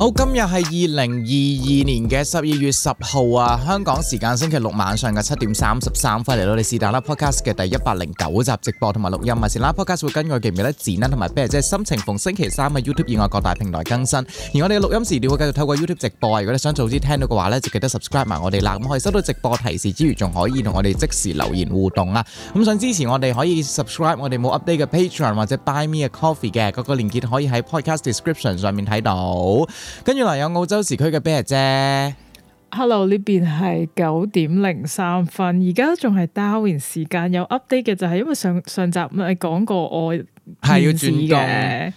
好，oh, 今日係二零二二年嘅十二月十號啊，香港時間星期六晚上嘅七點三十三分嚟到，你是但啦 Podcast 嘅第一百零九集直播同埋錄音時，嘛是但啦 Podcast 會跟住見面咧，子囡同埋 Bear 即係心情逢星期三嘅 YouTube 以外各大平台更新，而我哋嘅錄音時，你會繼續透過 YouTube 直播。如果你想早啲聽到嘅話呢，就記得 subscribe 埋我哋啦。咁、嗯、可以收到直播提示之餘，仲可以同我哋即時留言互動啦。咁、嗯、想支持我哋，可以 subscribe 我哋冇 update 嘅 Patreon，或者 buy me a coffee 嘅各個鏈接可以喺 Podcast description 上面睇到。跟住嚟有澳洲時區嘅 Jane 姐，Hello 呢邊係九點零三分，而家仲係 Darwin 時間，有 update 嘅就係因為上上集咪講過我係要轉嘅。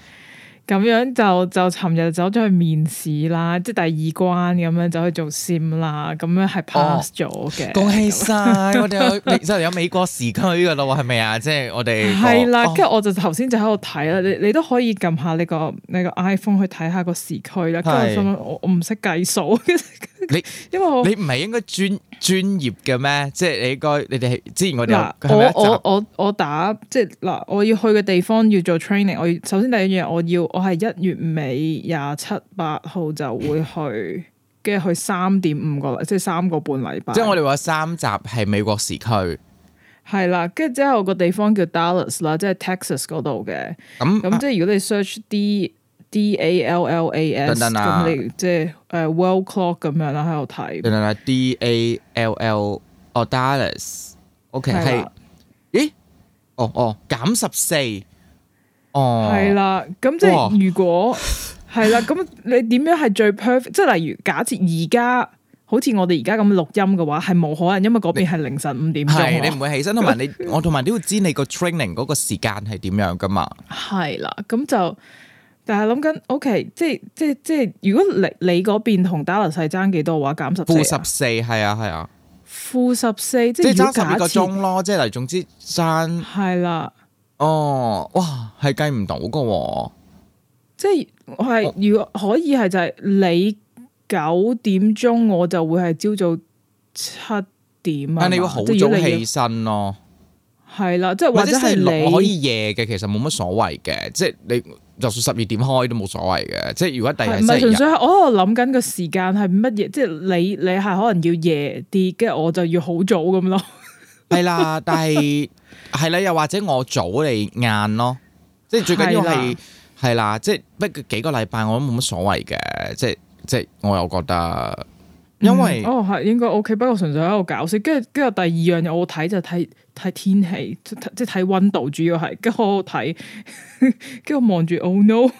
咁樣就就尋日走咗去面試啦，即係第二關咁樣走去做 sim 啦，咁樣係 pass 咗嘅。恭喜晒！我哋即係有美國時區噶咯，係咪啊？即、就、係、是、我哋係啦。跟住的、哦、我就頭先就喺度睇啦。你你都可以撳下呢個呢個 iPhone 去睇下個時區啦。跟住的我心諗我唔識計數。你 因為我你唔係應該專專業嘅咩？即係你應該你哋之前我哋嘞我我我，我，我打即係嗱，我要去嘅地方要做 training，我首先第一樣嘢我要。我係一月尾廿七八號就會去，跟住去三點五個，即係三個半禮拜。即係我哋話三集係美國時區，係啦。跟住之後個地方叫 Dallas 啦，那即係 Texas 嗰度嘅。咁咁即係如果你 search D D A L L A S，咁、啊、你 S、啊、 即係誒 world clock 咁樣，啦，喺度睇。y p e 等等 D A L L 哦、oh, Dallas，OK、okay, 係的。咦？哦、oh, 哦、oh,，減十四。哦，係啦、oh. 啊，咁即係如果係啦，咁、oh. 啊、你點樣係最 perfect？即係例如假設而家好似我哋而家咁錄音嘅話，係冇可能，因為嗰邊係凌晨五點鐘，你唔會起身，同埋你我同埋都要知你個 training 嗰個時間係點樣噶嘛？係啦、啊，咁就但係諗緊，OK，即係即係即係、啊啊啊，如果你你嗰邊同 Dallas 係爭幾多嘅話，減十負十四，係啊係啊，負十四，即係爭十幾個鐘咯，即係嚟，總之爭係啦。哦，哇，係計唔到噶、哦，即係，係如果可以係就係你九點鐘，我就會係朝早七點啊，但你要好早要起身咯，係啦，即係或者係你可以夜嘅，其實冇乜所謂嘅，即係你就算十二點開都冇所謂嘅，即係如果第日唔係純粹係我諗緊個時間係乜嘢，即係你你係可能要夜啲，跟住我就要好早咁咯，係啦，但係。 係啦，又或者我早你晏咯，即係最緊要係係啦，即係不過幾個禮拜我都冇乜所謂嘅，即係即係我又覺得。因為、嗯、哦係應該 O K，不過純粹喺度搞笑。跟住，跟住第二樣嘢我睇就睇睇天氣，即即睇溫度主要係，我 我那個那個、跟住好好睇。跟住我望住，Oh no！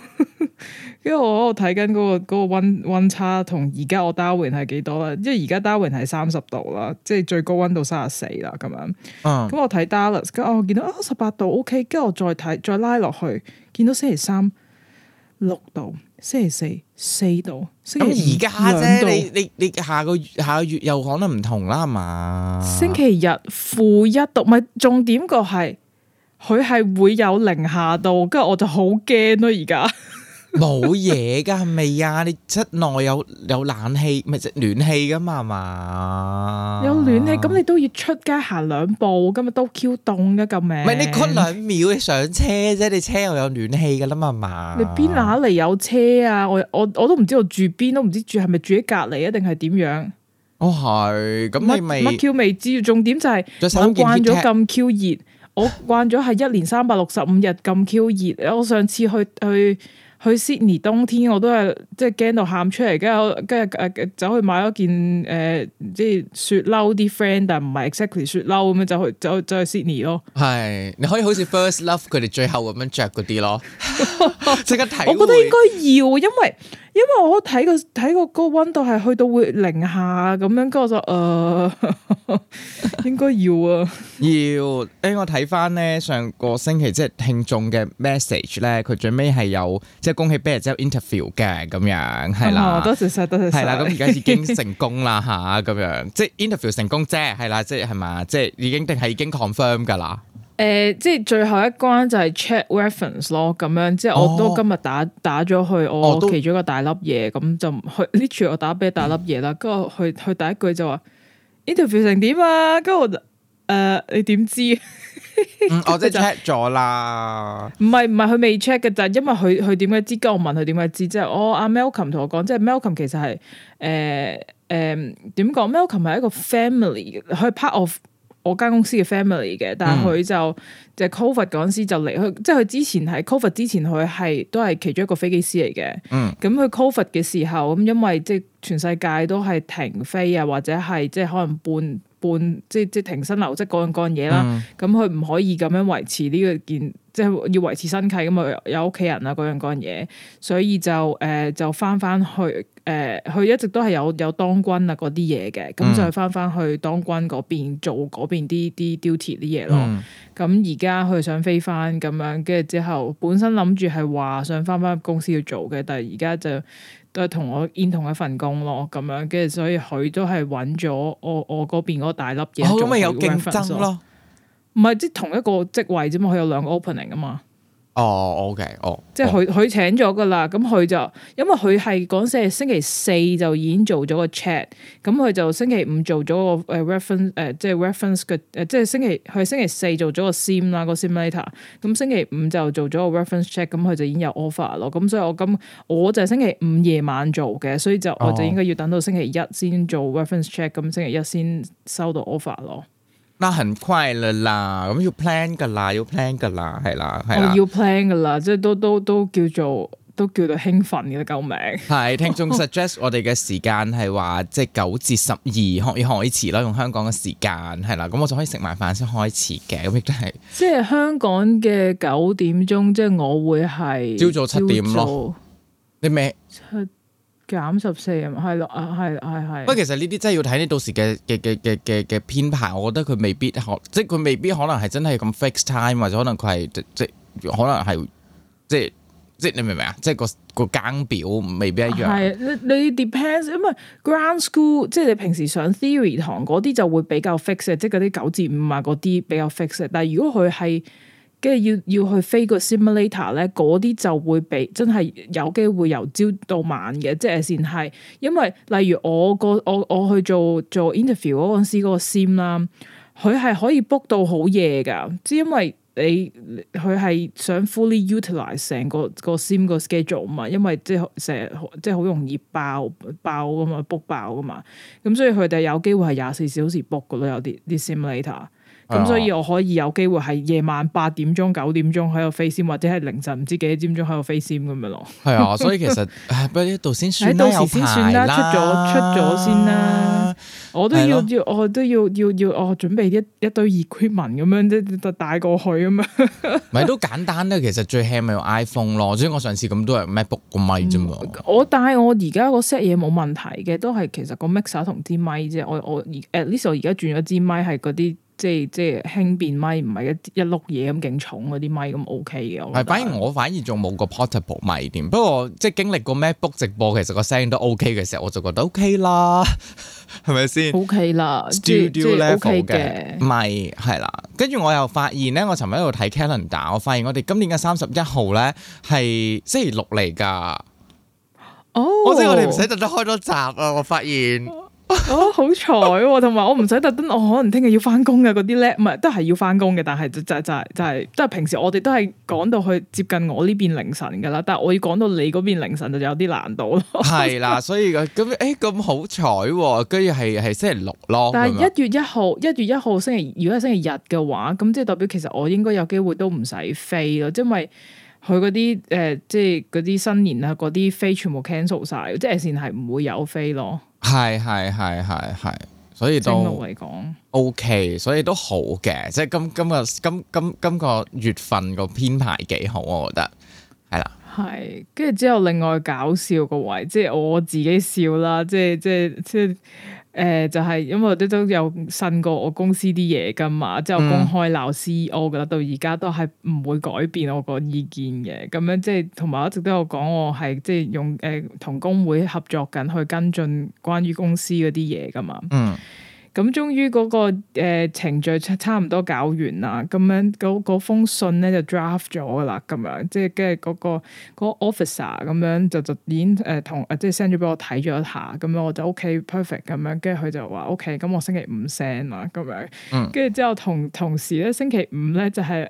跟住我我睇緊嗰個嗰個溫溫差同而家我 Darwin 係幾多啦？即係而家 Darwin 係三十度啦，即係最高溫度三十四啦咁樣。咁、嗯、我睇 Dallas，跟住我見到啊十八度 O K，跟住我再睇再拉落去，見到星期三六度，星期四，四度，咁而家啫度，你你你下個月下個月又可能唔同啦，係嘛？星期日負一度，咪重點，個係佢係會有零下度，跟住我就好驚咯。而家冇嘢噶咪？啊？ 係咪你室內有有冷氣，咪即係暖氣噶嘛？係嘛？暖氣，咁你都要出街行兩步，咁啊都 Q 凍嘅咁咩？唔係你嗰兩秒你上車啫，你車又有暖氣噶啦嘛嘛。你邊嗱嚟有車啊？我我我都唔知道住邊，都唔知住係咪住喺隔離啊定係點樣？哦，係咁啊，乜 Q 未知，重點就係我慣咗咁 Q 熱，我慣咗係一年三百六十五日咁 Q 熱。 我上次去去。去 Sydney 冬天我都係即係驚到喊出嚟，跟住跟住誒走去買咗件誒即係雪褸啲 friend，但係唔係 exactly 雪褸咁樣就去就就去 Sydney 咯。係你可以好似 First Love 佢哋最後咁樣着嗰啲咯，即刻睇。我覺得應該要，因為。因為我睇個睇個高溫度係去到會零下咁樣，跟住我就誒、呃、應該要啊， 要。誒我睇翻咧上個星期即係聽眾嘅 message 咧，佢最尾係有即係恭喜 Birthday 之後 interview 嘅咁樣，係、嗯、啦，多謝晒，多謝晒。係啦，咁而家已經成功啦吓，咁 樣即係 interview 成功啫，係啦，即係係嘛，即係已經定係已經 confirm 噶啦。誒、呃，即係最後一關就係 check reference 咯，咁樣即係我都今日打、哦、打咗去我其中一個大粒嘢，咁、哦哦、就去呢次我打俾大粒嘢啦。跟住佢佢第一句就話、嗯、：interview 成點啊？跟住我、呃 嗯、我就你點知？我即係 check 咗啦。唔係唔係，佢未 check 嘅就係因為佢佢點解知？我知就是哦啊 Malcolm、跟我問佢點解知，即係我阿 Malcolm 同我講，即係 Malcolm 其實係誒誒、呃、點講、呃、Malcolm 係一個 family，佢 part of。我間公司嘅 family 嘅，但係佢就即係 Covid 嗰陣時就離開，即係佢之前喺、嗯、Covid 之前佢係都係其中一個飛機師嚟嘅。咁佢 Covid 嘅時候，咁因為即係全世界都係停飛啊，或者係即係可能半半即係即係停薪留職嗰樣嗰樣嘢啦。咁佢唔可以咁樣維持呢個件，即、就、係、是、要維持生計咁啊，有屋企人啊嗰樣嗰樣嘢，所以就誒、呃、就翻翻去。誒，佢、呃、一直都係有有當軍啊嗰啲嘢嘅，咁就翻翻去當軍嗰邊做嗰邊啲啲 duty 啲嘢咯。咁而家佢想飛翻咁樣，跟住之後本身諗住係話想翻翻公司要做嘅，但係而家就都係同我 in 同一份工咯。咁樣跟住所以佢都係揾咗我我嗰邊嗰大粒嘢，咁咪有競爭咯？唔係即同一個職位啫嘛，佢有兩個 opening 啊嘛。哦、oh，OK，哦、oh, oh。即係佢佢請咗㗎喇，咁佢就因為佢係嗰時係星期四就已經做咗個 check，咁佢就星期五做咗個誒 reference 誒、呃、即係 reference 嘅，誒、呃、即係星期佢星期四做咗個 sim 啦個 simulator，咁星期五就做咗個 reference check，咁佢就已經有 offer 咯，咁所以我咁我就星期五夜晚做嘅，所以就我就應該要等到星期一先做 reference check，咁星期一先收到 offer 咯。那很快了啦，咁要 plan 噶啦，要 plan 噶啦，係啦，係啦，哦，要 plan 噶啦，即係都都都叫做都叫做興奮嘅，救命。係 聽眾 suggest 我哋嘅時間係話即係九至十二可以開始啦，用香港嘅時間係啦，咁我就可以食埋飯先開始嘅，咁亦都係。即係香港嘅九點鐘，即係我會係朝早七點咯。點咯你咩七？減十四啊，係咯，啊係，係係。不過其實呢啲真係要睇呢到時嘅嘅嘅嘅嘅嘅編排，我覺得佢未必可，即係佢未必可能係真係咁 fixed time，或者可能佢係即即可能係即即你明唔明啊？即係個個更表未必一樣。係，你你 depends 因為。Ground school 即係你平時上 theory 堂嗰啲就會比較 fixed，即係嗰啲九至五啊嗰啲比較 fixed。但係如果佢係跟住要要去飛個 simulator 咧，嗰啲就會俾真係有機會由朝到晚嘅，即係先係因為例如我個我我去做做 interview 嗰陣時嗰個 sim 啦，佢係可以 book 到好夜㗎，即因為你佢係想 fully utilize 成個個 sim 個 schedule 啊嘛，因為即係成日即係好容易爆爆㗎嘛，book 爆㗎嘛，咁所以佢哋有機會係廿四小時 book 噶咯，有啲啲 simulator。咁、嗯、所以我可以有機會係夜晚八點鐘、九點鐘喺度飛簷，或者係凌晨唔知幾多點鐘喺度飛簷咁樣咯。係啊，所以其實不不如到時先算啦，有排啦，出咗出咗先啦。我都要 我都要，我都要要要，我、哦、準備一一堆 equipment 咁樣啫，就帶過去咁樣。唔 係都簡單啦，其實最輕咪用 iPhone 咯。所以我上次咁都係 MacBook 個咪啫嘛、嗯。我帶我而家個 set 嘢冇問題嘅，都係其實個 mixer 同支咪啫。我我而 at least 而家轉咗支咪，係嗰啲。即係即係輕便咪唔係一一碌嘢咁勁重嗰啲咪咁 OK 嘅。係，反而我反而仲冇個 portable 咪添。不過即係經歷過 MacBook 直播，其實個聲都 OK 嘅時候，我就覺得 OK 啦，係咪先？OK 啦，studio level 嘅咪，係啦。跟住我又發現咧，我尋日喺度睇 calendar，我發現我哋今年嘅三十一號咧係星期六嚟㗎。哦、oh，我真係唔使特登開多集啊！我發現。哦，好彩，同埋我唔使特登，我可能聽日要翻工嘅嗰啲叻，唔係都係要翻工嘅，但係就是、就是、就係、是、就係都係平時，我哋都係講到去接近我呢邊凌晨噶啦，但係我要講到你嗰邊凌晨就有啲難度咯。係 啦， 所以咁誒咁好彩，跟住係係星期六咯。但係一月一號，一月一號星期，如果係星期日嘅話，咁即係代表其實我應該有機會都唔使飛咯，因為。佢嗰啲誒，即係嗰啲新年啊，嗰啲飛全部 cancel 晒，即係線係唔會有飛咯。係係係係係，所以對我嚟講 OK，所以都好嘅，即係今今個今今今個月份個編排幾好，我覺得係啦。係跟住之後，另外搞笑個位，即係我自己笑啦，即係即係即係。誒、呃、就係、是、因為啲都有呻過我公司啲嘢㗎嘛，之後公開鬧 CEO 嘅啦，到而家都係唔會改變我個意見嘅。咁樣即係同埋我一直都有講，我係即係用誒同、呃、工會合作緊去跟進關於公司嗰啲嘢㗎嘛。嗯咁終於嗰個誒程序差差唔多搞完啦，咁樣嗰嗰封信咧就 draft 咗啦，咁樣即係跟住嗰個嗰個 officer 咁樣就就已經誒同即係 send 咗俾我睇咗一下，咁樣我就 OK perfect 咁樣，跟住佢就話 OK，咁我星期五 send 啦，咁樣，跟住之後同同事咧星期五咧就係誒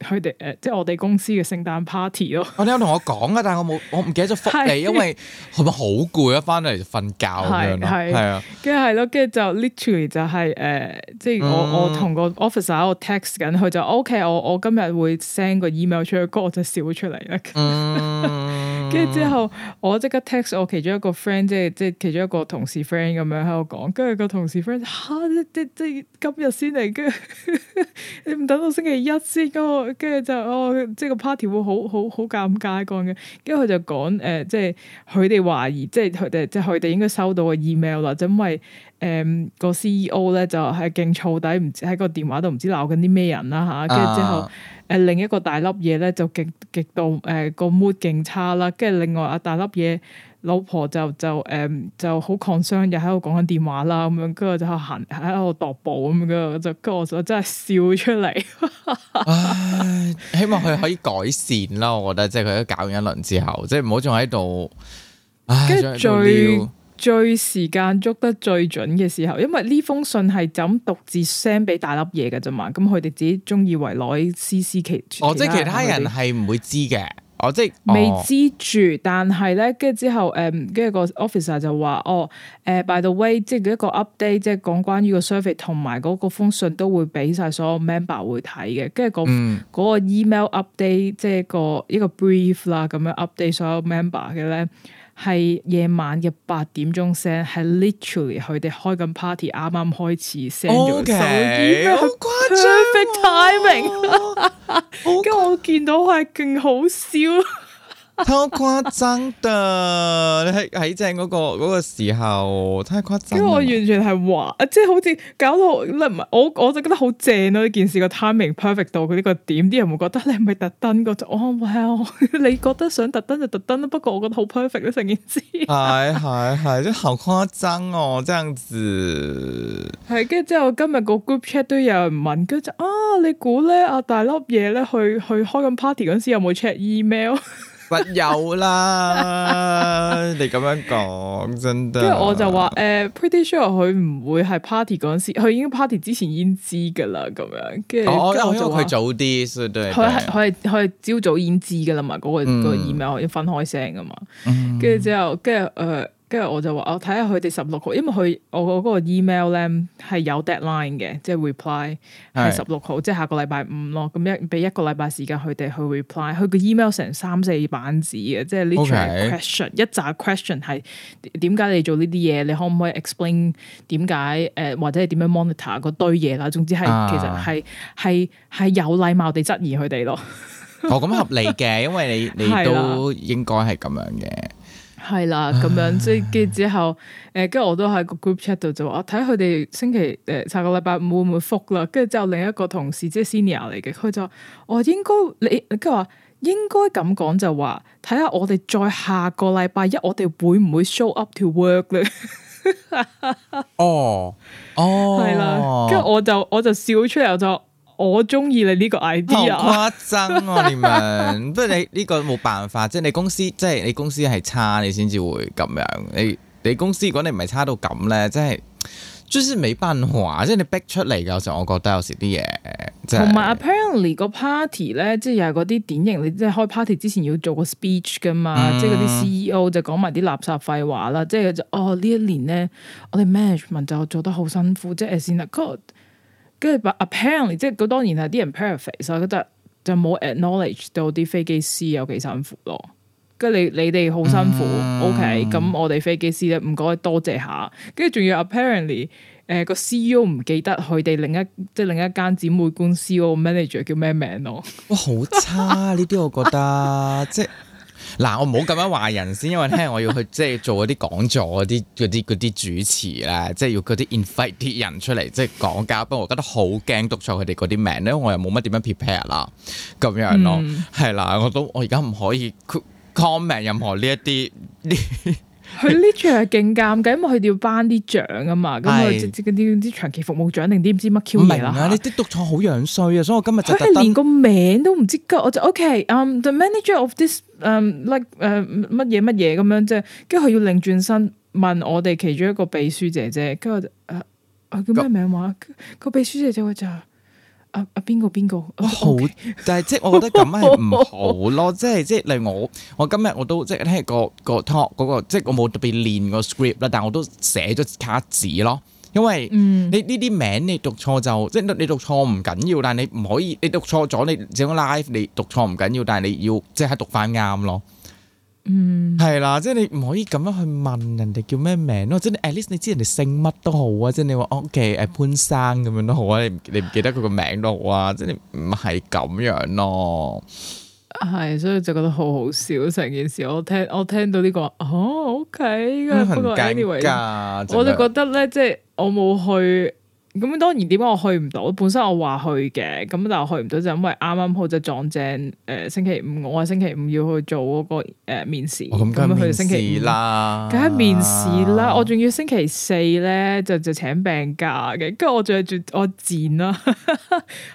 佢哋誒即係我哋公司嘅聖誕 party 咯。我有同我講啊，但係我冇我唔記得咗覆你，因為係咪好攰啊？翻嚟瞓覺咁樣咯，係啊，跟住係咯，跟住就 literally 就係、是、誒、呃，即係我我同個 officer 我 text 緊佢就 O、OK, K，我我今日會 send 個 email 出去，我就笑出嚟啦。跟住之後我即刻 text 我其中一個 friend，即係即係其中一個同事 friend 咁樣喺度講，跟住個同事 friend 吓、啊，即即，即今日先嚟，跟住 你唔等到星期一先，跟住跟住就哦，即係、個 party 會好好好尷尬啲嘅。跟住佢就講誒、呃，即係佢哋懷疑，即係佢哋即係佢哋應該收到個 email 啦，就因為。誒，個 CEO 咧就係勁燥底，唔知喺個電話度唔知鬧緊啲咩人啦吓。跟住之後，誒、呃、另一個大粒嘢咧就極極度誒個 mood 勁差啦。跟住另外阿大粒嘢老婆就就誒、呃、就好抗傷，又喺度講緊電話啦咁樣。跟住就行喺度踱步咁樣，就跟住我真係笑出嚟，啊。希望佢可以改善啦。我覺得即係佢都搞完一輪之後，即係唔好仲喺度。唉，最。最時間捉得最準嘅時候，因為呢封信係就咁獨自 send 俾大粒嘢嘅啫嘛，咁佢哋自己中意為內 CC 其哦，即係其他人係唔會知嘅、哦就是，哦即係未知住，但係咧跟住之後，誒跟住個 officer 就話，哦、oh，誒、uh，by the way，即係一個 update，即係講關於個 surface 同埋嗰個封信都會俾晒所有 member 會睇嘅，跟住、嗯、個嗰個 email update，即係個一個 brief 啦，咁樣 update 所有 member 嘅咧。係夜晚嘅八點鐘 send，係 literally 佢哋開緊 party，啱啱開始 send 咗手機，好誇張，perfect timing，跟住我見到係勁好笑。好誇張㗎，你喺喺正嗰個嗰個時候，太誇張。因為我完全係話，即係好似搞到唔係，我我就覺得好正咯，呢件事個 timing perfect 到佢呢個點，啲人會覺得你係咪特登嗰種？哦，哇，你覺得想特登就特登啦。不過我覺得好 perfect 成件事，係係係就好誇張哦，這樣子。係跟住之後今日個 group chat 都有人問，跟住啊，你估咧阿大粒嘢咧去去開緊 party 嗰時有冇 check email？不有啦，你咁樣講真得。跟 住我就話，誒、uh，pretty sure 佢唔會係 party 嗰陣時，佢已經 party 之前已經知噶啦，咁樣。跟住 我因佢 早啲，佢係佢係佢係朝早已經知噶啦嘛，嗰、嗰個 email 要分開聲啊嘛。跟住之後，跟住誒。跟住我就話：我睇下佢哋十六號，因為佢我我嗰個 email 咧係有 deadline 嘅，即係 reply 係十六號，是即係下個禮拜五咯。咁樣俾一個禮拜時間佢哋去 reply。佢個 email 成三四版紙嘅，即係呢啲 question 一紮 question 係點解你做呢啲嘢？你可唔可以 explain 點解？誒、呃、或者係點樣 monitor 嗰堆嘢啦？總之係其實係係係有禮貌地質疑佢哋咯。 哦，咁合理嘅，因為你你，你都應該係咁樣嘅。 對了 係啦，咁樣，跟住之後，誒，跟住我都喺個 group chat 度就話，睇下佢哋星期誒，下、呃、個禮拜會唔會復啦？跟住之後，另一個同事即係 senior 嚟嘅，佢就我、話哦、應該你，佢話應該咁講就話，睇下我哋再下個禮拜一，我哋會唔會 show up to work 咧？ 哦，哦，係啦，跟住我就我就笑出嚟我就。我中意你呢個 idea 啊！誇張我你咪，不過你呢個冇辦法，即係你公司，即係你公司係差，你先至會咁樣。你你公司如果你唔係差到咁咧，即係真係未辦話，即係你逼出嚟嘅時候，我覺得有時啲嘢，同埋 apparently 個 party 咧，即係又係嗰啲典型，你即係開 party 之前要做個 speech 噶嘛，嗯、即係嗰啲 CEO 就講埋啲垃圾廢話啦，即係就哦呢一年咧，我哋 management 就做得好辛苦，即係先啦。跟住 apparently，即係佢當然係啲人 perfect，所以覺得就冇 acknowledge 到啲飛機師有幾辛苦咯。跟住你你哋好辛苦，OK，咁我哋飛機師咧唔該多謝下。跟住仲要 apparently，誒個 CEO 唔記得佢哋另一即係另一間姊妹公司個 manager 叫咩名咯。哇，好差呢啲，我覺得即係。嗱，我唔好咁樣話人先，因為咧我要去即係做嗰啲講座嗰啲啲啲主持啦，即係要嗰啲 invite 啲人出嚟，即係講嘉賓。我覺得好驚讀錯佢哋嗰啲名咧，因為我，我，我又冇乜點樣 prepare 啦，咁樣咯，係啦，我都我而家唔可以 comment 任何呢一啲呢。佢呢場係勁尷嘅，因為佢哋要頒啲獎啊嘛，咁啊即係嗰啲啲長期服務獎定啲唔知乜 Q 嘢啦吓。你讀錯好樣衰啊！所以我今日就佢連個名都唔知我就 OK，um，the manager of this 誒、um，like 誒、uh，乜嘢乜嘢咁樣，即係，跟住佢要擰轉身問我哋其中一個秘書姐姐，跟住誒，啊、叫咩名話？個，個秘書姐姐就阿啊，邊個邊個，個啊、好，okay 但係即係我覺得咁係唔好咯， 即係即係例如我，我今日我都即係聽、那個個 talk 嗰個，即係我冇特別練個 script 啦，但我都寫咗卡紙咯。因為你呢啲、嗯、名你讀錯就即係你讀錯唔緊要，但係你唔可以你讀錯咗你整個 live 你讀錯唔緊要，但係你要即係讀翻啱咯。嗯，係啦，即係你唔可以咁樣去問人哋叫咩名咯。即係 at least 你知人哋姓乜都好啊。即係你話 OK 潘生咁樣都好啊。你唔記得佢個名都好啊。即你唔係咁樣咯。係，所以就覺得好好笑，成件事我。我聽我聽到呢、這個，哦，OK，咁、嗯、不過 anyway， 我就覺得咧，即、就、係、是、我冇去。咁當然點解我去唔到？本身我話去嘅，咁但係我去唔到就因為啱啱好就撞正誒、呃、星期五，我話星期五要去做嗰、嗰個誒、呃、面試，咁梗係星期二啦，梗係面試啦。啊、我仲要星期四咧就就請病假嘅，跟住我仲要我賤啦。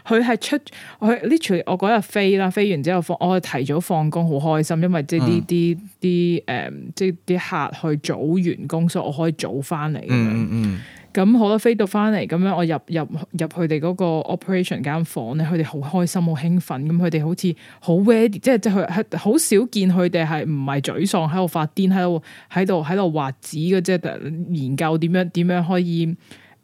佢 係出佢呢？除我嗰日飛啦，飛完之後放，我提早放工，好開心，因為即係啲啲啲誒，即係啲客去早完工，所以我可以早翻嚟。嗯咁好啦，飛到翻嚟咁樣，我入入入佢哋嗰個 operation 間房咧，佢哋好開心，好興奮，咁佢哋好似好 ready，即係即係佢好少見佢哋係唔係沮喪喺度發癲，喺度喺度喺度畫紙嘅即係，研究點樣點樣可以。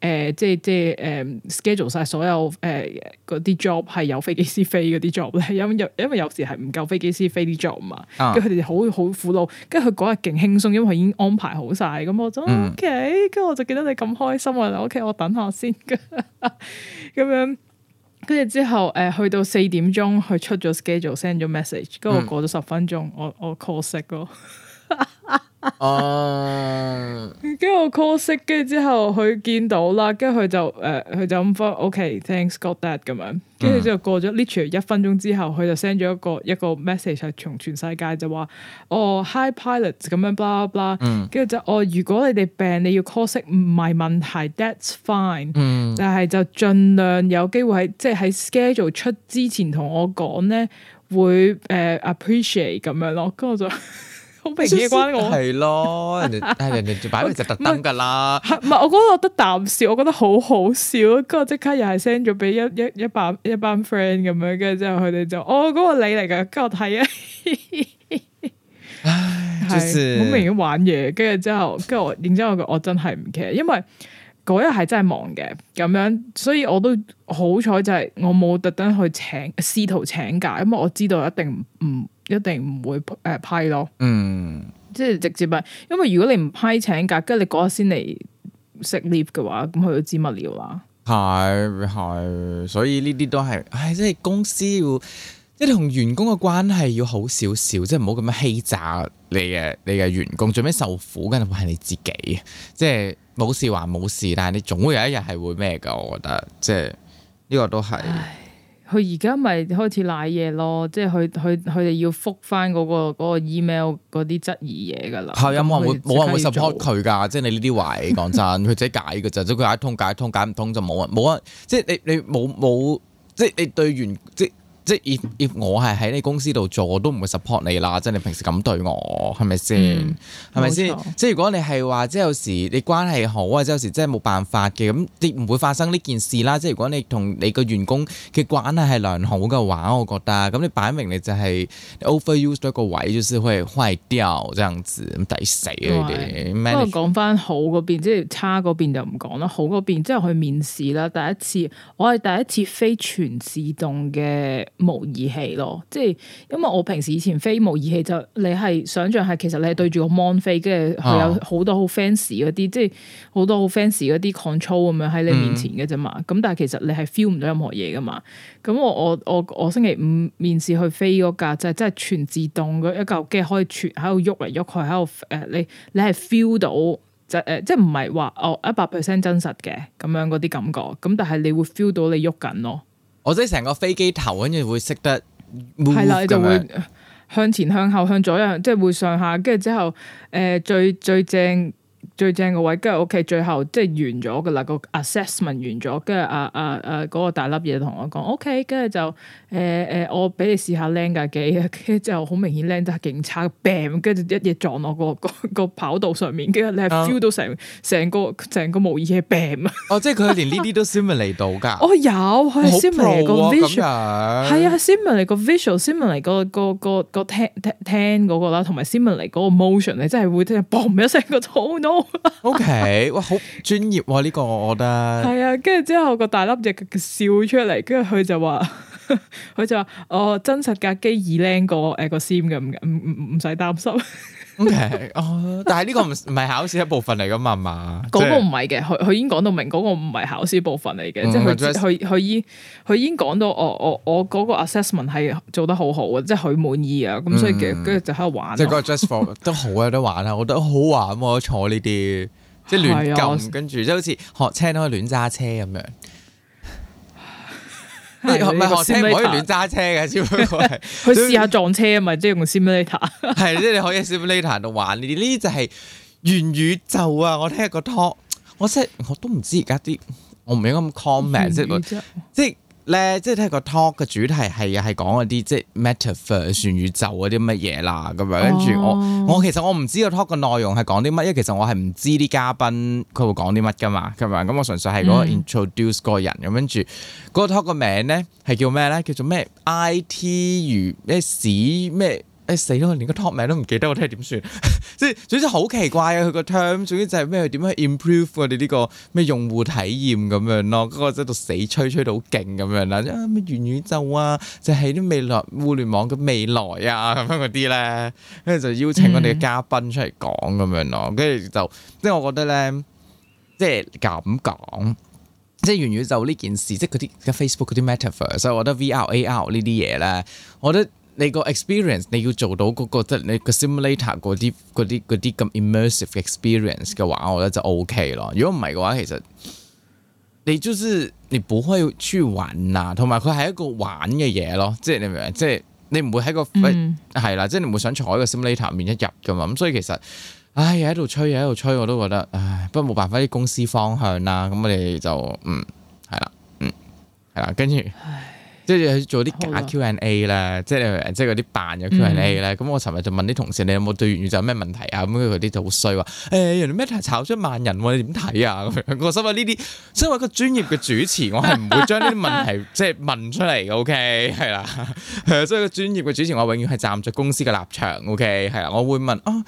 誒、呃，即係即係誒，schedule 晒所有誒嗰啲 job 係有飛機師飛嗰啲 job 咧，因有因為有時係唔夠飛機師飛啲 job 嘛，啊，咁佢哋好好苦惱，跟住佢嗰日勁輕鬆，因為佢已經安排好晒，咁我就、嗯、哦、OK，跟住我就見到你咁開心，我嚟屋企我等下先，咁 樣，跟住之後誒、呃，去到四點鐘佢出咗 schedule，send 咗 message，跟住我過咗十分鐘，嗯、我我 call 醒個。哦，跟住我 call sick，跟住之後佢見到啦，跟住佢就誒，佢、呃、就咁覆，OK，Thanks、okay, God that 咁樣，跟住之後過咗 literally 一分鐘之後，佢就 send 咗一個一個 message，就從全世界就話，哦、oh,，Hi pilots 咁樣，blah blah 跟住就，哦、oh,，如果你哋病，你要 call sick 唔係問題，That's fine，S、嗯、但係就盡量有機會喺即係、就、喺、是、schedule 出之前同我講咧，會誒、uh, appreciate 咁樣咯，跟住我就。 好平嘅關我係咯，係人哋擺明就特登噶啦。唔係我覺得我得啖笑，我覺得好好笑。跟住即刻又係 send 咗俾一一一班一班 friend 咁樣，跟住之後佢哋就哦嗰個你嚟噶，跟住我睇啊。唉，好明顯玩嘢。跟住之後，跟住我然之後我我真係唔 care，因為嗰日係真係忙嘅咁樣，所以我都好彩就係我冇特登去請試圖請假，因為我知道一定唔。一定唔會誒批咯，嗯，即係直接咪？因為如果你唔批請假，跟住你嗰日先嚟食 leave 嘅話，咁佢都知乜料啦。係係，所以呢啲都係，唉、哎，即係公司要，即係同員工嘅關係要好少少，即係唔好咁樣欺詐你嘅你嘅員工，最尾受苦嘅住係你自己，即係冇事話冇事，但係你總會有一日係會咩噶，我覺得，即係呢、這個都係。佢而家咪開始賴嘢咯，即係佢佢佢哋要覆返嗰個嗰、嗰個 email 嗰啲質疑嘢㗎啦。係、嗯，冇人會冇人會 support 佢㗎， 即係你呢啲壞嘢講真，佢自己解㗎咋，咁佢解得通解得通，解唔通就冇人冇人，即係你你冇冇，即係你對完即。即係 if, if 我係喺你公司度做，我都唔會 support 即你啦。即係你平時咁對我，係咪先？係咪先？即係如果你係話，即係有時你關係好啊，即有時即係冇辦法嘅咁，你唔會發生呢件事啦。即係如果你同你個員工嘅關係係良好嘅話，我覺得咁你擺明你就係 overuse 咗個位，就是會壞掉這，這樣子抵死啊！啲不過講返好嗰邊，即係差嗰邊就唔講啦。好嗰邊即係去面試啦，第一次我係第一次非全自動嘅。模擬器咯，即係因為我平時以前飛模擬器，就你係想象係其實你係對住個 mon 飛，跟住佢有好多好 fancy 嗰啲，啊、即係好多好 fancy 嗰啲 control 咁樣喺你面前嘅咋嘛。咁、嗯、但係其實你係 feel 唔到任何嘢噶嘛。咁我我我我星期五面試去飛嗰架就真、是、係全自動嗰一嚿機可以喺度喐嚟喐去喺度誒，你你係 feel 到就誒、呃，即係唔係話哦一百 percent 真實嘅咁樣嗰啲感覺，咁但係你會 feel 到你喐緊咯。我即係成個飛機頭跟住會識得 move 咁樣向前、向後、向左、右，即係會上下。跟住之後，誒、呃、最最正。最正個位，跟住 OK，最後即係完咗噶啦，個 assessment 完咗、okay，跟住啊啊啊嗰個大粒嘢同我講 OK，跟住就誒誒，我俾你試下靚架機，跟住、hmm。就好明顯靚得勁差 bang！跟住一嘢撞落個個跑道上面，跟住你係 feel 到成成個成個模擬嘢 bang。a 哦，即係佢連呢啲都 simulate 到㗎。哦，有佢 simulate 個 visual，係啊 simulate 個 visual，simulate 嗰個個個個聽聽嗰個啦，同埋 simulate 個 motion 你真係會聽嘣一聲個噪音。Eland, O、okay, K，哇，好專業喎、啊！呢、這個我覺得係啊， 跟住之後個大粒嘢笑出嚟，跟住佢就話，佢就話，我、哦、真實架機已靚過誒個 s m 嘅，唔唔唔唔使擔心。 Okay，哦，但係呢個唔唔係考試一部分嚟噶嘛？嘛 吧，嗰個唔係嘅，佢佢已經講到明，嗰、嗰個唔係考試部分嚟嘅，嗯，即係佢佢佢已佢已經講到，我我我嗰個 assessment 係做得好好，即係佢滿意啊，咁所以跟住、嗯、就喺度玩。即係個 dress for 都好有得玩啊，我覺得好玩，好玩坐呢啲即係亂撳，的跟住即係好似學車都可以亂揸車咁樣。唔係學車用 simulator 可以亂揸車嘅，只不過係 去試下撞車啊嘛，即、就、係、是、用 simulator。 係，即係你可以 simulator 度玩呢啲，呢啲就係元宇宙啊！我聽日個 talk，我真我都唔知而家啲我唔應該咁 comment 即係即係。咧，即係睇個 talk 嘅主題係係講嗰啲即係 metaverse 元宇宙嗰啲乜嘢啦，咁樣，跟住我我其實我唔知個 talk 嘅內容係講啲乜，因為其實我係唔知啲嘉賓佢會講啲乜噶嘛，咁樣咁我純粹係嗰、那個、嗯、introduce 個人，咁跟住個 talk 嘅名咧係叫咩咧？叫做咩 IT 與咩史咩？哎、死咯！連個 top 名都唔記得我，我哋係點算？即 係總之好奇怪啊！佢個 term，總之就係咩點樣 improve 我哋呢個咩用戶體驗咁樣咯。嗰、那個真係度死吹吹到好勁咁樣啦！咩、啊、元宇宙啊，就係、是、啲未來互聯網嘅未來啊咁樣嗰啲咧，跟住就邀請我哋嘅嘉賓出嚟講咁樣咯。跟住、嗯、就即係、就是、我覺得咧，即係咁講，即、就、係、是、元宇宙呢件事，即、就、係、是、嗰啲 Facebook 嗰啲 metaverse 所以我覺得 VR、AR 呢啲嘢咧，我覺得。你個 experience 你要做到嗰、嗰個即係你個 simulator 嗰啲啲啲咁 immersive experience 嘅話，我覺得就 OK 咯。如果唔係嘅話，其實你就是你不可以出去玩啦、啊，同埋佢係一個玩嘅嘢咯。即係你明唔明？即係你唔會喺個係、嗯嗯、啦，即係你唔會想坐喺個 simulator 面一入噶嘛。咁所以其實，唉，喺度吹，喺度吹，吹，我都覺得唉，不過冇辦法，啲公司方向啦、啊。咁我哋就嗯，係啦，嗯，係啦、嗯、啦，跟住。A, 的即係做啲假 Q&A 啦，即係即係嗰啲扮嘅 Q&A 啦。咁、嗯、我尋日就問啲同事，你有冇對元宇宙咩問題啊？咁佢啲就好衰話，誒 Meta、欸、炒出萬人，你點睇啊？咁樣我心諗呢啲，所以我個專業嘅主持，我係唔會將呢啲問題即係 問出嚟嘅。OK，係啦，係啊，所以個專業嘅主持，我永遠係站在公司嘅立場。OK，係啦，我會問啊，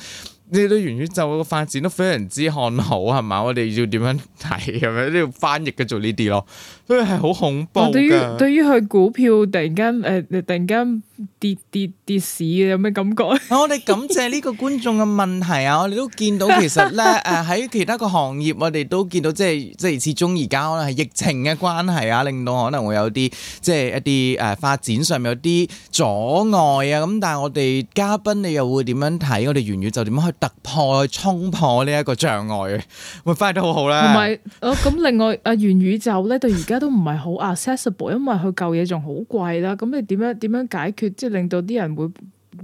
你對元宇宙嘅發展都非常之看好係咪？我哋要點樣睇係咪？ 都要翻譯嘅做呢啲咯。佢係好恐怖噶。對於對於佢股票突然間誒，突然間跌跌跌市，有咩感覺？我哋感謝呢個觀眾嘅問題啊！我哋都見到其實咧，誒喺其他個行業，我哋都見到即係即係始終而家可能係疫情嘅關係啊，令到可能會有啲即係一啲誒發展面上有啲阻礙啊。咁但係我哋嘉賓你又會點樣睇？我哋元宇宙點樣去突破、去衝破呢一個障礙？會發得好好咧。同埋，哦咁另外啊元宇宙咧，對而家。而家都唔係好 accessible，因為佢舊嘢仲好貴啦。咁你點樣點樣解決？即係令到啲人會。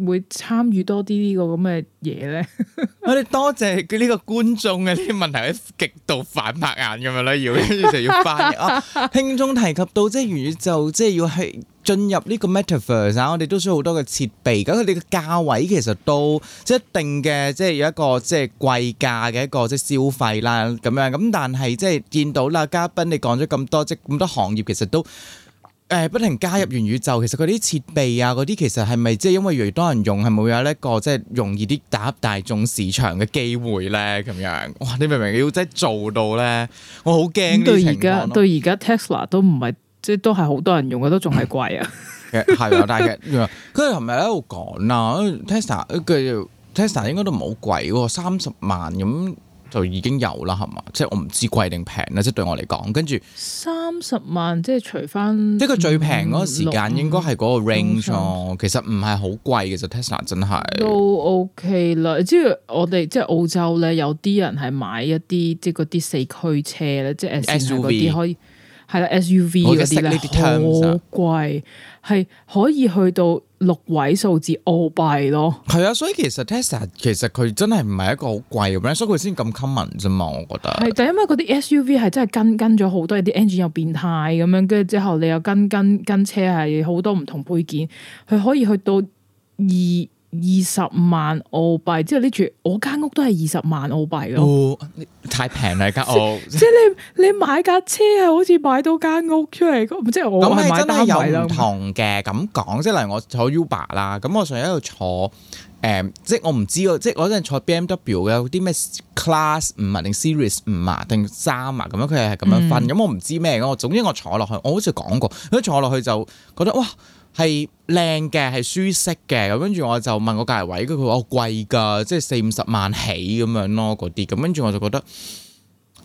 會參與多啲呢個咁嘅嘢咧， 我哋多謝佢呢個觀眾嘅啲問題，佢極度反白眼咁樣啦，要跟住就要翻啊。聽眾、 哦、提及到即係元宇宙，即係要係進入呢個 metaverse、啊、我哋都需要好多嘅設備，咁佢哋嘅價位其實都即一定嘅，即係有一個即係貴價嘅一個即係消費啦咁樣。咁但係即係見到啦，嘉賓你講咗咁多，即咁多行業其實都，誒不停加入元宇宙，其實嗰啲設備啊，嗰啲其實係咪即係因為越多人用，係咪會有一個即係容易啲打入大眾市場嘅機會咧？咁樣哇，你明唔明要即係做到咧？我好驚。對而家，對而家 Tesla 都唔係即係都係好多人用嘅，都仲係貴啊。其實係啊，但係佢佢係咪喺度講啊？Tesla 佢 Tesla 應該都唔係好貴喎，三十萬咁。就已經有啦，係嘛？即係我唔知貴定平啦，即係對我嚟講，跟住三十萬即係除返，即係佢最平嗰個時間6，應該係嗰個 range 冇錯，哦。其實唔係好貴嘅就 Tesla 真係都 OK 啦。即係我哋即係澳洲咧，有啲人係買一啲即係嗰啲四驅車咧，即係 SUV 嗰啲可以。係啦，SUV 嗰啲咧，好貴，係可以去到六位數字澳幣咯。係啊，所以其實 Tesla 其實佢真係唔係一個好貴嘅，所以佢先咁 common 啫嘛。我覺得係，但係因為嗰啲 SUV 係真係跟跟咗好多，啲 engine 又變態咁樣，跟住之後你又跟跟跟車係好多唔同配件，佢可以去到二。二十萬澳幣，之後拎住我間屋都係二十萬澳幣咯。哦，太平啦間屋。即係你你買架車係好似買到間屋出嚟，唔 即係我係真係有唔同嘅咁講。即係 例如我坐 Uber 啦，咁我上日喺度坐誒、呃，即係我唔知咯，即係我嗰陣坐 BMW 嘅，有啲咩 Class 五啊定 Series 五啊定三啊咁樣，佢係咁樣分。咁、嗯嗯、我唔知咩我總之我坐落去，我好似講過，一坐落去就覺得哇。係靚嘅，係舒適嘅。咁跟住我就問個價位，跟住佢話貴㗎，即係四五十萬起咁樣咯，嗰啲。咁跟住我就覺得，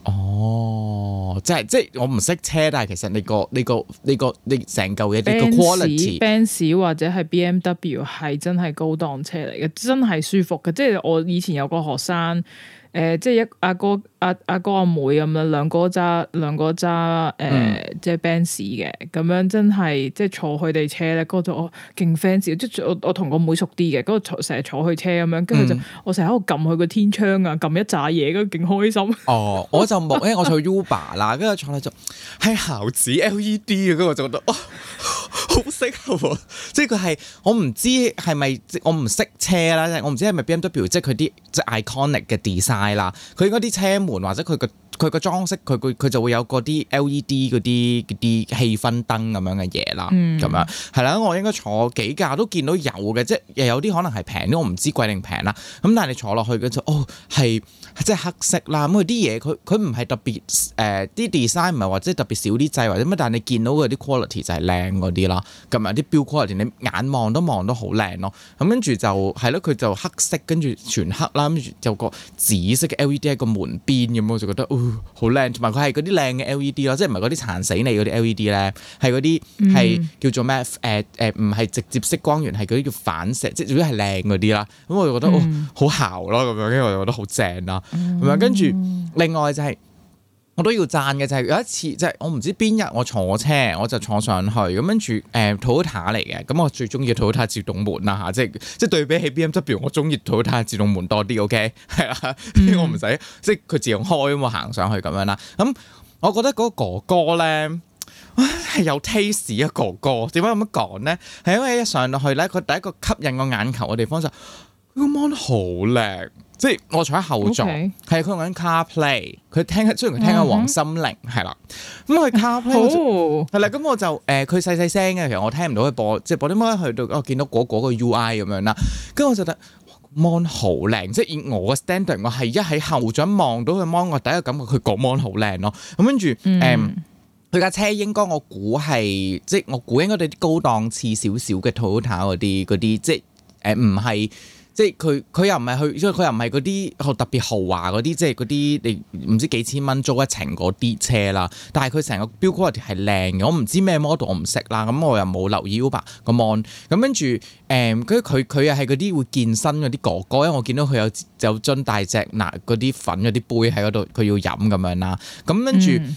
哦，即係即係我唔識車，但係其實你個你個你個你成嚿嘢，你個 quality，Benz 或者係 BMW 係真係高檔車嚟嘅，真係舒服嘅。即係我以前有個學生。誒、呃，即係一阿、啊、哥阿阿、啊啊、哥阿、啊、妹咁樣兩個揸兩個揸誒，即係 b a n、哦哦、s 嘅咁樣，真係即係坐佢哋車咧，嗰度我勁 fans，即係我我同個妹熟啲嘅，嗰個坐成日坐佢車咁樣，跟住就我成日喺度撳佢個天窗啊，撳一揸嘢，咁勁開心。哦，我就冇，因、欸、我坐 Uber 啦，跟住坐喺就係猴子 LED 啊，跟住就覺得。 好適合喎，即係佢係我唔知係咪，我唔識車啦，我唔知係咪 BMW，即係佢啲即係 iconic 嘅 design 啦，佢應該啲車門或者佢個。佢個裝飾，佢佢就會有嗰啲 LED 嗰啲啲氣氛燈咁樣嘅嘢啦，咁、嗯、樣係啦。我應該坐幾架都見到有嘅，即係有啲可能係平啲。我唔知貴定平啦。咁但係你坐落去嘅就，哦係即係黑色啦。咁佢啲嘢佢佢唔係特別誒啲 design 唔係話即係特別少啲掣或者乜，但係你見到佢啲 quality 就係靚嗰啲啦，咁啊啲 build quality 你眼望都望到好靚咯。咁跟住就係咯，佢就黑色跟住全黑啦，跟住就個紫色嘅 LED 喺個門邊咁，我就覺得，呃好靚，同埋佢係嗰啲靚嘅 LED 咯，即係唔係嗰啲殘死你嗰啲 LED 咧，係嗰啲係叫做咩？誒誒、嗯，唔係、呃呃、直接色光源，係嗰啲叫反射，即係總之係靚嗰啲啦。咁我就覺得哦，好姣咯，咁樣，因為我就覺得好正啦，咁樣跟住另外就係、是。我都要讚嘅就係、是、有一次即係、就是、我唔知邊日我坐車，我就坐上去，咁跟住誒、呃、土塔嚟嘅，咁我最中意土塔自動門啦、啊、吓，即係即係對比起 BMW 我中意土塔自動門多啲 OK 係 啦， 我唔使即係佢自動開，咁我行上去咁樣啦。咁、嗯、我覺得嗰個哥哥咧係有 taste 啊。哥哥，點解咁樣講咧？係因為一上到去咧，佢第一個吸引我眼球嘅地方就佢、那個 mon 好靚。即係我坐喺後座，係佢用緊 CarPlay，佢聽，雖然佢聽緊黃心凌係啦，咁佢 CarPlay 係啦，咁、huh. 我就誒佢細細聲嘅，其實我聽唔到佢播，即係播啲乜去到我見到嗰、嗰個嗰個 UI 咁樣啦，跟住我就得 mon 好靚，即係以我嘅 standard，我係一喺後座望到佢 mon，我第一個感覺佢個 mon 好靚咯，咁跟住誒佢架車應該我估係即係我估應該對啲高檔次少少嘅 Toyota 嗰啲嗰啲，即係誒唔係。即係佢佢又唔係去，因佢又唔係嗰啲特別豪華嗰啲，即係嗰啲你唔知幾千蚊租一程嗰啲車啦。但係佢成個 build quality 係靚嘅，我唔知咩 model 我唔識啦。咁我又冇留意 Uber 個 mon。咁跟住誒，佢佢佢又係嗰啲會健身嗰啲哥哥，因為我見到佢有有樽大隻嗱嗰啲粉嗰啲杯喺嗰度，佢要飲咁樣啦。咁跟住誒，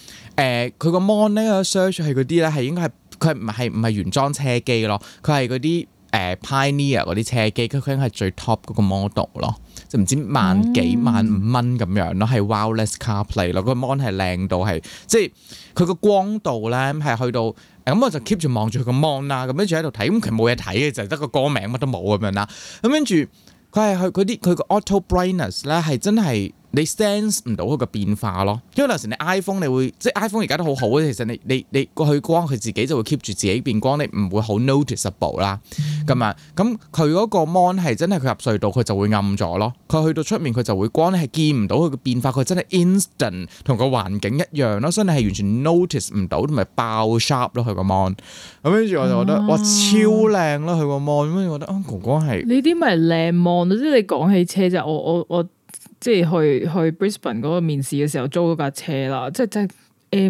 佢個 mon 咧 search 係嗰啲咧係應該係佢係唔係唔係原裝車機咯？佢係嗰啲。誒、呃、Pioneer 嗰啲車機，佢應該係最 top 嗰個 model 咯，就唔知萬幾、mm. 萬五蚊咁樣咯，係 Wireless CarPlay 咯，個 mon 係靚到係，即係佢個光度咧係去到，咁、嗯、我就 keep 住望住佢個 mon 啦，咁跟住喺度睇，咁佢冇嘢睇嘅，就係得個歌名乜都冇咁樣啦，咁跟住佢係佢佢啲佢個 Auto Brightness 咧係真係。你 sense 唔到佢嘅變化咯，因為有時你 iPhone 你會，即係 iPhone 而家都好好啊。其實你你你過去光佢自己就會 keep 住自己變光，你唔會好 noticeable 啦。咁啊，咁佢嗰個 mon 係真係佢入隧道佢就會暗咗咯，佢去到出面佢就會光，係見唔到佢嘅變化，佢真係 instant 同個環境一樣咯，所以你係完全 notice 唔到，同埋爆 sharp 咯佢個 mon。咁跟住我就覺得哇，超靚咯佢個 mon，咁樣覺得啊哥哥係呢啲咪靚 mon 啊！即係你講起車就我我我。即係去去 Brisbane 嗰個面試嘅時候租咗架車啦，即係即係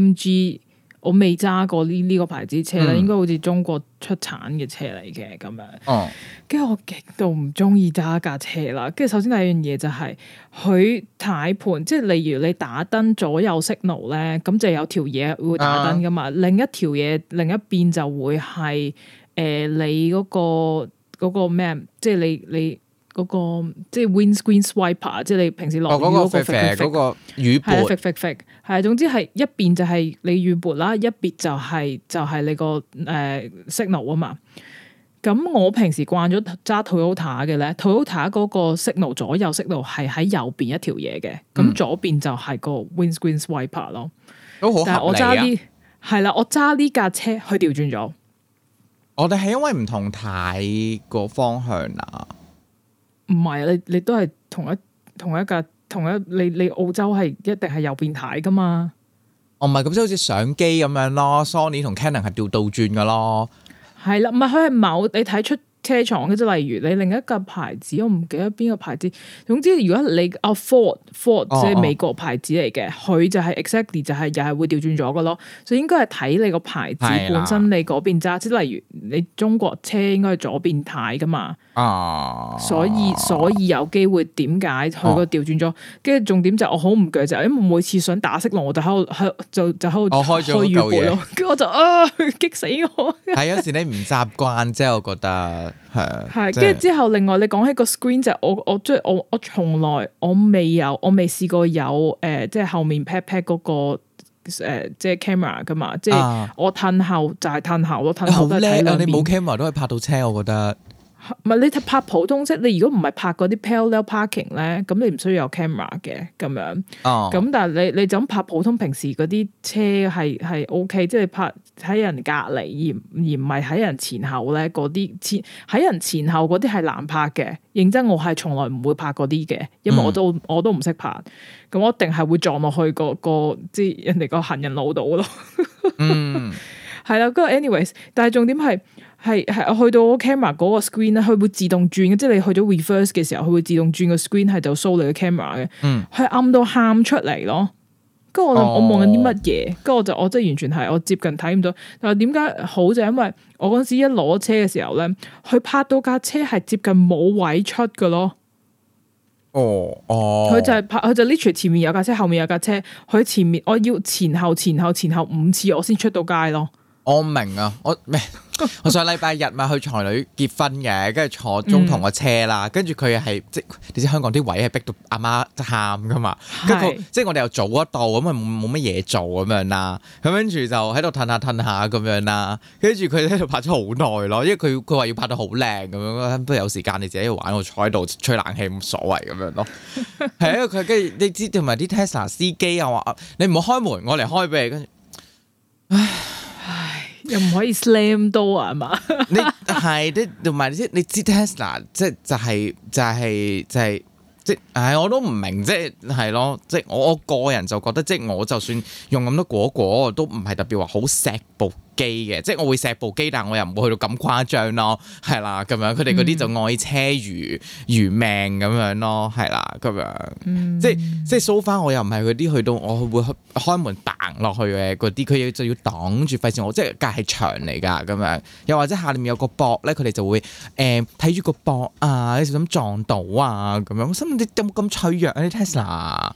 MG，我未揸過呢呢、呢個牌子車啦，嗯、應該好似中國出產嘅車嚟嘅咁樣。跟住、嗯、我極度唔中意揸架車啦。跟住首先第一樣嘢就係佢呔盤，即係例如你打燈左右 signal 咧，咁就有條嘢會打燈噶嘛，啊、另一條嘢另一邊就會係誒、呃、你嗰、嗰個嗰、嗰個咩，即係你你。你你嗰、那個即係 windscreen swiper，即係你平時落雨嗰個,個雨盤，係的，係，總之係一邊就係你雨盤啦，一邊就係、是、就係、是、你個誒 signal 啊嘛。咁我平時慣咗揸 Toyota 嘅咧，Toyota 嗰個 signal 左右 signal 係喺右邊一條嘢嘅，咁左邊就係個 windscreen swiper 咯。嗯、都好合理啊！係啦，我揸呢架車去調轉咗，我哋係因為唔同太個方向啊。唔係啊，你你都係同一同一架同一，你你澳洲係一定係右邊睇噶嘛？哦，唔係，咁即係好似相機咁樣咯，Sony 同 Canon 係調倒轉噶咯，係啦，唔係，佢係某你睇出。車廠嘅，即係例如你另一個牌子，我唔記得邊個牌子。總之如果你 Ford, Ford 即係美國牌子嚟嘅，佢就係 Exactly 就係又係會調轉咗㗎囉。所以應該係睇你個牌子、嗯、本身你嗰邊揸，即係例如你中國車應該係左邊軚噶嘛、哦所。所以所以有機會點解佢個調轉咗？跟住，哦、重點就我好唔鋸就，因為每次想打色龍，我就喺度喺就就喺度開預配咯。跟住我就啊，激死我，啊！係有時你唔習慣啫，我覺得。係啊，係是，跟住之後，後另外、就是、你講起個 screen 就是、我我即係我我從來我未有我未試過有誒、呃，即係後面拍拍嗰個誒、呃，即係 camera 噶嘛，即係、啊、我褪後就係、是、褪後咯，褪後得兩面。好叻啊！你冇 camera 都係拍到車，我覺得。唔係你拍普通即你如果唔係拍嗰啲 parallel parking 咧，咁你唔需要有 camera 嘅咁樣。哦、oh.，咁但係你你就咁拍普通平時嗰啲車係係 OK，即係拍喺人隔籬而而唔係喺人前後咧嗰啲前喺人前後嗰啲係難拍嘅。認真我係從來唔會拍嗰啲嘅，因為我都、mm. 我都唔識拍。咁我一定係會撞落去個個即係人哋個行人路度咯。嗯，係啦，嗰個 anyways，但係 Any 重點係。係係去到 camera 嗰個 screen 咧，佢會自動轉嘅，即係你去咗 reverse 嘅時候，佢會自動轉個 screen 係就 show 你個 camera 嘅。佢、嗯、暗到喊出嚟咯，跟住我、哦、我望緊啲乜嘢，跟住我就我即係完全係我接近睇唔到。但係點解好就係因為我嗰時一攞車嘅時候咧，佢拍到架車係接近冇位出㗎咯。哦哦，佢就係拍，佢就 literally 前面有架車，後面有架車。佢前面我要前後，前後前後前後五次我先出到街咯。我明啊，我我上禮拜日咪去才女結婚嘅，跟住坐中同個車啦，跟住佢係即係，你知香港啲位係逼到阿媽喊噶嘛？跟住是即係我哋又早一到做一度，咁咪冇乜嘢做咁樣啦。咁跟住就喺度褪下褪下咁樣啦，跟住佢喺度拍咗好耐咯，因為佢佢話要拍到好靚咁樣，不過有時間你自己喺度玩，我坐喺度吹冷氣，冇所謂咁樣咯。係啊，佢跟住你知同埋啲 Tesla 司機啊，話你唔好開門，我嚟開俾你，跟住唉。又唔可以 slam door 啊，係嘛？你係啲同埋你知你 Tesla 即係就係、是、就係、是、就係、是就是、即係、哎，我都唔明即係係咯，即係我，我個人就覺得即係我就算用咁多果果都唔係特別話好石步。機嘅，即係我會錫部機，但係我又唔會去到咁誇張咯，係啦咁樣。佢哋嗰啲就愛車如如命咁樣咯，係啦咁樣，嗯、即係即係 so far。我又唔係嗰啲去到我會開門彈落去嘅嗰啲，佢就要擋住，費事我即係隔係牆嚟噶咁樣。又或者下面有個博咧，佢哋就會誒睇住個博啊，小心撞到啊咁樣。我心諗你有冇咁脆弱啊 Tesla？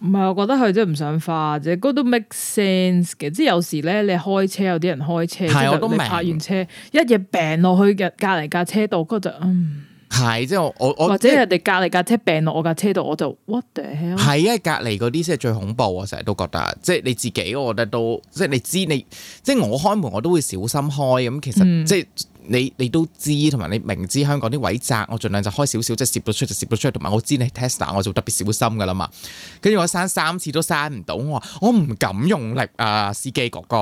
唔係，我覺得佢真係唔想化啫，嗰都 make sense 嘅。即係有時咧，你開車有啲人開車，即係對你泊完車，一嘢病落去嘅隔籬架車度，嗰、那個、就嗯係即係我我或者人哋隔籬架車病落、就是、我架車度，我就 what the 係啊隔籬嗰啲先係最恐怖啊！我成日都覺得，即係你自己，我覺得都即係你知你即係我開門，我都會小心開咁，其實即係。嗯你你都知同埋你明知香港啲位窄，我儘量就開少少，即係攝到出就攝到出，同埋我知你 Tesla，我就特別小心㗎啦嘛。跟住我刪三次都刪唔到，我話我唔敢用力啊、呃，司機哥哥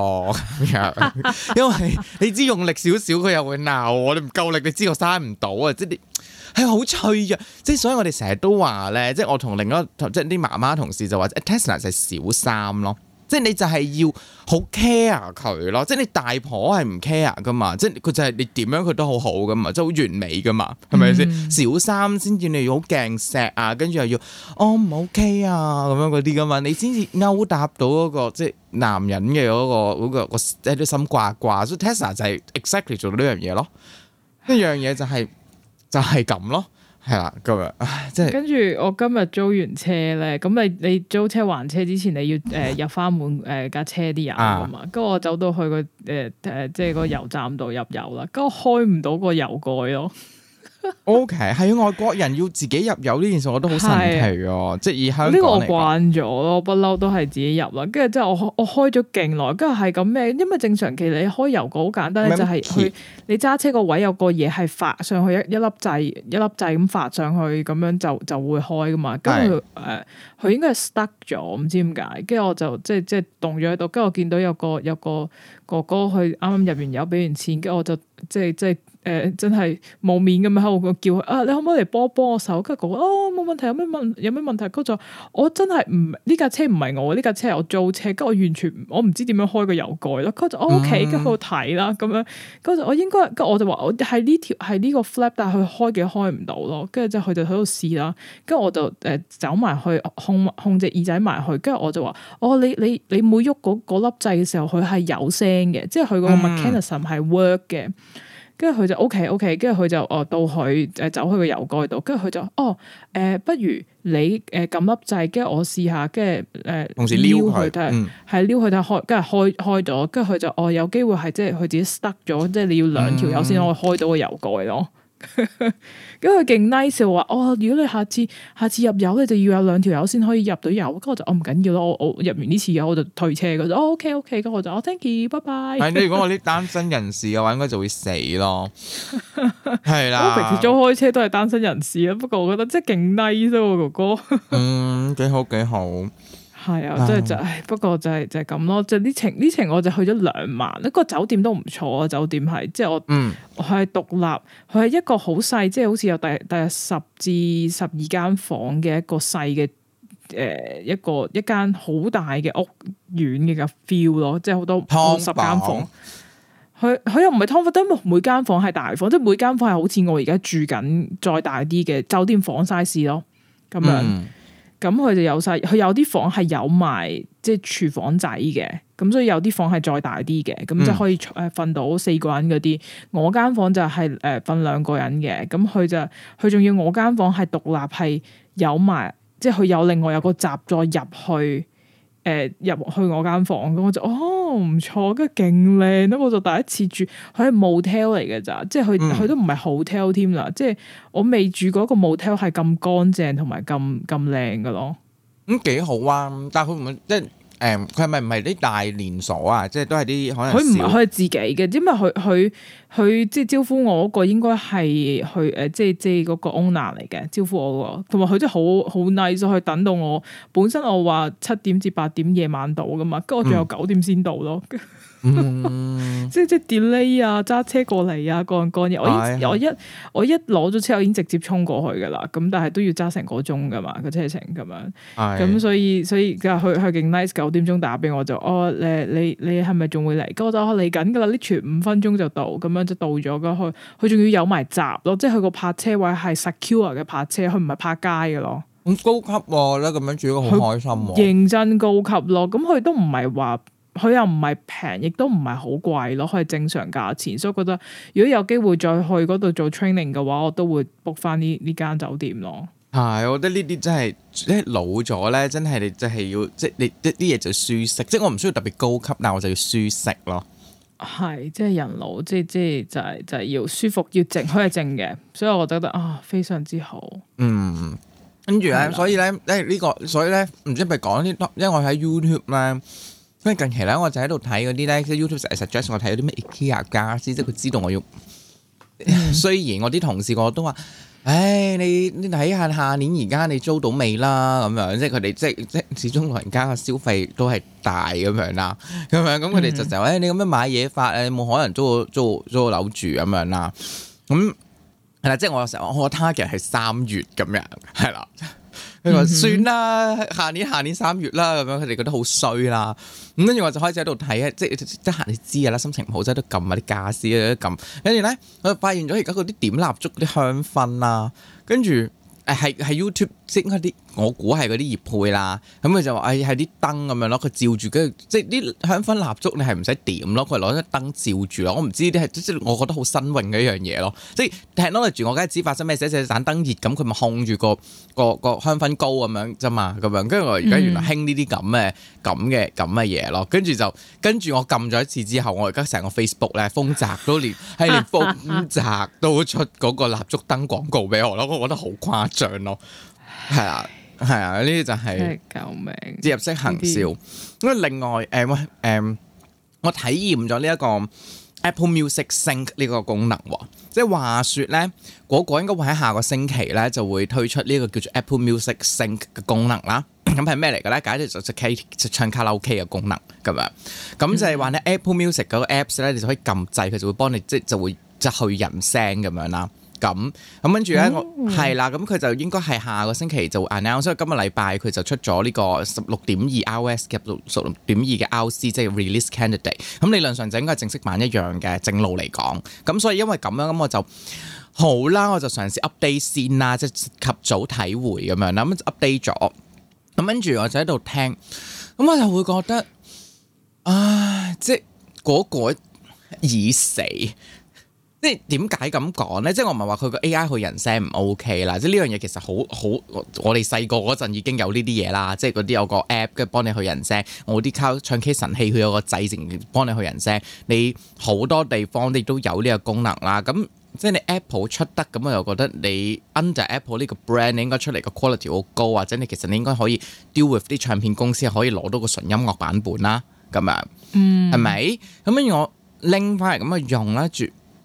因為你知用力少少佢又會鬧我，你唔夠力，你知我刪唔到啊，即係好脆弱。即係所以我哋成日都話咧，即係我同另一個即係啲媽媽同事就話 Tesla 係小三咯。即係你就係要好 care 佢咯，即係你大婆係唔 care 噶嘛，即係佢就係你點樣佢都好好噶嘛，即係好完美噶嘛，係咪先？Mm hmm. 小三先至你要好勁錫啊，跟住又要哦唔、oh, OK 啊咁樣嗰啲噶嘛，你先至勾搭到嗰、那個即係男人嘅嗰、那個嗰、那個即係啲心掛掛，所以 Tessa 就係 exactly 做到呢樣嘢咯，呢樣嘢就係、是、就係、是、咁咯。係啦，今日即係跟住我今日租完車咧，咁你你租車還車之前，你要誒入翻滿誒架車啲油啊嘛，咁 吧我走到去、個誒誒、呃呃、即係個油站度入油啦，咁我開唔到個油蓋咯。OK，係外國人要自己入油呢件事，我都好神奇啊、哦！的即係以香港呢個我慣咗咯，不嬲都係自己入啦。跟住之後我我開咗勁耐，跟住係咁咩？因為正常其實你開油個好簡單就係 你揸車個位有個嘢係發上去一一粒掣，一粒掣咁發上去，咁樣就就會開噶嘛。跟住誒佢應該係 stuck 咗，唔知點解。跟住我就即係即係凍咗喺度。跟、就、住、是就是就是、我見到有個有個，有個哥哥佢啱啱入完油，俾完錢，跟住我就即係即係。就是就是就是就是誒、呃、真係冇面咁樣喺度叫佢啊！你可唔可以嚟幫幫我手？跟住講哦，冇問題，有咩問有咩問題？跟住我真係唔呢架車唔係我，呢架車係我租車，跟住我完全我唔知點樣開個油蓋咯。跟住我 OK，跟住我睇啦咁樣。跟住我應該，跟住我就話我係呢條係呢個 flap，但係佢開嘅開唔到咯。跟住就佢就喺度試啦。跟住我就誒走埋去控控制耳仔埋去。跟住我就話哦，你你你每喐嗰粒掣嘅時候，佢係有聲嘅，即係佢個 mechanism 係 work 嘅。嗯跟住佢就 OK OK，跟住佢就哦到佢誒走去個油蓋度，跟住佢就哦誒、呃，不如你誒撳粒掣，跟、呃、住我試下，跟住誒同時撩佢睇，下、嗯，係撩佢睇下開，跟住開開咗，跟住佢就哦有機會係即係佢自己塞咗，即係你要兩條友先可以開到個油蓋咯。嗯嗯。咁佢勁 nice 話哦，如果你下次下次入油你就要有兩條油先可以入到油。咁我就我唔緊要咯，我我入完呢次油我就退車。佢就哦，OK OK，咁我就哦，thank you，拜拜。係 你如果我啲單身人士嘅話，應該就會死咯，係 啦。我平時揸開車都係單身人士啦，不過我覺得即係勁 nice 咯，哥哥。 嗯，幾好幾好。係啊，即係就，嗯、不過就係就咁咯。就呢程呢程，程我就去咗兩晚，一個酒店都唔錯啊。酒店係，即係我，佢係獨立，佢係一個、就是、好細，即係好似有第第十至十二間房嘅一個細嘅，誒，一個一間好大嘅屋苑嘅 feel 咯，即係好多湯堡 十間房。佢佢又唔係湯房，得每間房係大房，即係每間房係好似我而家住緊再大啲嘅酒店房 size 咯，咁樣。嗯咁佢就有晒，佢有啲房係有埋即係廚房仔嘅，咁所以有啲房係再大啲嘅，咁即係可以誒瞓到四個人嗰啲。嗯、我間房就係誒瞓兩個人嘅，咁佢就佢仲要我間房係獨立，係有埋即係佢有另外有個閘再入去。誒入去我間房咁，我就哦，唔錯，跟住勁靚咯！我就第一次住，佢係 motel 嚟嘅咋，即係佢佢都唔係好 hotel 添啦，即係我未住過一個 motel 係咁乾淨同埋咁咁靚嘅咯。咁幾、嗯、好啊！但係佢唔係即係。誒，佢係咪唔係啲大連鎖啊？即係都係啲可能。佢唔係佢係自己嘅，因為佢佢佢即係招呼我嗰個應該係佢即係即係嗰個 owner 嚟嘅招呼我、嗰個，同埋佢真係好好 nice，去等到我本身我話七點至八點夜晚到噶嘛，跟住我仲有九點先到咯、嗯。 即係即係 delay 啊，揸車過嚟啊，幹幹嘢。我已、哎、呀 我一我一攞咗車，我已經直接衝過去噶啦。咁但係都要揸成個鐘噶嘛個車程咁樣。咁、哎呀 嗯、所以所以佢佢勁 nice，九點鐘打俾我就，哦，你你你係咪仲會嚟？我就嚟緊噶啦，呢條五分鐘就到，咁樣就到咗噶。佢仲要有埋閘咯，即係佢個泊車位係 secure 嘅泊車，佢唔係泊街㗎咯。咁高級咧、啊，咁樣住都好開心、啊。認真高級咯，咁佢都唔係話。佢又唔係平，亦都唔係好貴咯，佢係正常價錢。所以我覺得如果有機會再去嗰度做 training 嘅話，我都會 book 翻呢呢間酒店咯。係，我覺得呢啲真係即係老咗咧，真係你即係要即係你啲嘢就舒適，即係我唔需要特別高級，但係我就要舒適咯。係，即係人老，即係即係就係就係要舒服，要靜，佢係靜嘅，所以我覺得啊，非常之好。嗯，跟住咧，的所以咧，誒、這、呢個，所以咧，唔知係咪講啲，因為我喺 YouTube 咧。因近期咧，我就喺度睇嗰啲咧，啲 YouTube 就係 suggest 我睇啲咩 IKEA 傢俬，即係佢知道我要。Mm hmm. 雖然我啲同事我都話，唉、哎，你你睇下下年而家你租到未啦？咁樣，即係佢哋即係即始終老人家嘅消費都係大咁樣啦，咁樣咁佢哋就就話，誒、哎，你咁樣買嘢法誒，冇可能租個租個租樓住咁樣啦。咁係啦，即係我成日我 target 係三月咁樣，係啦。 佢話算啦，下年下年三月啦，咁樣佢哋覺得好衰啦。咁跟住我就開始喺度睇啊，即係得閒你知啊啦，心情唔好即係都撳下啲傢俬啊，撳。跟住咧，我就發現咗而家嗰啲點蠟燭啲香薰啦，跟住誒係係 YouTube。哎即係嗰啲，我估係嗰啲業配啦。咁佢就話，誒係啲燈咁樣咯，佢照住，即係啲香薰蠟燭，你係唔使點咯，佢攞隻燈照住咯。我唔知呢啲係，即係我覺得好新穎嘅一樣嘢咯。即係 technology 我梗係知發生咩事，一盞燈熱咁，佢咪控住個個個香氛膏咁樣啫嘛，咁樣。跟住我而家原來興呢啲咁嘅、咁嘅、咁嘅嘢咯。跟住就跟住我撳咗一次之後，我而家成個 Facebook 咧，風澤都連係 連風澤都出嗰個蠟燭燈廣告俾我咯，我覺得好誇張咯。係啊，係啊，呢啲就係，救命！植入式行銷。因另外，誒、嗯、喂，誒、嗯，我體驗咗呢一個 Apple Music Sync 呢個功能。即係話說咧，果、嗰個應該會喺下個星期咧就會推出呢個叫做 Apple Music Sync 嘅功能啦。咁係咩嚟嘅咧？簡 直就就 K 唱卡拉 OK 嘅功能咁樣。咁就係話咧，Apple Music 嗰個 Apps 咧，你就可以撳掣，佢就會幫你即、就係、就會即去人聲咁樣啦。咁咁跟住咧，我係啦，咁佢就應該係下個星期就 announce，所以今日禮拜佢就出咗呢個十六點二 iOS 入到十六點二嘅 RC，即係 release candidate。咁 Cand 理論上就應該係正式版一樣嘅正路嚟講。咁所以因為咁樣，咁我就好啦，我就嘗試 update 先啦，即係及早體會咁樣啦。咁 update 咗，咁跟住我就喺度聽，咁我就會覺得，唉，即係嗰個已死。即係點解咁講呢？即係我唔係話佢個 A.I 去人聲唔 O.K. 啦。即係呢樣嘢其實好好，我哋細個嗰陣已經有呢啲嘢啦。即係嗰啲有個 app 跟住幫你去人聲，我啲卡唱 K 神器佢有個製成幫你去人聲。你好多地方你都有呢個功能啦。咁即係你 Apple 出得咁，我又覺得你 under Apple 呢個 brand，你應該出嚟個 quality 好高，或者你其實你應該可以 deal with 啲唱片公司，可以攞到個純音樂版本啦。咁樣，嗯，係咪咁樣？我拎翻嚟咁樣用啦。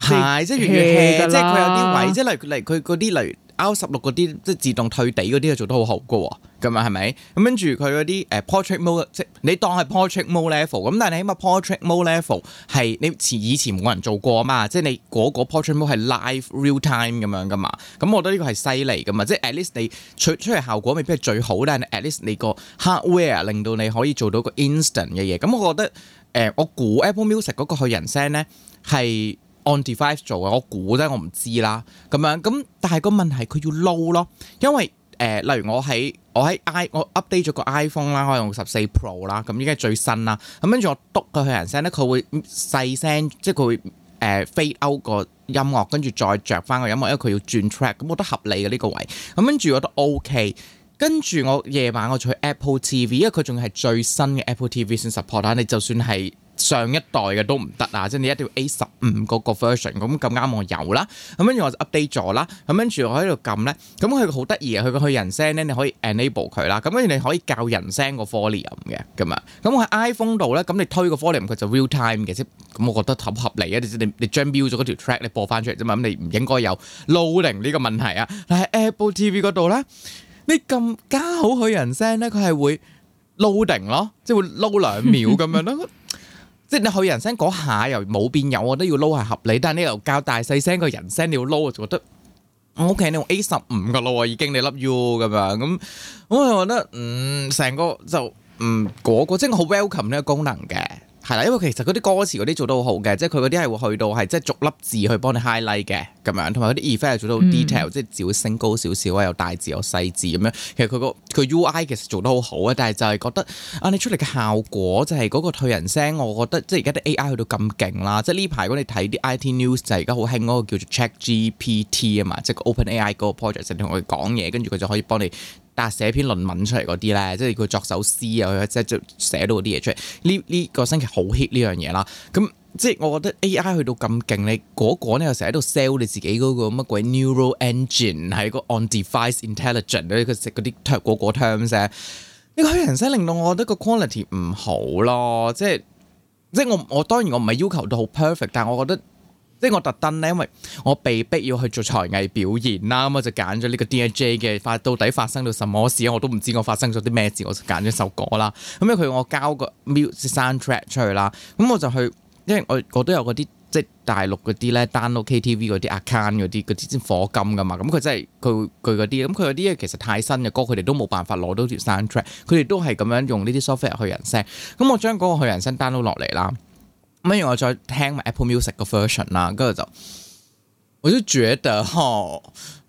係的即係越越 h 即係佢有啲位，即係例如例佢嗰啲例如 R 十六嗰啲，即係自動退地嗰啲，係做得好好噶，咁啊，係咪？咁跟住佢嗰啲誒 portrait mode，即你當係 portrait mode level，咁但係起碼 portrait mode level 係你以前冇人做過啊嘛，即係你嗰個 portrait mode 係 live real time 咁樣噶嘛，咁我覺得呢個係犀利噶嘛，即係 at least 你出出嚟效果未必係最好，但係 at least 你個 hardware 令到你可以做到個 instant 嘅嘢，咁我覺得誒、呃、我估 Apple Music 嗰個去人聲咧係。on device 做嘅，我估啫，我唔知啦，咁樣咁，但係個問題佢要 load 咯，因為誒、呃，例如我喺我喺 i 我 update 咗個 iPhone 啦，我用十四 Pro 啦，咁依家最新啦，咁跟住我篤個佢人聲咧，佢會細聲，即係佢誒 fade out 個音樂，跟住再着翻個音樂，因為佢要轉 track，咁我覺得合理嘅呢、這個位，咁跟住我覺得 OK，跟住我夜晚我去 Apple TV，因為佢仲係最新嘅 Apple TV 先 support 啦，你就算係。上一代嘅都唔得啊，即係你一定要 A 十五嗰個 version，咁咁啱我有啦，咁跟住我就 update 咗啦，咁跟住我喺度撳咧，咁佢好得意啊，佢個去人聲咧，你可以 enable 佢啦，咁跟住你可以校人聲個 volume 嘅，咁啊，咁喺 iPhone 度咧，咁你推個 volume 佢就 real time 嘅啫，咁我覺得合合理啊，即係你你將標咗嗰條 track 你播翻出嚟啫嘛，咁你唔應該有 loading 呢個問題啊，但係 Apple TV 嗰度咧，你撳加好去人聲咧，佢係會 loading 咯，即係會 load 兩秒咁樣咯。即係你去人聲嗰下又冇變有。我覺得要撈係合理。但係你又較大細聲個人聲你要撈，我就覺得我屋企你用 A 十五㗎咯，已經你甩 U 咁樣咁，我覺得嗯成個就嗯嗰、嗰個即係好 welcome 呢個功能嘅。係啦，因為其實嗰啲歌詞嗰啲做得好好嘅，即係佢嗰啲係會去到係即係逐粒字去幫你 highlight 嘅咁樣，同埋嗰啲 effect 做到 detail、嗯、即係只會升高少少啊，有大字有細字咁樣。其實佢個佢 UI 其實做得好好啊，但係就係覺得啊，你出嚟嘅效果就係嗰個退人聲，我覺得即係而家啲 AI 去到咁勁啦。即係呢排如果你睇啲 IT news 就係而家好興嗰個叫做 Chat GPT 啊嘛，即係 OpenAI 嗰個 project，成日同佢講嘢，跟住佢就可以幫你。但寫篇論文出嚟嗰啲咧，即係佢作首詩啊，即係即寫到啲嘢出嚟。呢呢個星期好 hit 呢樣嘢啦。咁即係我覺得 AI 去到咁勁，你嗰個咧又成日喺度 sell 你自己嗰個乜鬼 neural engine 喺個 on-device intelligent 嗰啲嗰啲嗰個 terms 咧，呢個人先令到我覺得個 quality 唔好咯。即係即係我我當然我唔係要求到好 perfect，但係我覺得。即係我特登咧，因為我被逼要去做才藝表演啦，咁我就揀咗呢個 DJ 嘅發。到底發生咗什麼事？我都唔知我發生咗啲咩事。我就揀咗首歌啦，咁咧佢我交個 music sound track 出去啦。咁我就去，因為我我都有嗰啲即係大陸嗰啲咧 download K T V 嗰啲 account 嗰啲嗰啲先火金噶嘛。咁佢真係佢佢嗰啲咁，佢嗰啲其實太新嘅歌，佢哋都冇辦法攞到條 sound track，佢哋都係咁樣用呢啲 software 去人聲。咁我將嗰個去人聲 download 落嚟啦。如果我再聽埋 Apple Music 嘅 version 啦，跟住就我都覺得嗬，誒、哦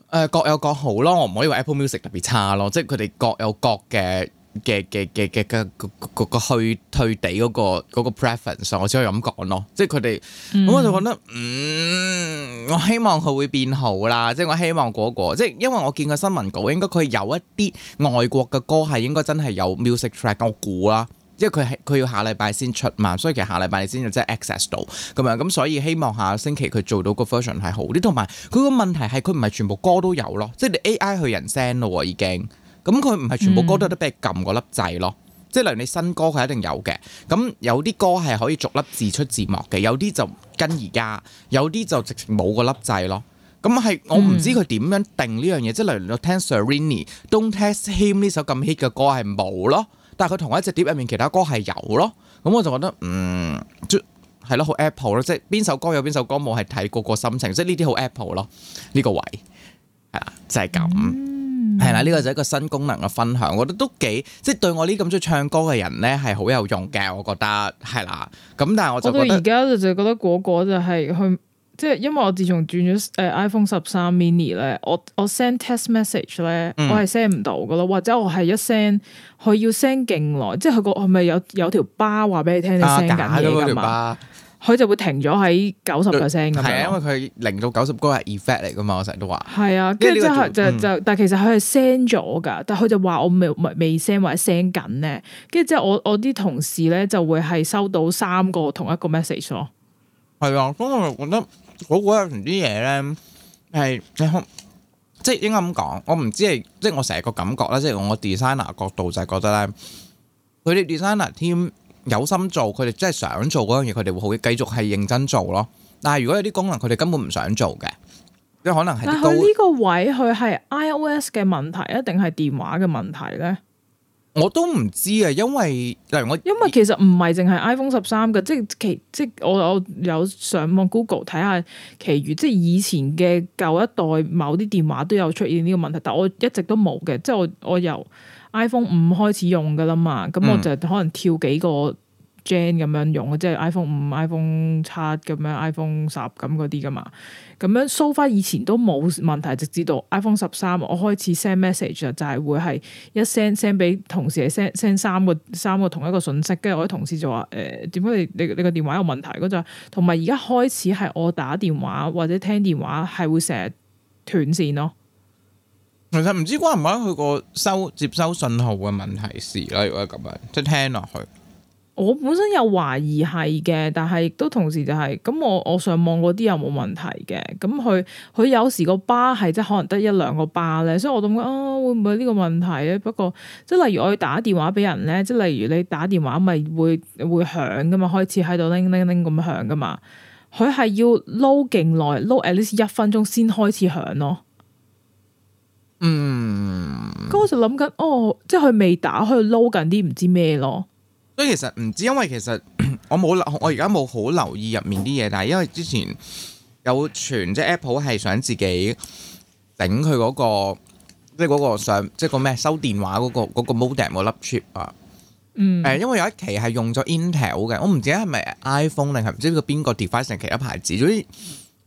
呃、各有各好咯，我唔可以話 Apple Music 特別差咯，即係佢哋各有各嘅嘅嘅嘅嘅嘅個去退地嗰個個 preference，我只可以咁講咯，即係佢哋咁我就覺得，嗯，我希望佢會變好啦，即係我希望嗰，那個，即係因為我見過新聞稿，應該佢有一啲外國嘅歌係應該真係有 music track，我估啦。即係佢係佢要下禮拜先出嘛，所以其實下禮拜先至即係 access 到咁樣，咁所以希望下個星期佢做到個 version 係好啲，同埋佢個問題係佢唔係全部歌都有咯，即係你 AI 去人聲咯喎已經，咁佢唔係全部歌都有得俾你撳嗰粒掣咯，即係例如你新歌佢一定有嘅，咁有啲歌係可以逐粒字出字幕嘅，有啲就跟而家，有啲就直情冇個粒掣咯，咁係我唔知佢點樣定呢樣嘢，即係例如你聽 Serrini Don't Test Him 呢首咁 hit 嘅歌係冇咯。但係佢同我一隻碟入面其他歌係有咯，咁我就覺得嗯，就係咯好 Apple 咯，即係邊首歌有邊首歌，冇係睇個個心情，即係呢啲好 Apple 咯呢個位係啦，就係咁，係啦，呢個就係一個新功能嘅分享，我覺得都幾，即係對我呢咁中意唱歌嘅人咧，係好有用嘅，我覺得係啦。咁但係我就覺得而家就就覺得果果就係去。即係因為我自從轉咗誒 iPhone 十三 mini 咧，我 send test message，我 send test message 咧，我係 send 唔到噶咯，或者我係一 send 佢要 send 勁耐，即係佢個係咪有有條、啊、巴話俾你聽？你 send 緊啊巴，佢就會停咗喺九十 percent 係啊，因為佢零到九十 percent 係 effect 嚟噶嘛，我成日都話。係啊，跟住之後就就但其實佢係 send 咗噶，嗯、但佢就話我未未未 send 或者 send 緊咧。跟住之後我我啲同事咧就會係收到三個同一個 message 咯。係啊，咁我又覺得。我覺得啲嘢咧係即係應該咁講，我唔知係即係我成日個感覺咧，即係我 designer 角度就係覺得咧，佢哋 designer team 有心做，佢哋真係想做嗰樣嘢，佢哋會好繼續係認真做咯。但係如果有啲功能，佢哋根本唔想做嘅，即可能係。但係呢個位佢係 iOS 嘅問題，定係電話嘅問題咧？我都唔知啊，因為例如我，因為其實唔係淨係 iPhone 十三嘅，即係其即我我有上網 Google 睇下其餘即係以前嘅舊一代某啲電話都有出現呢個問題，但我一直都冇嘅，即係我我由 iPhone 五開始用噶啦嘛，咁我就可能跳幾個 gen 咁樣用，嗯、即係 iPhone 五、iPhone 七咁樣、iPhone 十咁嗰啲噶嘛。咁樣 so far 以前都冇問題，直至到 iPhone 十三，我開始 send message 就係、是、會係一 send send 俾同事，send send 三個三個同一個信息，跟住我啲同事就話誒，點解你你個電話有問題嗰陣，同埋而家開始係我打電話或者聽電話係會成日斷線咯。其實唔知關唔關佢個收接收信號嘅問題事啦，如果咁樣，即係聽落去。我本身有懷疑係嘅，但係亦都同時就係、是、咁我我上網嗰啲又冇問題嘅。咁佢佢有時個巴係即係可能得一兩個巴咧，所以我都諗、哦、會唔會呢個問題咧？不過即係例如我要打電話俾人咧，即係例如你打電話咪會會響噶嘛？開始喺度叮叮叮咁響噶嘛？佢係要撈勁耐，撈 at least 一分鐘先開始響咯。嗯，咁我就諗緊哦，即係佢未打開撈緊啲唔知咩咯。所以其實唔知，因為其實我冇留，我而家冇好留意入面啲嘢。但係因為之前有傳，即 Apple 係想自己頂佢嗰、那個，即係嗰個上，即係個咩收電話嗰、那個那個 modem 個粒 chip 啊、嗯。嗯、呃。因為有一期係用咗 Intel 嘅，我唔知係咪 iPhone 定係唔知佢邊個 device 定其他牌子、呃。所以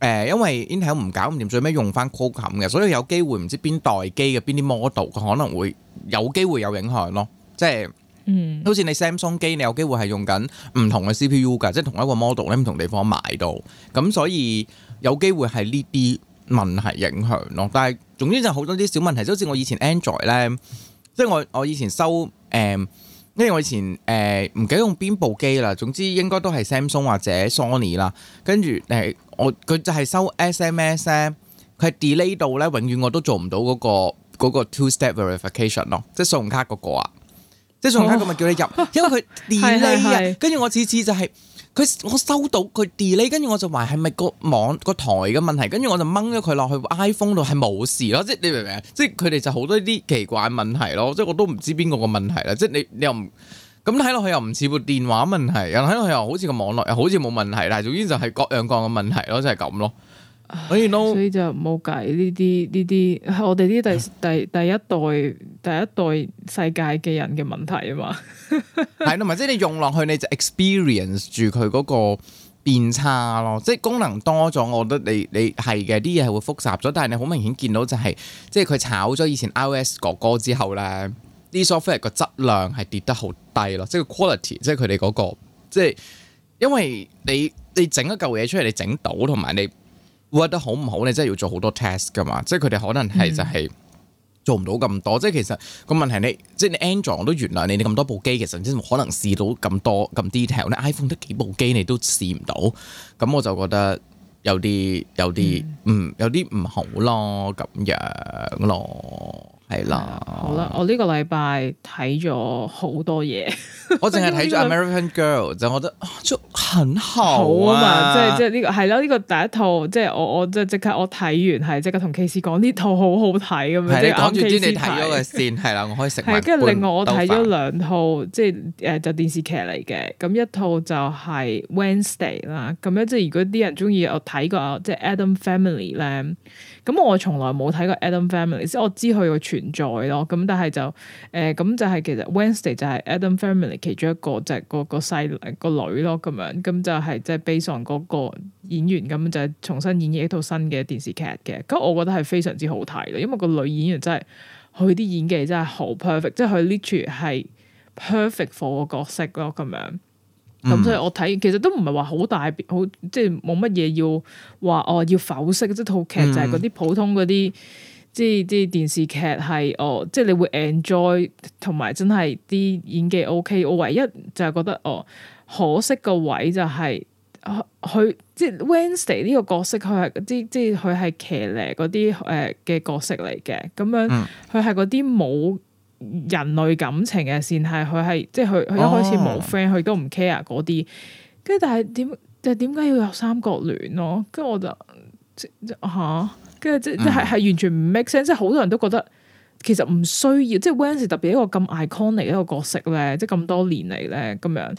誒，因為 Intel 唔搞唔掂，最尾用翻 Qualcomm、um、嘅，所以有機會唔知邊代機嘅邊啲 model，佢可能會有機會有影響咯。即係。嗯，好似你 Samsung 機，你有機會係用緊唔同嘅 CPU 噶，即係同一個 model 咧，唔同地方買到咁，所以有機會係呢啲問題影響咯。但係總之就好多啲小問題，即係好似我以前 Android 咧，即係我我以前收誒，因、呃、為我以前誒唔、呃、記得用邊部機啦。總之應該都係 Samsung 或者 Sony 啦。跟住誒，我佢就係收 SMS 咧，佢係 delete 到咧，永遠我都做唔到嗰、那個那個 two step verification 咯，即係信用卡嗰、那個啊。即係仲有一個咪叫你入， 因為佢 delay 啊。跟住 我次次就係、是、佢我收到佢 delay 跟住我就話係咪個網個台嘅問題？跟住我就掹咗佢落去 iPhone 度係冇事咯。即係你明唔明啊？即係佢哋就好多啲奇怪問題咯。即係我都唔知邊個個問題啦。即係你你又唔咁睇落去又唔似部電話問題，又睇落去又好似個網絡又好似冇問題，但係總之就係各樣各樣嘅問題、就是、咯。就係咁咯。唉所以就冇計呢啲呢啲，我哋呢啲第第第一代， 第一代第一代世界嘅人嘅問題啊嘛 。係同埋即係你用落去你就 experience 住佢嗰個變差咯，即係功能多咗，我覺得你你係嘅啲嘢係會複雜咗，但係你好明顯見到就係、是、即係佢炒咗以前 iOS 哥哥哥之後咧，啲 software 個質量係跌得好低咯，即係 quality，即係佢哋嗰個即係因為你你整一嚿嘢出嚟你整到同埋你。你搵得好唔好咧？即係要做好多 test 噶嘛，即係佢哋可能係就係做唔到咁多，mm. 即係其實個問題你，即係你 Android 都原諒你，你咁多部機，其實真可能試到咁多咁 detail 咧，iPhone 得幾部機你都試唔到，咁我就覺得有啲有啲、mm. 嗯有啲唔好咯咁樣咯。係啦，好啦，我呢個禮拜睇咗好多嘢， 我淨係睇咗 American Girl 就覺得就、哦、很好啊，即係即係呢個係咯，呢、這個第一套，即、就、係、是、我我即係即刻我睇完係即刻同 KC 講呢套好好睇咁樣，即講住啲你睇咗嘅線係啦，我可以食。跟住另外我睇咗兩套，即係誒就是、電視劇嚟嘅。咁一套就係 Wednesday 啦，咁樣即係如果啲人中意我睇過即係 Adam Family 咧。咁我從來冇睇過 Adam Family，即我知佢個存在咯。咁但係就誒，咁、呃嗯、就係、是、其實 Wednesday 就係 Adam Family 其中一個，就係、係嗰個細個女咯。咁樣咁就係即 based on 嗰個演員咁就係、重新演繹一套新嘅電視劇嘅。咁我覺得係非常之好睇咯，因為個女演員真係佢啲演技真係好 perfect，即係佢 Literally 係 perfect for 個角色咯，咁樣。咁所以我睇其實都唔係話好大好即係冇乜嘢要話哦要否識即套劇就係嗰啲普通嗰啲即即電視劇係哦即你會 enjoy 同埋真係啲演技 OK 我唯一就係覺得哦可惜個位就係、是、佢、啊、即 Wednesday 呢個角色佢係即即佢係騎呢嗰啲誒嘅角色嚟嘅咁樣佢係嗰啲冇。嗯人類感情嘅線係佢係即係佢佢一開始冇 friend 佢都唔 care 嗰啲，跟住但係點就點解要有三角戀咯？跟住我就即即吓，跟住即即係係完全唔 make sense，即係好多人都覺得其實唔需要，即、就、係、是、Wan 特別一個咁 icon 嘅 ic 一個角色咧，即係咁多年嚟咧咁樣。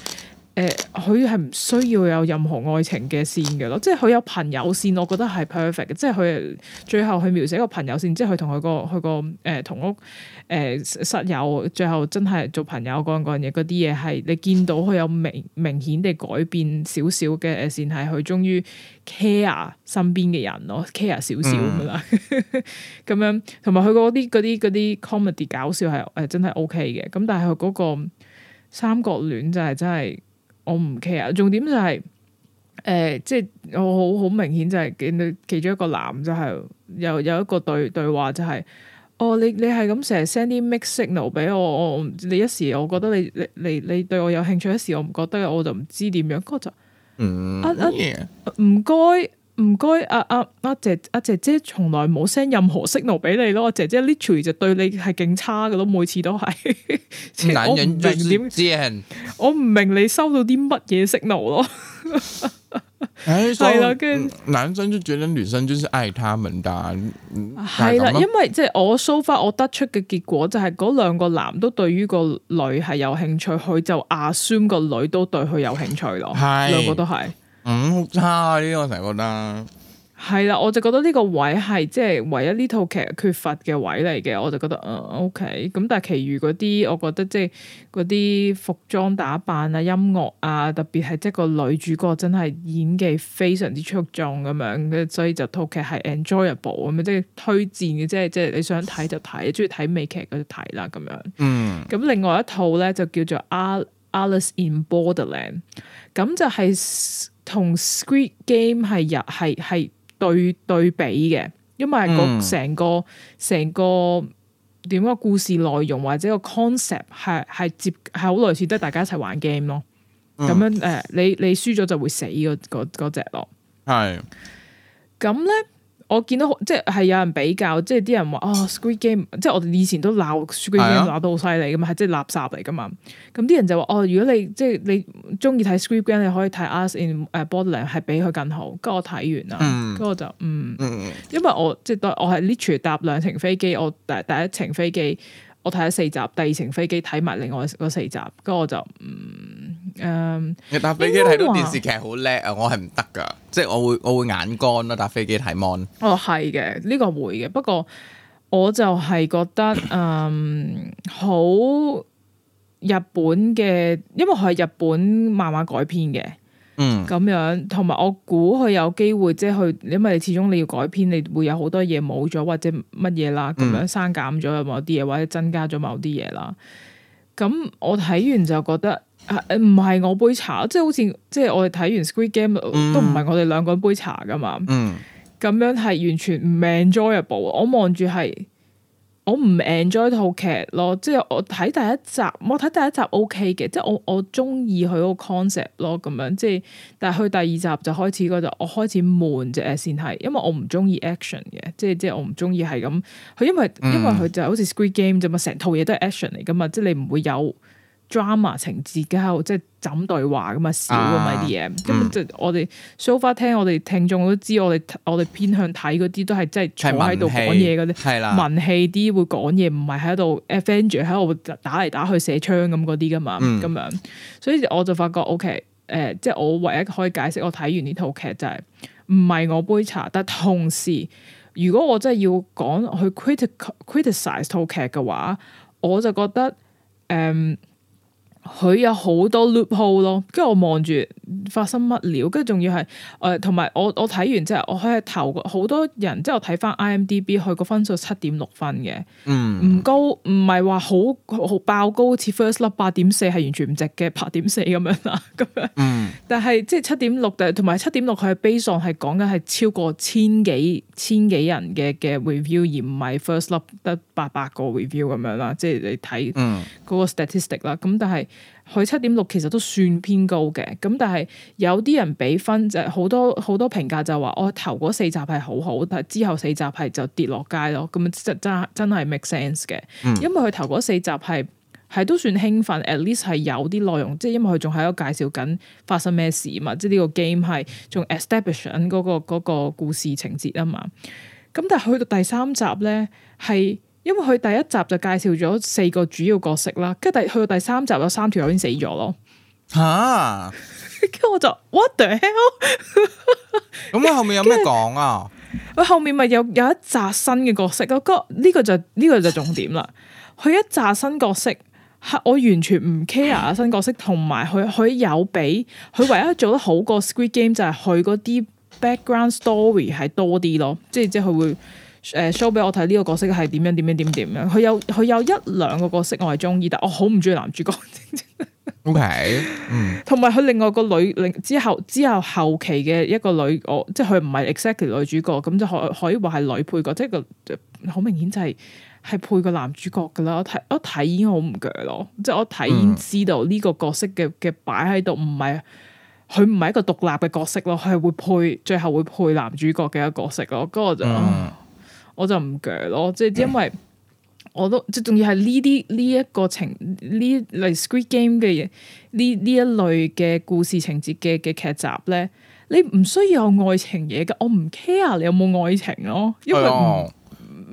誒佢係唔需要有任何愛情嘅線嘅咯，即係佢有朋友線，我覺得係 perfect 嘅。即係佢最後去描寫一個朋友線，即係佢同佢個佢個誒同屋誒、呃、室友，最後真係做朋友嗰樣嘢嗰啲嘢係你見到佢有明明顯地改變少少嘅誒線，係佢終於 care 身邊嘅人咯、呃、care 少少咁啦，咁樣同埋佢嗰啲嗰啲嗰啲 comedy 搞笑係誒、呃、真係 OK 嘅。咁但係佢嗰個三角戀就係真係～我唔 care，重點就係、是、誒、呃，即係我好好明顯就係見到其中一個男就係、是、有有一個對對話就係、是，哦，你你係咁成日 send 啲 mix signal 俾我，我你一時我覺得你你你你對我有興趣，一時我唔覺得，我就唔知點樣，嗰就唔唔唔該。唔該，阿阿阿姐阿姐姐從來冇 send 任何 signal 俾你咯，姐姐 literally 就對你係勁差嘅咯，每次都係。男人就是賤，我唔明你收到啲乜嘢 signal 咯。係啦，跟住男生就覺得女生就是愛他們的，係啦，嗯，的因為即係我 so far、嗯、我，我得出嘅結果就係嗰兩個男都對於個女係有興趣，佢就 assume 個女都對佢有興趣咯，兩 的個都係。嗯，差啲，我成日覺得係啦，我就覺得呢個位係即係唯一呢套劇缺乏嘅位嚟嘅，我就覺得，嗯，OK。咁但係其餘嗰啲，我覺得即係嗰啲服裝打扮啊、音樂啊，特別係即係個女主角真係演技非常之出眾咁樣，所以就套劇係 enjoyable 咁樣，即係推薦嘅，即係即係你想睇就睇，中意睇美劇嗰啲睇啦咁樣。嗯。咁另外一套咧，就叫做 Alice in Borderland，咁就係。同 Squid Game 係日系，係對對比嘅，因為個成、嗯、個成個點個故事內容或者個 concept 係係接係好類似，都係大家一齊玩 game 咯。咁樣誒、嗯呃，你你輸咗就會死個個嗰隻咯。係咁咧。我見到即係有人比較，即係啲人話哦，Squid Game，即係我哋以前都鬧 Squid Game 鬧得好犀利噶嘛，即係垃圾嚟噶嘛。咁啲人就話哦，如果你即係你中意睇 Squid Game，你可以睇 Alice in 誒 Borderland 係比佢更好。跟住我睇完啦，跟住、嗯、我就嗯，因為我，、嗯、因為我即係我係 literally 搭兩程飛機，我第第一程飛機我睇咗四,四集，第二程飛機睇埋另外嗰四集，跟住我就嗯。誒，搭、um, 飛機睇到電視劇好叻啊！我係唔得噶，即係我會我會眼乾咯、啊。搭飛機睇 mon，哦係嘅，呢、這個會嘅。不過我就係覺得，嗯， um, 好日本嘅，因為佢係日本漫畫改編嘅，咁、嗯、樣，同埋我估佢有機會，即係佢，因為始終你要改編，你會有好多嘢冇咗或者乜嘢啦，咁樣刪減咗某啲嘢，嗯、或者增加咗某啲嘢啦。咁我睇完就覺得。唔係、啊、我杯茶，即係好似即係我哋睇完《Squid Game》都唔係我哋兩個人杯茶噶嘛。咁、mm. 樣係完全唔 enjoyable 我望住係我唔 enjoy 套劇咯。即係我睇第一集，我睇第一集 OK 嘅，即係我我中意佢個 concept 咯。咁樣即係，但係去第二集就開始個就我開始悶，就係先係，因為我唔中意 action 嘅，即係即係我唔中意係咁。佢因為因為佢就好似、mm. 像 mm.《Squid Game》就咪成套嘢都係 action 嚟噶嘛，即係你唔會有。Drama 情節嘅後即係怎對話咁嘛？少咁咪啲嘢根本就，我哋 so far 聽，我哋聽眾都知，我哋我哋偏向睇嗰啲都係即係坐喺度講嘢嗰啲，文氣啲會講嘢，唔係喺度 Avenger 喺度打嚟打去射槍咁嗰啲噶嘛，咁、嗯、樣，所以我就發覺 OK 誒、呃，即係我唯一可以解釋我睇完呢套劇就係唔係我杯茶，但同時如果我真係要講去 critic criticize 套劇嘅話，我就覺得誒。嗯佢有好多 loop hole 咯，跟住我望住發生乜料，跟住仲要係誒同埋我我睇完之後，我喺、就是、頭好多人，之後睇翻 IMDB 佢個分數七點六分嘅，唔、嗯、高，唔係話好爆高，好似 First Love 八點四係完全唔值嘅八點四咁樣啦，咁樣，但係、嗯、即係七點六，同埋七點六佢係 based on，係講緊係超過千幾千幾人嘅嘅 review 而唔係 First Love 得八百個 review 咁樣啦，即係你睇嗰個 statistic 啦，咁但係。佢七點六其實都算偏高嘅，咁但係有啲人俾分就係好多好多評價就話我、哦、頭嗰四集係好好，但係之後四集係就跌落街咯，咁真真真係 make sense 嘅，嗯、因為佢頭嗰四集係係都算興奮，at least 係有啲內容，即係因為佢仲喺度介紹緊發生咩事嘛，即係呢個 game 係仲 establish 嗰、嗰個嗰、嗰個故事情節啊嘛，咁但係去到第三集咧係。因為佢第一集就介紹咗四個主要角色啦，跟住第去到第三集有三條友已經死咗咯。吓、啊，跟住 我就 What the hell？咁咧 後面有咩講啊？佢後面咪有有一集新嘅角色咯，呢個就呢個就重點啦。佢 一集新角色，我完全唔 care 啊！新角色同埋佢佢有比，佢唯一做得好過《Squid Game》就係佢嗰啲 background story 係多啲咯，即係即係會。s h o w 俾我睇呢個角色係點樣點樣點點樣，怎樣，佢有佢有一兩個角色我係中意，但我好唔中意男主角。O K，同埋佢另外個女，之後之後後期嘅一個女，即係佢唔係 exactly 女主角，咁就可可以話係女配角，即係個好明顯就係、是、係配個男主角噶啦。睇我睇已經好唔鋸咯，即係我睇知道呢個角色嘅嘅擺喺度，唔係佢唔係一個獨立嘅角色咯，係會配最後會配男主角嘅一個角色咯，咁我就。Mm. 我就唔鋸咯，即係因為我都即仲要係呢啲呢一個情呢，例如 Squid Game 嘅嘢，呢呢一類嘅故事情節嘅嘅劇集咧，你唔需要有愛情嘢噶我唔 care 你有冇愛情咯，因為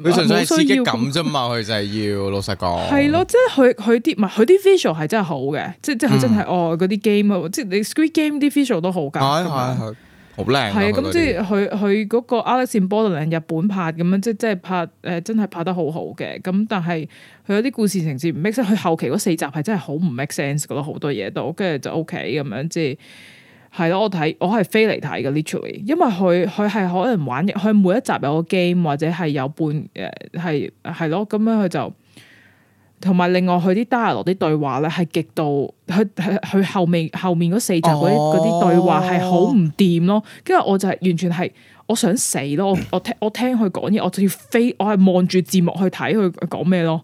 你純粹刺激感啫嘛，佢就係要老實講係咯，即係佢佢啲唔係佢啲 visual 係真係好嘅，即係即係真係、嗯、哦嗰啲 game 即係、嗯、你 Squid Game 啲 visual 都好噶係係係。是好靚係啊，咁即係佢佢嗰個 Alice in Borderland 日本拍咁，呃 OK, 樣，即係即係拍誒，真係拍得好好嘅。咁但係佢有啲故事情節唔 make sense，佢後期嗰四集係真係好唔 make sense 噶咯，好多嘢都，跟住就 OK 咁樣，即係係咯。我睇我係飛嚟睇嘅 literally，因為佢佢係可能玩佢每一集有個 game 或者係有半誒係係咯，咁樣佢就。同埋另外佢啲 dialog 啲對話咧係極度佢佢佢後面後面嗰四集嗰啲啲對話係好唔掂咯，跟住我就係完全係我想死咯，我聽我聽佢講嘢，我就要飛，我係望住字幕去睇佢講咩咯。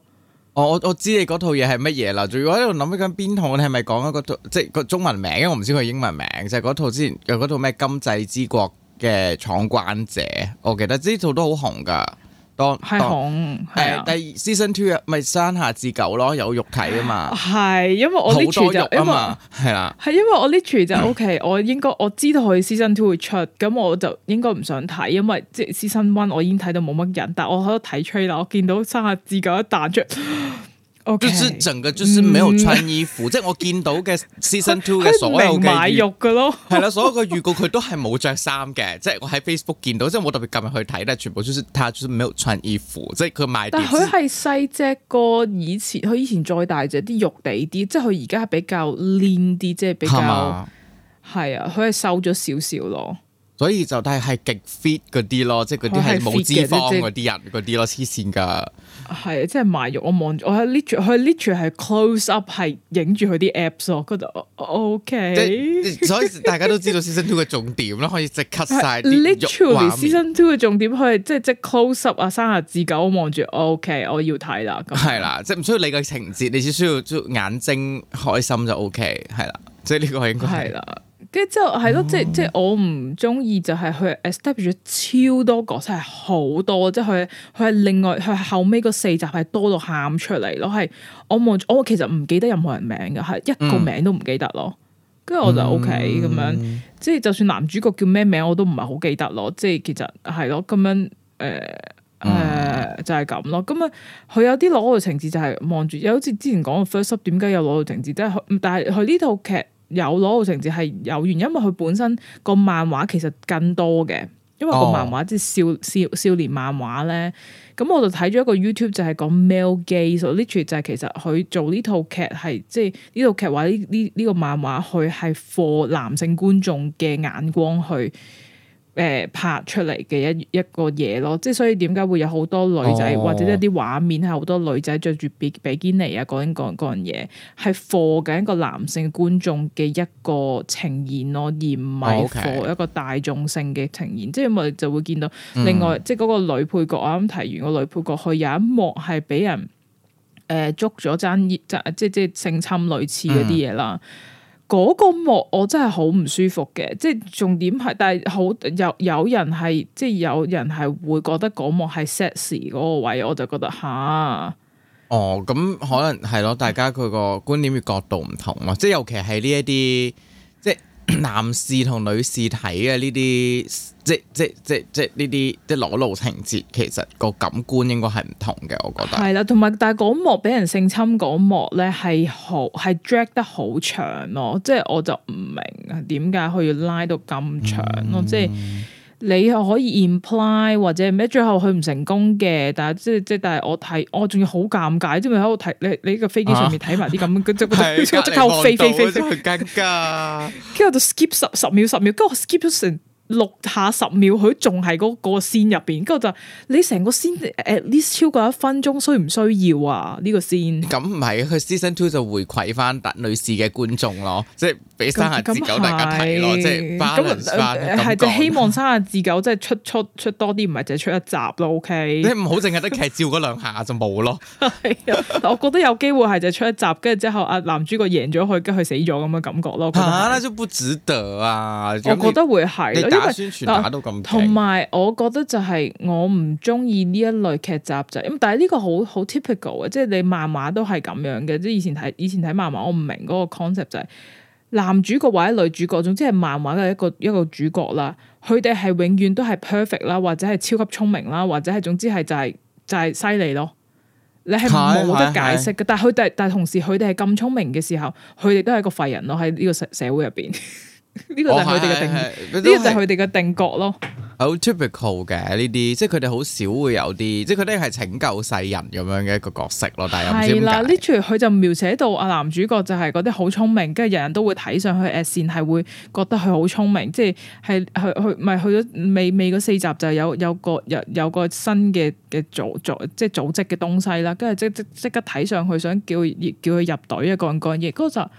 我我知你嗰套嘢係乜嘢啦，仲要喺度諗緊邊套？你係咪講一套？即係個中文名？我唔知佢英文名就係、是、嗰套之前，又嗰套咩今際之國嘅闖關者，我記得呢套都好紅噶。係紅，誒當、啊呃，第二 season two 咪、啊、生下至狗咯，有肉睇啊嘛。係， 因為我呢串就，因為係啦，係 因，因為我呢串就 O、okay, K，我應該我知道佢 season two 會出，咁我就應該唔想睇，因為即係 season one 我已經睇到冇乜人，但係我喺度睇吹 r 啦，我見到生下至狗一彈出。 就是整個就是沒有穿衣服，即係我見到嘅 Season Two 嘅所有嘅買肉嘅咯，係啦，所有嘅預告佢都係冇着衫嘅，即係我喺 Facebook 見到，即係我特別撳入去睇咧，全部就是他就是沒有穿衣服，即係佢買。但佢係細隻個，以前佢以前再大隻啲肉地啲，即係佢而家係比較攣啲，即係比較係嗎啊，佢係瘦咗少少咯。所以就但係係極 fit 嗰啲咯，即係嗰啲係冇脂肪嗰啲人嗰啲咯，黐線噶。係即係 ically 埋肉，我望住我喺 literally 佢 literally 係 close up 係影住佢啲 apps 我覺得 O K。Okay、 所以大家都知道《season two》嘅重點啦，可以、哎、即係 cut 晒啲肉。《season two》嘅重點，佢係、就是、即係即 close up 啊，三廿字九望住，O K，我要睇啦。係啦，即係唔需要你嘅情節，你只需要眼睛開心就 O K，係啦，即係呢個應該係啦。跟住之後係咯，即係即係我唔中意就係佢 establish 咗超多角色，係好多，即係佢佢係另外佢後尾嗰四集係多到喊出嚟咯。係我望住，我其實唔記得任何人名嘅，係一個名都唔記得咯。跟住、嗯、我就 OK 咁、嗯、樣，即、就、係、係、就算男主角叫咩名我都唔係好記得咯。即係其實係咯咁樣誒誒就係咁咯。咁啊佢有啲攞到情節就係望住又好似之前講嘅 first up，點解有攞到情節？即係但係佢呢套劇。有攞到成績係有原因，因為佢本身個漫畫其實更多嘅。因為個漫畫即係少少、oh. 少年漫畫咧。咁我就睇咗一個 YouTube，就係講 male gaze，so literally 就係其實佢做呢套劇係即係呢套劇話呢呢呢個漫畫佢係 for 男性觀眾嘅眼光去。誒、呃、拍出嚟嘅一一個嘢咯，即係所以點解會有好多女仔，哦、或者一啲畫面係好多女仔着住比比堅尼啊，嗰樣嗰嗰樣嘢係 for 緊一個男性觀眾嘅一個呈現咯，而唔係 for 一個大眾性嘅呈現。哦 okay、即係我哋就會見到另外，嗯、即係嗰個女配角，我啱提完個女配角，佢有一幕係俾人誒、呃、捉咗爭、呃、即係即係性侵類似嗰啲嘢啦。嗯嗰個幕我真係好唔舒服嘅，即係重點係，但係好有有人係即係有人係會覺得嗰幕係 sexy 嗰個位，我就覺得嚇。哦，咁可能係咯，大家佢個觀點與角度唔同咯，即係尤其係呢一啲。男士同女士睇嘅呢啲，即係即係即係即係呢啲即係裸露情節，其實個感官應該係唔同嘅，我覺得。係啦、啊，同埋但係嗰幕俾人性侵嗰幕咧，係好係 drag 得好長咯，即係我就唔明啊，點解佢要拉到咁長咯，嗯、即係是。嗯。你又可以 imply 或者咩？最後佢唔成功嘅，但係即係即係，但係我睇，我、哦、仲要好尷尬，即係喺度睇你，你呢個飛機上面睇埋啲咁，跟住跟住即刻飛飛飛飛，尷尬邊！跟住我就 skip 十十秒十秒，跟住我 skip 咗成六下十秒，佢仲係嗰個線入邊，跟住就你成個線誒，at least 超過一分鐘需唔需要啊？呢、這個線咁唔係，佢 season two 就回饋翻達女士嘅觀眾咯，即係。 俾三廿字九大家睇咯，嗯、即係 balance 翻咁講。係、嗯、希望三廿字九，即係出出出多啲，唔係淨係出一集咯。O、okay? K，你唔好淨係得劇照嗰兩下就冇咯， 咯。我覺得有機會係就出一集，跟住之後阿男主角贏咗佢，跟住佢死咗咁嘅感覺咯。啊，那就不值得啊！我覺得會係你打宣傳打到咁。同埋，呃、我覺得就係我唔中意呢一類劇集就係，但係呢個好好 typical 嘅，即係你漫畫都係咁樣嘅。即係以前睇以前睇漫畫、就是，我唔明嗰個 concept 就係。男主角或者女主角，總之係漫畫嘅一個一個主角啦，佢哋係永遠都係 perfect 啦，或者係超級聰明啦，或者係總之係就係、係、就係犀利咯。你係冇得解釋嘅，但係佢但係但係同時佢哋係咁聰明嘅時候，佢哋都係一個廢人咯，喺呢個社社會入邊。 呢 個係佢哋嘅定，呢啲、哦、就係佢哋嘅定格咯。好 typical 嘅呢啲，即係佢哋好少會有啲，即係佢哋係拯救世人咁樣嘅一個角色咯。但係係啦，呢齣佢就描寫到阿男主角就係嗰啲好聰明，跟住人人都會睇上去誒、呃，善係會覺得佢好聰明，即係係去去，唔係去咗尾尾嗰四集就有有個有有個新嘅嘅組組，即係組織嘅東西啦。跟住即即刻睇上去想叫叫佢入隊啊，乾乾嘢嗰集。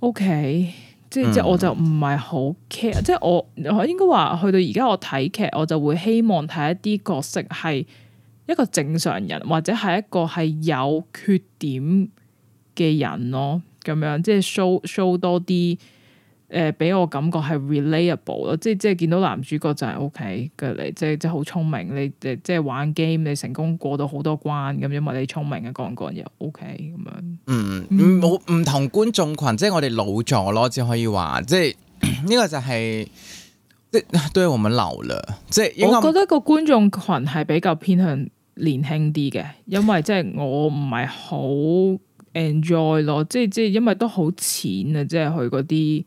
OK。即係即係，我就唔係好 care，即係我我應該話去到而家，我睇劇我就會希望睇一啲角色係一個正常人，或者係一個係有缺點嘅人咯，咁樣即係 show show 多啲。誒俾、呃、我感覺係 reliable 咯，即係即係見到男主角就係 O K 嘅你即係即係好聰明，你即係玩 game 你成功過到好多關咁，因為你聰明嘅講講又 O K 咁樣。嗯，冇唔、嗯、同觀眾群，即係我哋老咗咯，只可以話，即係呢、這個就係、是、 即係對我們流了，即係我覺得個觀眾群係比較偏向年輕啲嘅，因為即係我唔係好 enjoy 咯，即係即係因為都好淺啊，即係佢嗰啲。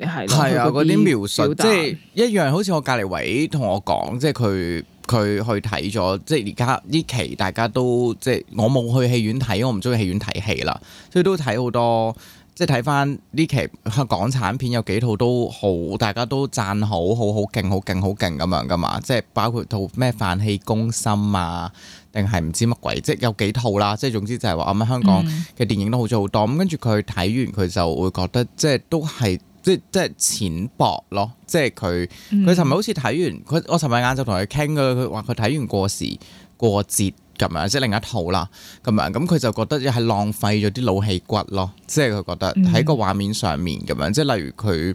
係啊，嗰啲描述即係一樣，好似我隔籬位同我講，即係佢佢去睇咗，即係而家呢期大家都即係我冇去戲院睇，我唔中意戲院睇戲啦，所以都睇好多，即係睇翻呢期香港產片有幾套都好，大家都讚好好好勁好勁好勁咁樣噶嘛，即係包括套咩《飯氣攻心》啊，定係唔知乜鬼，即係有幾套啦，即係總之就係話我喺香港嘅電影都好咗好多，咁、嗯、跟住佢睇完佢就會覺得即係都係。即係淺薄咯，即係佢佢尋日好似睇完佢，嗯、我尋日晏晝同佢傾佢，佢話佢睇完過時過節咁樣，即係另一套啦咁樣，咁佢就覺得又係浪費咗啲腦氣骨咯，即係佢覺得喺個畫面上面咁樣，即係、嗯、例如佢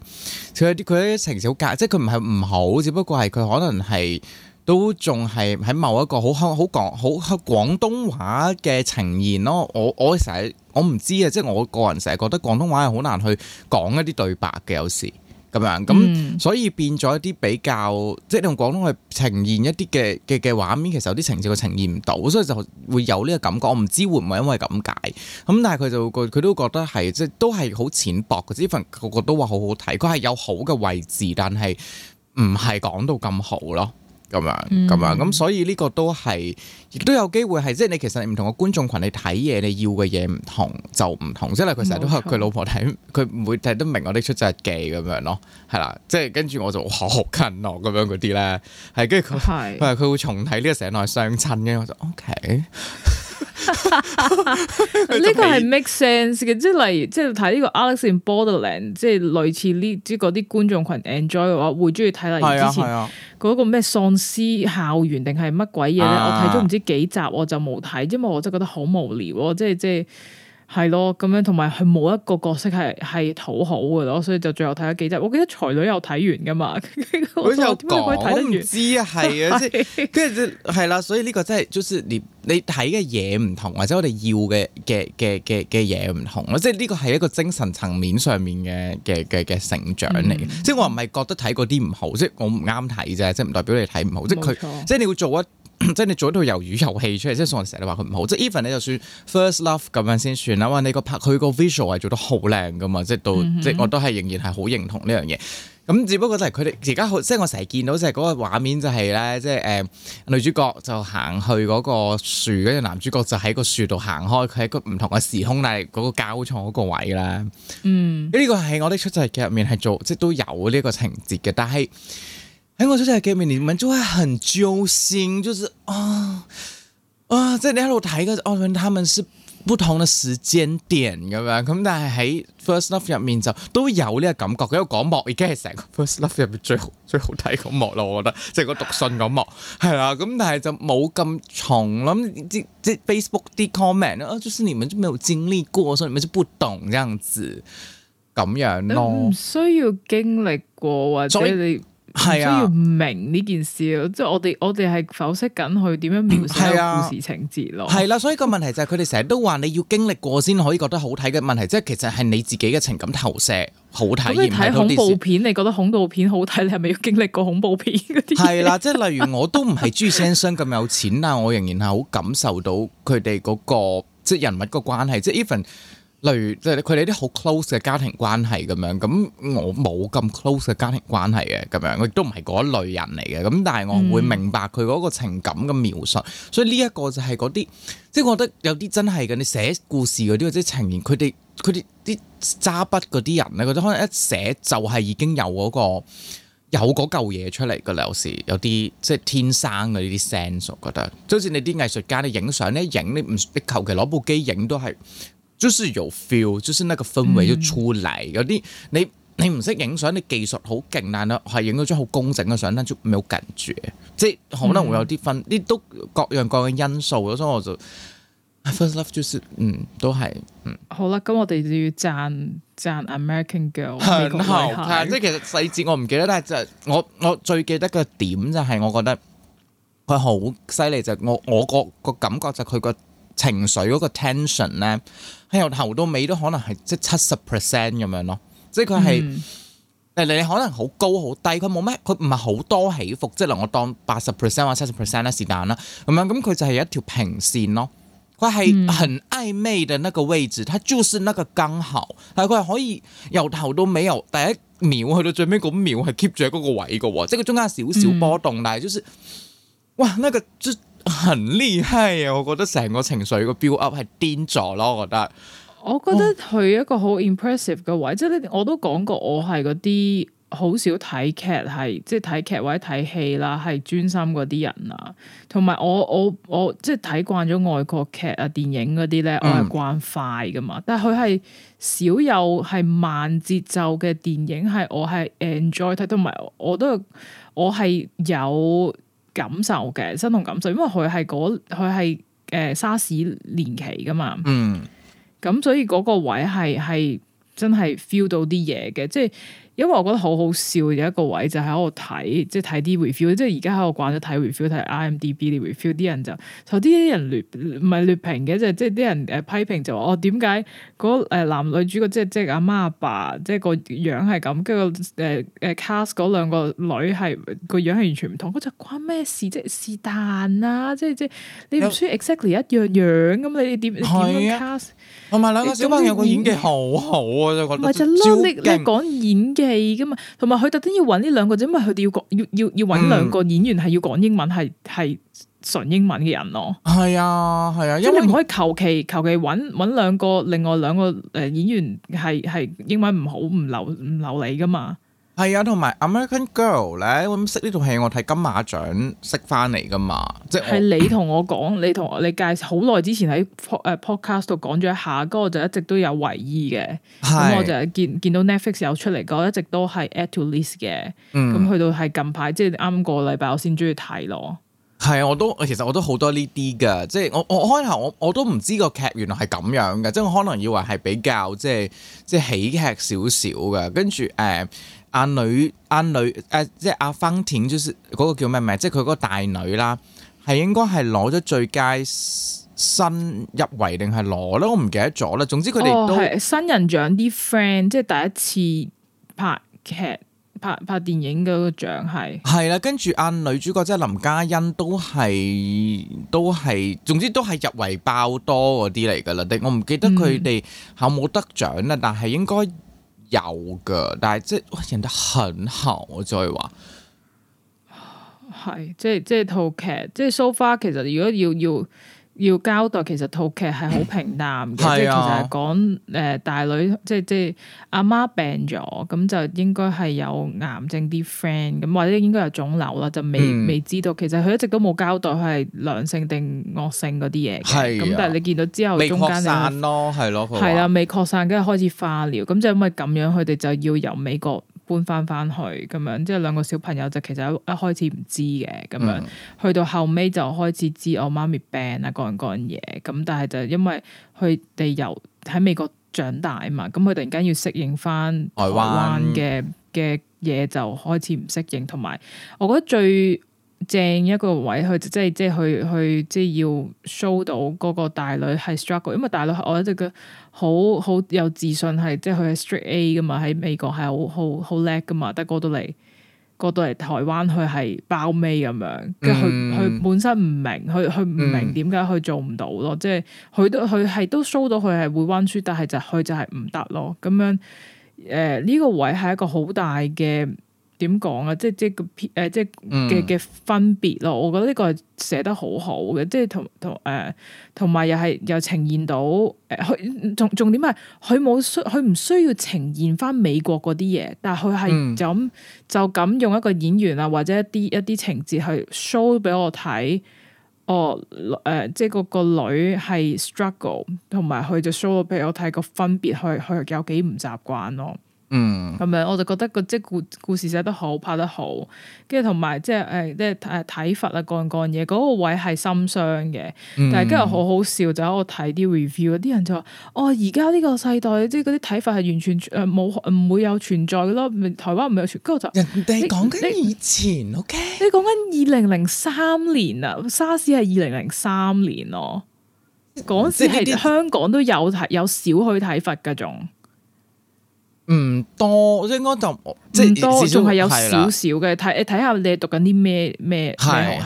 佢啲佢啲情節好格，即係佢唔係唔好，只不過係佢可能係都仲係喺某一個好香好廣好廣東話嘅呈現咯，我我成日。我唔知啊，即係我個人成日覺得廣東話係好難去講一啲對白嘅，有時咁樣咁，樣嗯、所以變咗一啲比較，即係用廣東去呈現一啲嘅嘅嘅畫面，其實有啲情節佢呈現唔到，所以就會有呢個感覺。我唔知會唔會因為咁解咁，但係佢就會佢都覺得係即係都係好淺薄嘅。即係呢份個個都話好好睇，佢係有好嘅位置，但係唔係講到咁好咯。咁樣，咁樣，嗯，咁、嗯、所以呢個都係，亦都有機會係，即係你其實唔同嘅觀眾群，你睇嘢，你要嘅嘢唔同就唔同，即係佢成日都話，佢老婆睇，佢唔會睇得明我的出汁日記咁樣咯，係啦，即係跟住我就好近咯，咁樣嗰啲咧，係跟住佢，佢、嗯、 會重睇呢個社內相親嘅，我就 OK。 呢個係 make sense 嘅，即係例如，即係睇呢個 Alice in Borderland，即係類似呢，即嗰啲觀眾群 enjoy 嘅話，會中意睇例如之前嗰個咩喪屍校園定係乜鬼嘢咧？啊、我睇咗唔知幾集，我就冇睇，因為我真係覺得好無聊咯，即係即係。係咯，咁樣同埋佢冇一個角色係係討好嘅咯，所以就最後睇咗幾集。我記得《才女》有睇完噶嘛？佢又睇？我唔知啊，係啊， 即係跟住係啦，所以呢個真係就是你你睇嘅嘢唔同，或者我哋要嘅嘅嘅嘅嘅嘢唔同咯，即係呢個係一個精神層面上面嘅嘅嘅嘅成長嚟嘅。嗯、即係我唔係覺得睇嗰啲唔好，即係我唔啱睇啫，即係唔代表你睇唔好，錯即係佢即係你要做一。 即係你做一套魷魚遊戲出嚟，即係所以我成日都話佢唔好。即係 even 你就算 first love 咁樣先算啦。你個拍佢個 visual 係做得好靚噶嘛。即係到、mm hmm. 即係我都係仍然係好認同呢樣嘢。咁只不過就係佢哋而家即係我成日見到就係嗰個畫面就係、是、咧，即係誒、呃、女主角就行去嗰個樹，跟住男主角就喺個樹度行開，佢喺個唔同嘅時空啦，嗰個交錯嗰個位啦。嗯、mm，呢、hmm. 個係我哋出世入面係做，即係都有呢個情節嘅，但係。喺我出晒 g a 面，你們就會很揪心，就是啊啊，啊就是、你喺度睇嘅，個奧特曼，他們是不同嘅時間點咁樣，咁但係喺 First Love 入面就都有呢個感覺。嗰個廣播已經係成個 First Love 入面最好最好睇個幕啦，我覺得，即係嗰讀信個幕係啦。咁、啊、但係就冇咁重咯、啊。即即 Facebook 啲 comment，哦、啊，就是你們就沒有經歷過，所以你們就不懂這，這樣子咁樣咯。唔需要經歷過，或者你。係啊，唔明呢件事咯，即係我哋我哋係剖析緊佢點樣描寫故事情節咯。係啦、啊啊，所以個問題就係佢哋成日都話你要經歷過先可以覺得好睇嘅問題，即係其實係你自己嘅情感投射好睇。咁你睇恐怖片，你覺得恐怖片好睇，你係咪要經歷過恐怖片嗰啲？係 啦、啊，即係例如我都唔係朱先生咁有錢啊， 我仍然係好感受到佢哋嗰個即係人物個關係，即係 even。例如，即係佢哋啲好 close 嘅家庭關係咁樣，咁我冇咁 close 嘅家庭關係嘅，咁樣亦都唔係嗰一類人嚟嘅。咁但係我會明白佢嗰個情感嘅描述，嗯、所以呢一個就係嗰啲，即係我覺得有啲真係嘅。你寫故事嗰啲或者呈現，佢哋佢哋啲揸筆嗰啲人咧，覺得可能一寫就係已經有嗰、嗰個有嗰嚿嘢出嚟噶啦。有時有啲即係天生嘅呢啲 sense，我覺得即好似你啲藝術家，你影相咧影，你唔你求其攞部機影都係。就是有 feel，就是那個氛圍都出嚟。嗯、有啲你你唔識影相。你你技術好勁，但係影到張好工整嘅相，但就冇感覺。即係可能會有啲分，呢、嗯、都各樣各樣因素。所以我就、I、first love 就是嗯，都係、嗯、好啦，咁我哋就要讚讚 American Girl 即係、嗯、 其實細節我唔記得，但係就我我最記得嘅點就係我覺得佢好犀利，就是、我我個個感覺就佢個。情緒嗰個 tension 咧，由頭到尾都可能係即係七十 percent 咁樣咯，即係佢係誒你可能好高好低，佢冇咩，佢唔係好多起伏，即係我當八十 percent 或七十 percent 咧是但啦，咁樣咁佢就係一條平線咯，佢係很曖昧嘅那個位置，它、嗯、就是那個剛好，但係佢可以由頭到尾由第一秒去到最尾嗰秒係 keep 住喺嗰個位嘅喎，即係佢中間少少波動嚟，嗯、但就是哇，那個很厲害啊！我覺得成個情緒個 build up 係癲咗咯，我覺得。我覺得佢一個好 impressive 嘅位，哦即，即係我都講過，我係嗰啲好少睇劇，係即係睇劇或者睇戲啦，係專心嗰啲人啊。同埋我我我即係睇慣咗外國劇啊、電影嗰啲咧，我係慣快噶嘛。嗯、但係佢係少有係慢節奏嘅電影，係我係 enjoy 睇，同埋我，我都我係有。感受嘅身同感受，因為佢係嗰佢係誒沙士年期噶嘛，嗯，咁所以嗰個位係係真係 feel 到啲嘢嘅，即係。因為我覺得好好笑，有一個位就喺我度睇，即係睇啲 review，即係而家喺我,我慣咗睇 review，睇 IMDB 啲 review，啲人就，有啲人劣唔係劣評嘅，就即係啲人誒批評就話，哦點解嗰誒男女主角即係即係阿媽阿爸，即係個樣係咁，跟住誒誒 cast 嗰兩個女係個樣係完全唔同，佢就關咩事即啫？是但啊，即係即係你唔需要 exactly 一樣樣咁，有你點點樣 cast？同埋兩個小朋友個演技好好啊！我就覺得。咪就咯。你你講演技噶嘛？同埋佢特登要揾呢兩個，因為佢哋要講要要揾兩個演員係要講英文係係純英文嘅人咯。係啊係啊，因為你唔可以求其求其揾揾兩個另外兩個誒演員係係英文唔好唔流唔流利噶嘛。係啊，同埋 American Girl 咧，我識呢套戲，我睇金馬獎識翻嚟噶嘛，即係你同我講， 你同我，你介紹好耐之前喺誒 podcast 度講咗一下，嗰我就一直都有為意嘅，咁是我就見見到 Netflix 有出嚟，嗰一直都係 add to list 嘅，咁、嗯、去到係近排即係啱個禮拜，就是、剛剛我先中意睇咯。係啊，我都其實我都好多呢啲噶，即係我我開頭我我都唔知個劇原來係咁樣嘅，即係我可能以為係比較即係即係喜劇少少嘅，跟住誒。嗯阿女阿女誒，即係阿方婷嗰個叫咩名？即係佢嗰個大女啦，係應該係攞咗最佳新入圍定係攞咧？我唔記得咗啦。總之佢哋都係新人獎啲 friend，即係第一次拍劇、拍拍電影嗰個獎係。係啦，跟住阿女主角即係林嘉欣，都係都係，總之都係入圍爆多嗰啲嚟㗎啦。我唔記得佢哋有冇得獎啦，但係應該。有噶，但係即係演得很好，我再話係即係即係套劇，即係 so far，其實如果要要。要交代，其實套劇係好平淡嘅， 啊、即係其實係講誒大女，即係即係阿媽病咗，咁就應該係有癌症啲 friend，咁或者應該有腫瘤啦，就未、嗯、未知道。其實佢一直都冇交代佢係良性定惡性嗰啲嘢，咁、啊、但係你見到之後中間，未擴散咯，係咯，係有啊，啊，未擴散，跟住開始化療，咁就因為咁樣，佢哋就要由美國，搬翻翻去咁樣，即係兩個小朋友就其實一一開始唔知嘅，咁樣、嗯、去到後尾就開始知我媽咪病啊，各樣各樣嘢。咁但係就因為佢哋由喺美國長大嘛，咁佢突然間要適應翻台灣嘅嘅嘢，灣就開始唔適應。同埋，我覺得最正一個位，佢即係即係去去即係要 show 到嗰個大女係 struggle，因為大女我一直覺得好好有自信，係即係佢係 straight A 噶嘛，喺美國係好好好叻噶嘛，但過到嚟過到嚟台灣，佢係包尾咁、嗯、樣，跟佢佢本身唔明，佢佢唔明點解佢做唔到咯，即係佢都佢係都 show 到佢係會溫書，但係就佢就係唔得咯，咁樣誒呢個位係一個好大嘅。點講啊？即即個偏誒，即嘅嘅分別咯。我覺得呢個寫得好好嘅，即同同誒，同埋、呃、又係又呈現到誒。佢、呃、重重點係佢冇需，佢唔需要呈現翻美國嗰啲嘢，但係佢係就咁、嗯、就咁用一個演員啊，或者一啲一啲情節去 show 俾我睇。哦，誒、呃、即個、這個女係 struggle，同埋佢就 show 俾我睇個分別，去去有幾唔習慣咯。嗯，咁樣我就覺得個即故故事寫得好，拍得好，跟住同埋即係誒，即係誒體罰啊，各樣各樣嘢，嗰、嗰個位係心傷嘅，但係跟住好好笑，就喺度睇啲 review，啲人就話，哦，而家呢個世代即係嗰啲體罰係完全誒冇唔會有存在噶咯，台灣唔有存在，跟住就人哋講緊以前，ok，你講緊二零零三年啊，沙士係二零零三年咯，嗰時係香港都有有少許體罰㗎仲。唔多，應該就即唔多，仲係有少少嘅。睇你睇下你讀緊啲咩咩。係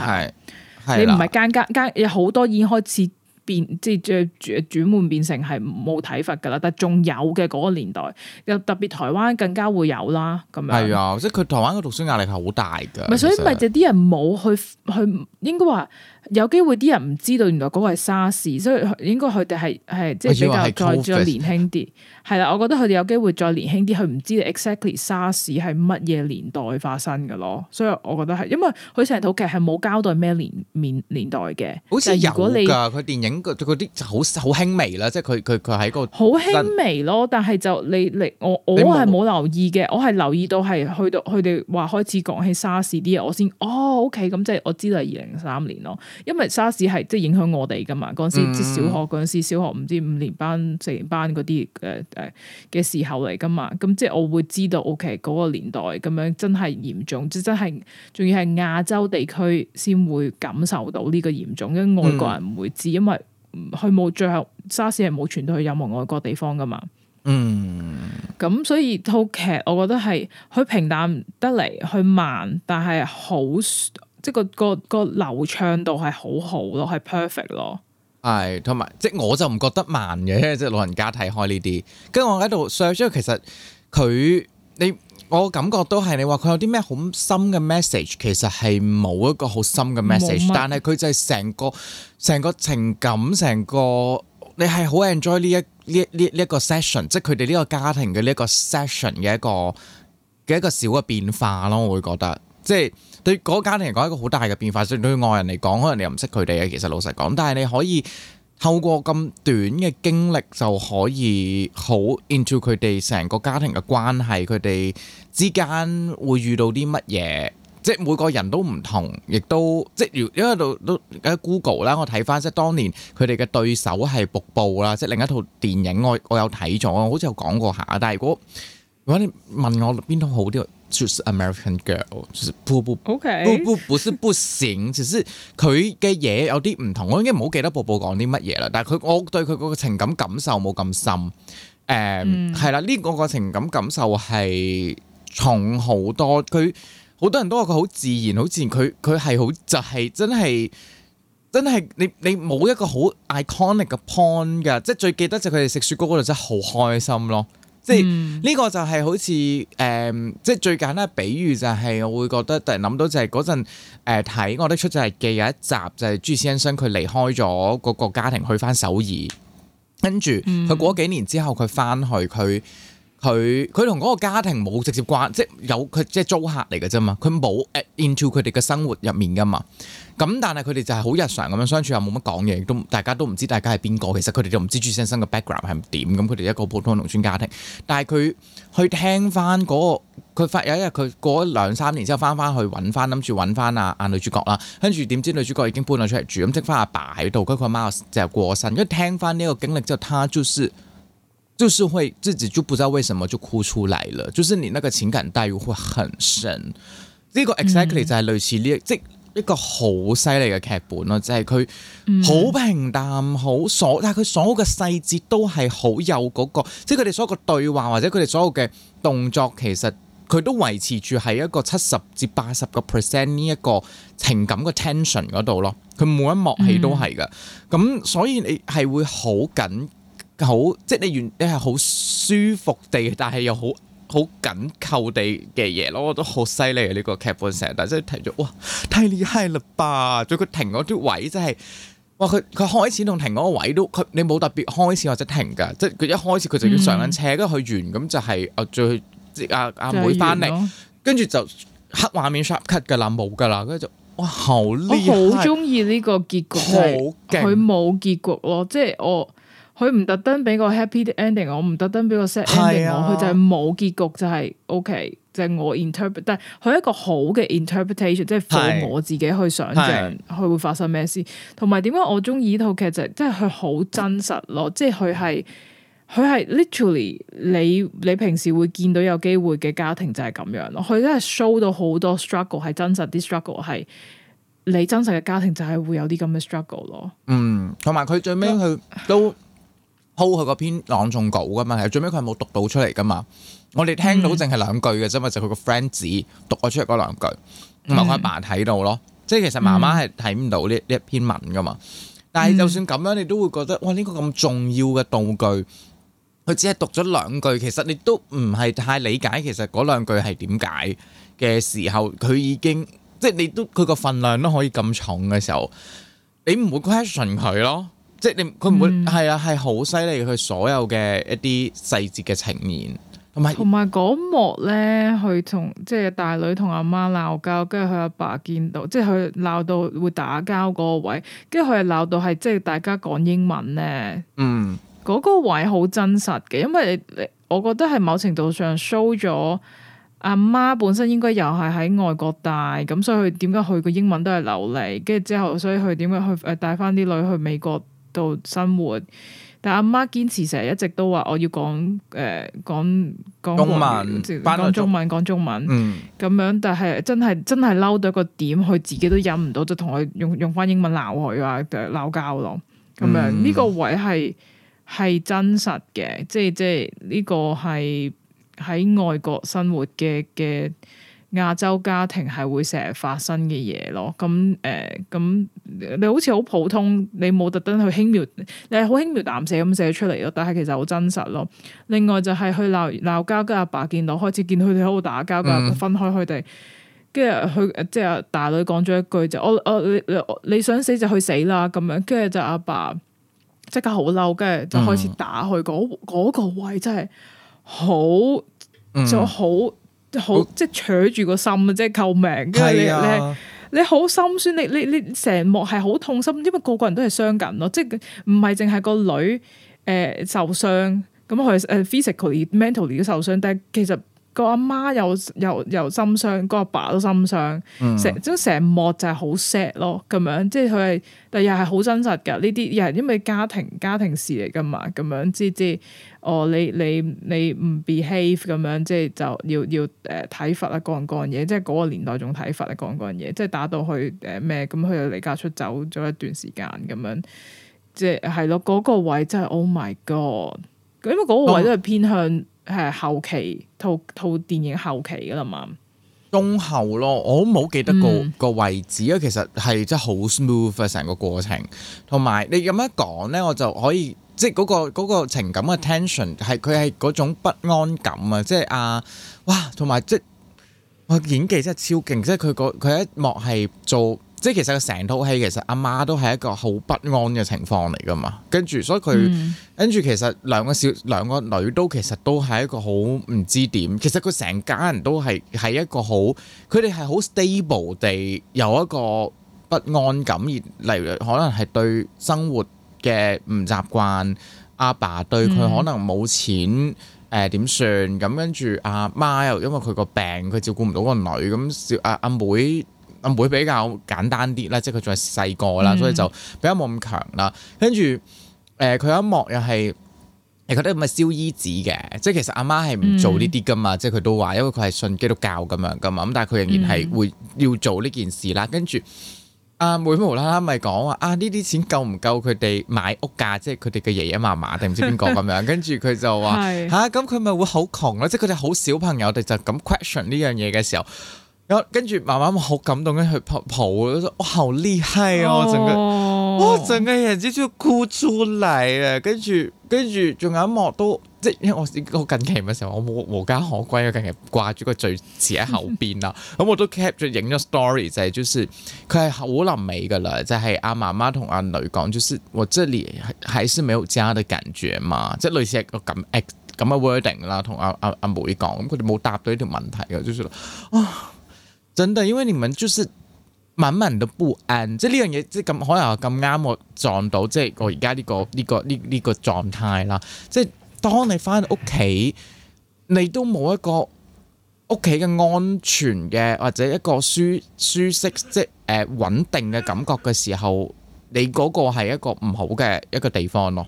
係你唔係間間間，有好多已經開始變，即係轉轉換變成係冇睇法噶啦。但仲有嘅嗰個年代，又特別台灣更加會有啦。咁樣係啊，即係佢台灣嘅讀書壓力係好大㗎。咪、就是、其實所以咪就啲人冇去去，應該話。有機會啲人唔知道原來嗰個係沙士，所以應該佢哋係係即係比較再再年輕啲，係啦。我覺得佢哋有機會再年輕啲，佢唔知 exactly 沙士 r 係乜嘢年代發生嘅咯。所以我覺得係，因為佢成套劇係冇交代咩年年年代嘅。好似有㗎，佢電影佢啲好好輕微啦，即係佢佢佢喺個好輕微咯。但係就你你我我係冇留意嘅，我係留意到係去到佢哋話開始講起沙士啲嘢，我先哦 OK 咁，即係我知道係二零三年咯。因為沙士係即影響我哋噶嘛，嗰陣、嗯、時即小學嗰陣時，小學唔知五年班、四年班嗰啲誒誒嘅時候嚟噶嘛，咁即係我會知道，OK，嗰個年代咁樣真係嚴重，即真係仲要係亞洲地區先會感受到呢個嚴重，因為外國人唔會知，嗯、因為佢冇最後沙士係冇傳到去任何外國地方噶嘛。嗯，咁所以套劇我覺得係佢平淡得嚟，佢慢但係好。即係個個個流暢度係好好咯，係 perfect 咯。係同埋，即係我就唔覺得慢嘅，即係老人家睇開呢啲。跟住我喺度 search，所以其實佢你我感覺都係你話佢有啲咩好深嘅 message，其實係冇一個好深嘅 message，但係佢就係成個成個情感，成個你係好 enjoy 呢一呢呢呢一個 session，即係佢哋呢個家庭嘅呢個 session 嘅一個嘅一個小嘅變化咯，我會覺得。即係對嗰家庭嚟講一個好大嘅變化，雖然對外人嚟講，可能你又唔識佢哋啊。其實老實講，但係你可以透過咁短嘅經歷就可以好 into 佢哋成個家庭嘅關係，佢哋之間會遇到啲乜嘢，即係每個人都唔同，亦都即係如果喺 Google 啦，我睇翻即係當年佢哋嘅對手係瀑布啦，即係另一套電影，我我有睇咗，好似有講過下。但係如果如果你問我邊套好啲？就是 American Girl，就是布布，布布不是不醒。其實佢嘅嘢有啲唔同。我已經唔好記得布布講啲乜嘢啦，但係佢，我對佢、um, 嗯這個情感感受冇咁深。誒，係啦，呢個個情感感受係重好多。佢好多人都話佢好自然，好自然。佢佢係好就係、是、真係真係你你冇一個好 iconic 嘅 point 㗎，即係最記得就佢哋食雪糕嗰度真係好開心咯。即係呢個就係好似，誒、即、呃、係最簡單比喻就係我會覺得突然諗到就係嗰陣睇我的出走日記有一集就係朱先生佢離開咗嗰個家庭去翻首爾，跟住佢過咗幾年之後佢翻去佢。佢佢同嗰個家庭冇直接關係，即係有佢即係租客嚟嘅啫嘛，佢冇 at into 佢哋嘅生活入面噶嘛。咁但係佢哋就係好日常咁樣相處又，又冇乜講嘢，都大家都唔知大家係邊個。其實佢哋都唔知朱先生嘅 background 係點。咁佢哋一個普通農村家庭，但係佢去聽翻嗰、嗰個，佢發有一日佢過咗兩三年之後，翻翻去揾翻，諗住揾翻啊阿女主角啦。跟住點知女主角已經搬咗出嚟住，咁即係翻阿爸喺度，佢住阿媽就過身。一聽聽翻呢個經歷之後，他就是就是會自己就不知道為什麼就哭出來了，就是你那個情感待遇會很深。呢、這個 exactly、mm. 就係類似呢、這個，即、就是、一個好犀利嘅劇本咯，就係佢好平淡，好所但係佢所有嘅細節都係好有嗰、那個，即係佢哋所有嘅對話或者佢哋所有嘅動作，其實佢都維持住係一個七十至八十個 percent 呢一個情感嘅 tension 嗰度咯，佢每一幕戲都係噶，咁、mm. 所以你係會好緊。好，即係你完，你係好舒服地，但係又好好緊扣地嘅嘢咯。我覺得好犀利呢個劇本成，但真係睇咗哇，太厲害啦吧！仲要佢停嗰啲位，真係哇，佢佢開始同停嗰個位都，佢你冇特別開始或者停噶，即係佢一開始佢就要上緊車，跟住佢完咁就係、是、啊最阿阿妹翻嚟，跟住就，就黑畫面 sharp cut 噶啦，冇噶啦，跟住就哇好，我好中意呢個結局，好佢冇結局咯，即係我。我佢唔特登俾個 happy ending，我唔特登俾個 set ending，我佢、啊、就係冇結局就係、是、OK，就我 interpret，但係佢一個好嘅 interpretation，即係符合是我自己去想象佢會發生咩事。同埋點解我中意呢套劇就係、是、即係佢好真實咯，即係佢係佢係 literally 你你平時會見到有機會嘅家庭就係咁樣咯，佢真係 show 到好多 struggle 係真實啲 struggle 係你真實嘅家庭就係會有啲咁嘅 struggle 咯。嗯，同埋佢最尾佢都。呃鋪佢個篇朗誦稿噶嘛，係最尾佢係冇讀到出嚟噶嘛。我哋聽到淨係兩句嘅啫嘛，嗯、就佢個 friend 指讀咗出嚟嗰兩句，同埋佢阿爸睇到咯。即係其實媽媽係睇唔到呢呢一篇文噶嘛。但係就算咁樣，你都會覺得哇呢、呢個咁重要嘅道具，佢只係讀咗兩句，其實你都唔係太理解，其實嗰兩句係點解嘅時候，佢已經即係你都佢個份量都可以咁重嘅時候，你唔會 question 佢咯。即係你佢唔會係、嗯、啊，係好犀利，佢所有嘅一啲細節嘅情面，同埋同埋嗰幕咧，佢同即係大女同阿媽鬧交，跟住佢阿爸見到，即係佢鬧到會打交嗰位，跟住佢又鬧到係即係大家講英文咧。嗯，嗰個位好真實嘅，因為我覺得係某程度上 show 咗阿媽本身應該又係喺外國大，咁所以佢點解佢個英文都係流利，跟住之後所以佢點解去誒帶翻啲女去美國。到生活，但阿媽，媽堅持成日一直都話我要講誒，呃、講講中文講中文，講中文講中文咁樣，但係真係真係嬲到一個點，佢自己都忍唔到，就同佢用用翻英文鬧佢啊，鬧交咯。咁樣呢、嗯、個位係係真實嘅，即係即係呢個係喺外國生活嘅嘅。亞洲家庭係會成日發生嘅嘢咯，咁誒咁你好似好普通，你冇特登去輕描，你係好輕描淡寫咁寫出嚟咯，但係其實好真實咯。另外就係去鬧鬧交，跟阿爸，爸見到開始見佢哋喺度打交，跟阿爸分開佢哋，跟住佢即係大女講咗一句就我，哦哦你，哦、你想死就去死啦咁樣，跟住就阿爸即刻好嬲，跟住、嗯、就開始打佢。嗰嗰，嗰個位真，真係好就好。嗯好即係扯住個心啊，即係救命。跟住 你 你你，你好心酸，你你你成幕係好痛心，因為個個人都係傷緊咯，即係唔係淨係個女誒、呃、受傷，咁佢誒 physically、 mentally 都受傷，但係其實。個阿媽又又又心傷，個阿爸都心傷，成即成幕就係好 sad 咯咁樣，即係佢係，但又係好真實㗎呢啲，又係因為家庭家庭事嚟㗎嘛咁樣，即即哦你你你唔 behave 咁樣，即係就要要誒體罰啊講嗰樣嘢，即係嗰個年代仲體罰啊講嗰樣嘢，即係打到佢誒咩咁，佢、呃、又離家出走咗一段時間咁樣，即係係咯嗰個位真係 oh my god，因為嗰個位都係偏向、啊。係後期套套電影後期噶啦嘛，中後咯，我好冇記得個、嗯、個位置啊。其實係真係好 smooth 啊，成個過程。同埋你咁樣講咧，我就可以即係、嗰、嗰個嗰、嗰個情感嘅 tension 係佢係嗰種不安感即啊，即係啊哇，同埋即係，哇演技真係超勁，即係佢個佢一幕係做。即係其實佢成套戲其實阿媽都係一個好不安嘅情況嚟㗎嘛，跟住所以佢、嗯、跟住其實兩個小兩個女都其實都係一個好唔知點，其實佢成家人都係係一個好，佢哋係好 stable 地有一個不安感，而例如可能係對生活嘅唔習慣，阿爸，爸對佢可能冇錢誒點算咁，跟住阿媽又因為佢個病佢照顧唔到個女咁，小阿阿妹。阿妹比較簡單啲啦，即係佢仲係細個啦，所以就比較冇咁強啦。跟住誒，佢、呃、一幕又係，你覺得唔係燒衣紙嘅，即係其實阿媽係唔做呢啲㗎嘛，嗯、即係佢都話，因為佢係信基督教咁樣㗎嘛。咁但係佢仍然係會要做呢件事啦。跟住阿妹無啦啦咪講話啊，呢啲錢夠唔夠佢哋買屋㗎？即係佢哋嘅爺爺嫲嫲定唔知邊個咁樣？跟住佢就話吓，咁佢咪會好窮咯？即係佢哋好小朋友，佢哋就咁 question 呢樣嘢嘅時候。跟住，媽媽好感動，跟住抱抱我，佢：，我、哦、好厲害啊、哦，我整個，我、哦、整個眼睛就哭出來啊！跟住，跟住，仲有一幕都即係我我近期嘅時候，我冇無家可歸啊！近期掛住個最字喺後邊啦，咁 我都 keep 住影咗 story 仔，就是佢係好臨尾噶啦。就係、是、阿媽媽同阿女講，就是我這裏還是沒有家的感覺嘛，即、就、係、是、類似一個咁咁嘅 wording 啦，同阿阿阿妹講，咁佢哋冇答到呢條問題嘅，就是：，說真的，因為你們就是滿滿的不安，即呢樣嘢即咁，可能咁啱我撞到，即我而家呢個呢個呢呢個狀態啦。即當你翻屋企，你都冇一個屋企嘅安全嘅或者一個舒舒適即誒穩定嘅感覺嘅時候，你嗰個係一個唔好嘅一個地方咯。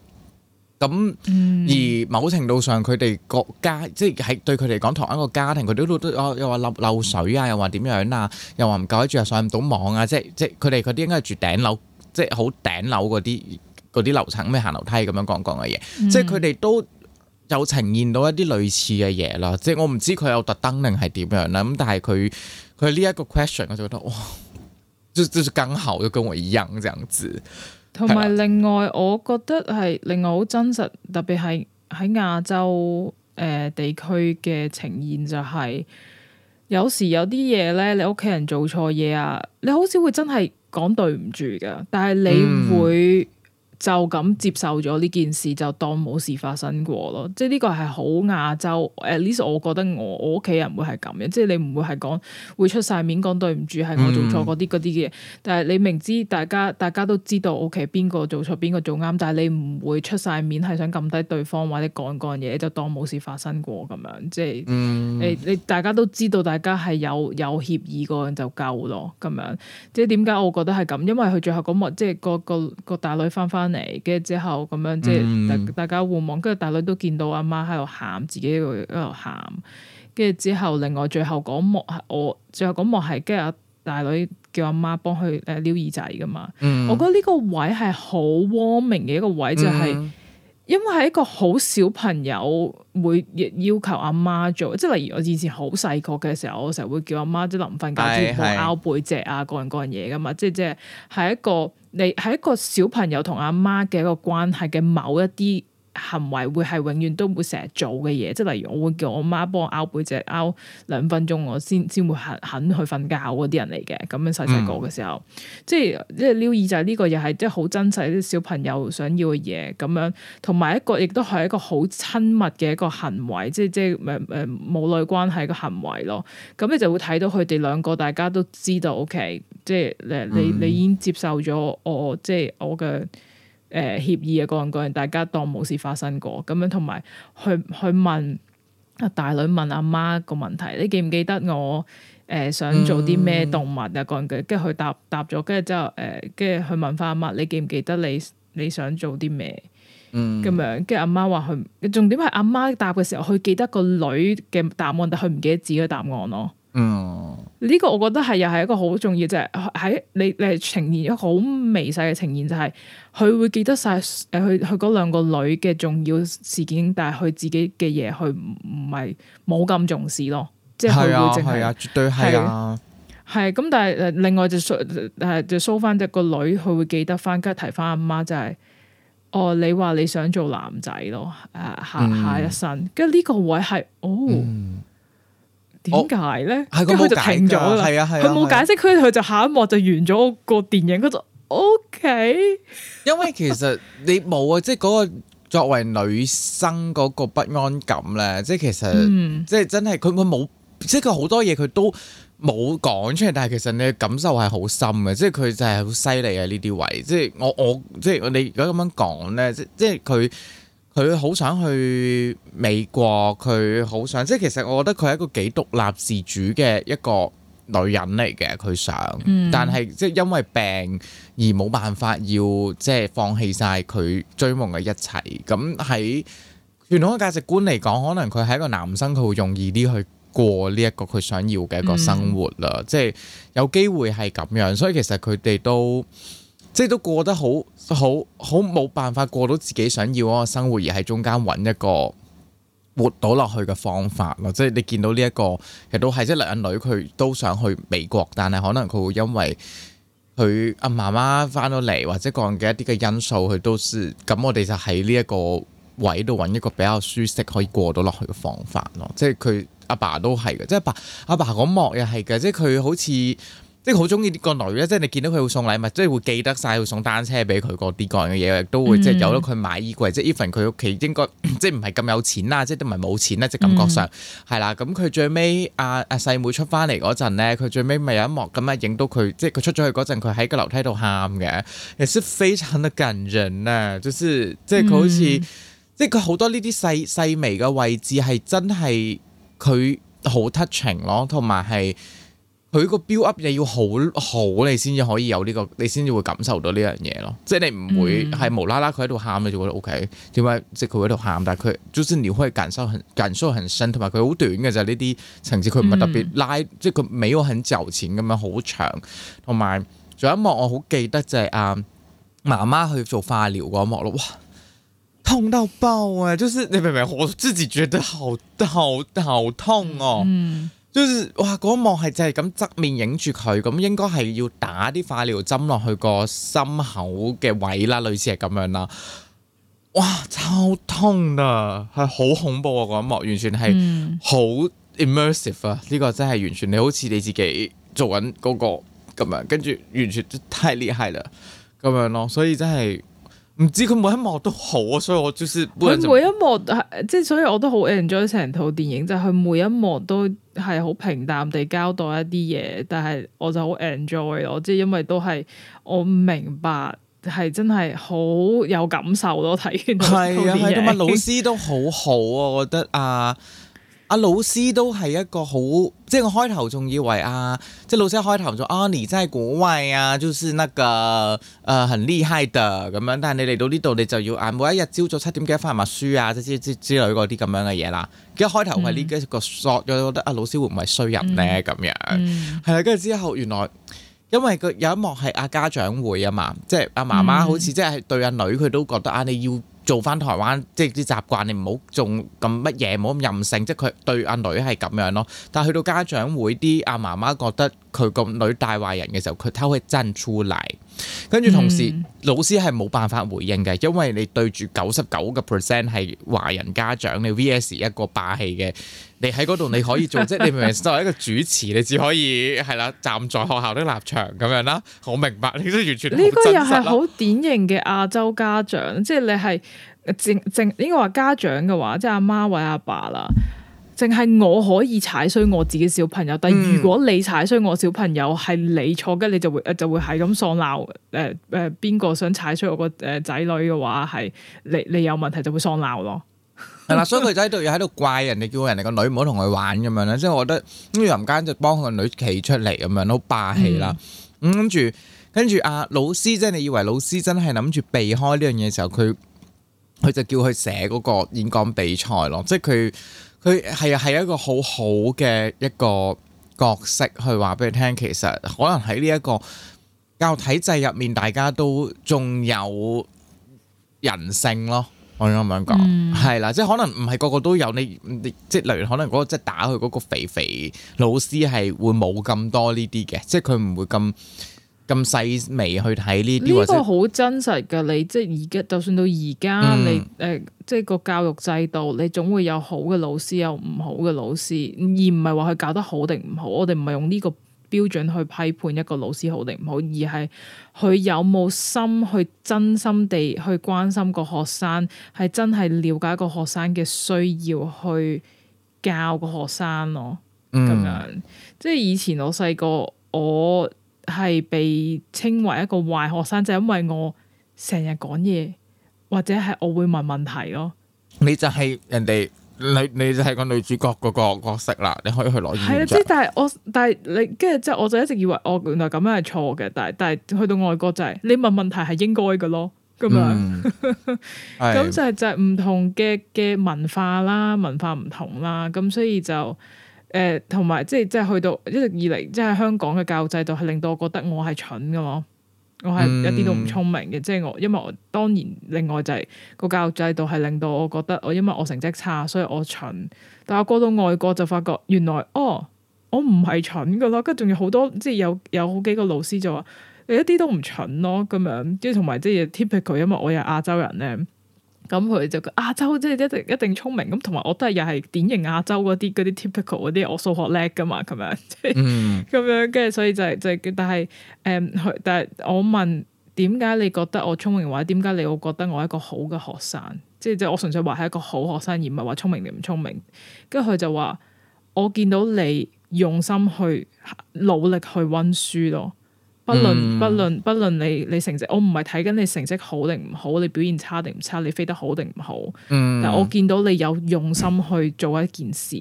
咁，而某程度上佢哋國家，即係喺對佢哋講，同一個家庭，佢都都都，又話漏漏水啊，又話點樣啊，又話唔夠位，仲又上唔到網啊，即係即係佢哋嗰啲應該係住頂樓，即係好頂樓嗰啲啲樓層，咩行樓梯咁樣講講嘅嘢，嗯、即係佢哋都有呈現到一啲類似嘅嘢啦。即係我唔知佢有特登定係點樣啦。咁但係佢佢呢一個 question，我就覺得哇，就就是剛好就跟我一樣，這樣子。同埋另外，我覺得係另外好真實，特別係喺亞洲誒、呃、地區嘅呈現就係、是，有時有啲嘢咧，你屋企人做錯嘢啊，你好少會真係講對唔住㗎，但係你會，嗯就咁接受咗呢件事，就當冇事發生過咯。即係呢個係好亞洲誒，至少我覺得我我屋企人會係咁嘅，嗯、即係你唔會係講會出晒面講對唔住係我做錯嗰啲嗰啲嘅嘢，但係你明知大家大家都知道，OK 邊個做錯邊個做啱，但係你唔會出晒面係想撳低對方或者講嗰樣嘢，就當冇事發生過咁樣。即係、嗯、你你大家都知道，大家係有有協議個樣就夠咯。咁樣，樣即係點解我覺得係咁？因為佢最後嗰、那、幕、個、即係個個個，個，個，個大女翻翻.嚟，跟住之後咁樣，即係大大家互望，跟住大女都見到阿媽喺度喊，自己喺度喺度喊，跟住之後，另外最後嗰幕係我最後嗰幕係，跟住阿大女叫阿媽，媽幫佢誒撩耳仔㗎嘛，嗯、我覺得呢個位係好 warming 嘅一個位就係、是。因為係一個好小朋友會要要求阿媽做，即係例如我以前好細個嘅時候，我成日會叫阿媽即臨瞓覺之前會撓背脊啊，各樣各樣嘢㗎嘛，即即係係一個你係一個小朋友同阿媽嘅一個關係嘅某一啲。行為會係永遠都會成日做嘅嘢，即係例如我會叫我媽幫我拗背脊拗兩分鐘，我先先會肯肯去瞓覺嗰啲人嚟嘅。咁樣細細個嘅時候，嗯、即係即係撩耳仔呢個又係即係好真實啲小朋友想要嘅嘢。咁樣同埋一個亦都係一個好親密嘅一個行為，即係即係誒誒母女關係嘅行為咯。咁你就會睇到佢哋兩個大家都知道，OK，即係你你你已經接受咗我、嗯、即係我嘅。誒，協、呃、議嘅各句，大家當冇事發生過咁樣，同埋去去問阿大女問阿媽個問題，你記唔記得我誒想做啲咩動物啊？講句、嗯，跟住佢答答咗，跟住之後誒，跟住佢去問翻阿媽，你記唔記得你你想做啲咩？嗯，咁樣，跟住阿媽話佢重點係阿媽，媽答嘅時候，佢記得個女嘅答案，但佢唔記得自己嘅答案咯。嗯，呢個我覺得係又係一個好重要，就係、是、喺你你呈現一個好微細嘅呈現，就係、是、佢會記得晒誒，佢佢嗰兩個女嘅重要事件，但係佢自己嘅嘢，佢唔唔係冇咁重視咯。即係佢會淨係、啊啊、絕對係係咁。但係另外就蘇誒、呃、就蘇翻只個女，佢會記得翻，跟住提翻阿媽就係、是，哦，你話你想做男仔咯？誒、啊，下、嗯、下一生，跟住呢個位係哦。嗯點解咧？跟住、哦、就停咗。係啊係啊，佢冇解釋，佢佢就下一幕就完咗個個電影。佢就 O K。因為其實你冇啊，即係嗰個作為女生嗰個不安感咧，即係其實，即係、嗯、真係佢佢冇，即係佢好多嘢佢都冇講出嚟。但係其實你嘅感受係好深嘅，即係佢就係好犀利啊！呢啲位，即係我我即係你如果咁樣講咧，即係即係佢。佢好想去美國，佢好想即係，其實我覺得佢係一個幾獨立自主嘅一個女人嚟嘅。佢想，嗯、但係即係因為病而冇辦法要即係放棄晒佢追夢嘅一切。咁喺傳統嘅價值觀嚟講，可能佢係一個男生，佢會容易啲去過呢一個佢想要嘅一個生活啦。嗯、即係有機會係咁樣，所以其實佢哋都。即係都過得好好好，冇辦法過到自己想要嗰個生活，而喺中間揾一個活到落去嘅方法咯。即係你見到呢一個，其實都係即係兩女佢都想去美國，但係可能佢會因為佢阿媽媽翻到嚟，或者個人嘅一啲嘅因素，佢都係咁。我哋就喺呢一個位度揾一個比較舒適可以過到落去嘅方法咯。即係佢阿爸都係嘅，即係阿阿爸嗰幕又係嘅，即係佢好似。即係好中意個女咧，即係你見到佢會送禮物，即係會記得晒，會送單車俾佢嗰啲個人嘅嘢，亦都會即係有得佢買衣櫃，嗯、即係 even 佢屋企應該即係唔係咁有錢啦，即係都唔係冇錢啦，即感覺上係啦。咁佢、嗯、最尾阿阿細妹出翻嚟嗰陣咧，佢最尾咪有一幕咁啊，影到佢即係佢出咗去嗰陣，佢喺個樓梯度喊嘅，其實非常得感人咧、啊，就是、即係佢好似、嗯、即係佢好多呢啲細細微嘅位置係真係佢好 touching 咯，同埋係。佢個 build up 你要好好你先至可以有呢、這個，你先至會感受到呢樣嘢咯。即係你唔會係無啦啦佢喺度喊你就覺得 O K，點解即係佢喺度喊？但係佢，就算、是、你會感受很感受很深，同埋佢好短嘅就係呢啲層次，佢唔係特別拉，嗯、即係佢冇很煽情咁樣好長。同埋仲有一幕我好記得就係、是、阿、啊、媽媽去做化療嗰一幕咯，哇！痛到爆啊！就是你明唔明我自己覺得好好好痛哦、啊。嗯就是、哇！嗰一幕係就係咁側面影住佢，咁應該係要打啲化療針落去個心口嘅位啦，類似係咁樣啦。哇！超痛啊，係好恐怖啊！嗰一幕完全係好 immersive 啊！呢、嗯、個真係完全你好似你自己做緊嗰、嗰個咁樣，跟住完全太厲害啦！咁樣咯，所以真係～唔知佢每一幕都好啊，所以我就是每每一幕即係，所以我都好 enjoy 成套電影。就係、是、佢每一幕都係好平淡地交代一啲嘢，但係我就好 enjoy 咯。我即係因為都係我明白係真係好有感受咯，睇完套電影。係啊，同埋老師都好好啊，我覺得啊。呃阿老師都係一個好，即係我開頭仲以為阿、啊、即係老師一開頭就啊，你真係國外啊，就是那個誒、呃、很厲害的咁樣，但係你嚟到呢度你就要啊，每一日朝早七點幾翻埋書啊，即之之之類嗰啲咁樣嘅嘢啦。一開頭、這個嗯、我係呢個個索咗覺得阿老師會唔係衰人咧咁樣，係啦、嗯，跟住之後原來因為佢有一幕係阿家長會啊嘛，即係阿媽媽好似即係對阿女佢都覺得啊，你要。做翻台灣，即係啲習慣，你唔好仲咁乜嘢，唔好咁任性，即係佢對阿女係咁樣咯。但係去到家長會，啲阿媽媽覺得，佢個女帶壞人嘅時候，佢偷去真出嚟，跟住同時、嗯、老師係冇辦法回應嘅，因為你對住九十九個 percent 係華人家長，你 VS 一個霸氣嘅，你喺嗰度你可以做，即係你明明作為一個主持，你只可以係啦，站在學校的立場咁樣啦。我明白，你都完全呢個又係好典型嘅亞洲家長，即係你係正正，正應該話家長嘅話，即係阿媽或阿爸啦。淨係我可以踩衰我自己小朋友，但如果你踩衰我小朋友，係你錯，嘅，你就會誒就會係咁喪鬧誒誒，邊、呃、個、呃、想踩衰我個誒仔女嘅話，係你你有問題，就會喪鬧咯。係 啦、 嗯，所以佢仔仲要喺度怪人哋，叫人哋個女唔好同佢玩咁樣咧。即係我覺得咁，林間就幫佢個女企出嚟咁樣，好霸氣啦。咁跟住，跟住阿、啊、老師，即係你以為老師真係諗住避開呢樣嘢嘅時候，佢佢就叫佢寫嗰個演講比賽咯，即係佢。佢係啊，係一個好好嘅一個角色去話俾你聽。其實可能喺呢一個教育體制入面，大家都仲有人性咯。我可以咁樣講，係啦、嗯，即係可能唔係個個都有你。即係例如，可能嗰個即係打佢嗰個肥肥老師係會冇咁多呢啲嘅，即係佢唔會咁。咁細微去睇呢啲，呢個好真實噶。你即係而家，就算到而家，嗯、你誒、呃，即係個教育制度，你總會有好嘅老師，有唔好嘅老師，而唔係話佢教得好定唔好。我哋唔係用呢個標準去批判一個老師好定唔好，而係佢有冇心去真心地去關心個學生，係真係了解個學生嘅需要去教個學生咯。咁樣、嗯、即係以前我細個我。係被稱為一個壞學生，就係因為我成日講嘢，或者係我會問問題咯。你就係人哋女，你就係個女主角嗰個角色啦。你可以去攞。係啊，即係，但係我，但係你，跟住即係，我就一直以為我原來咁樣係錯嘅，但係但係去到外國就係你問問題係應該嘅咯，咁樣。咁就係就係唔同嘅嘅文化啦，文化唔同啦，咁所以就。誒，同埋即係即係去到一直以嚟，即係香港嘅教育制度係令到我覺得我係蠢㗎嘛，我係一啲都唔聰明嘅。嗯、即係我，因為我當然另外就係、是、個教育制度係令到我覺得我因為我成績差，所以我蠢。但係我過到外國就發覺原來哦，我唔係蠢㗎咯。跟住仲有好多即係有有好幾個老師就話你一啲都唔蠢咯，咁樣。即係同埋即係 typical 因為我係亞洲人咧。咁佢就亞洲即係一定一定聰明咁，同埋我都係又係典型亞洲嗰啲嗰啲 typical 嗰啲，我數學叻噶嘛咁樣，咁樣嘅，所以就係、就係但係誒，但係、嗯、我問點解你覺得我聰明，或者點解你會覺得我係一個好嘅學生？即係即係我純粹話係一個好學生，而唔係話聰明定唔聰明。跟住佢就話我見到你用心去努力去温書咯。不論不論不論你你成績，我唔係睇緊你成績好定唔好，你表現差定唔差，你飛得好定唔好。嗯、但我見到你有用心去做一件事，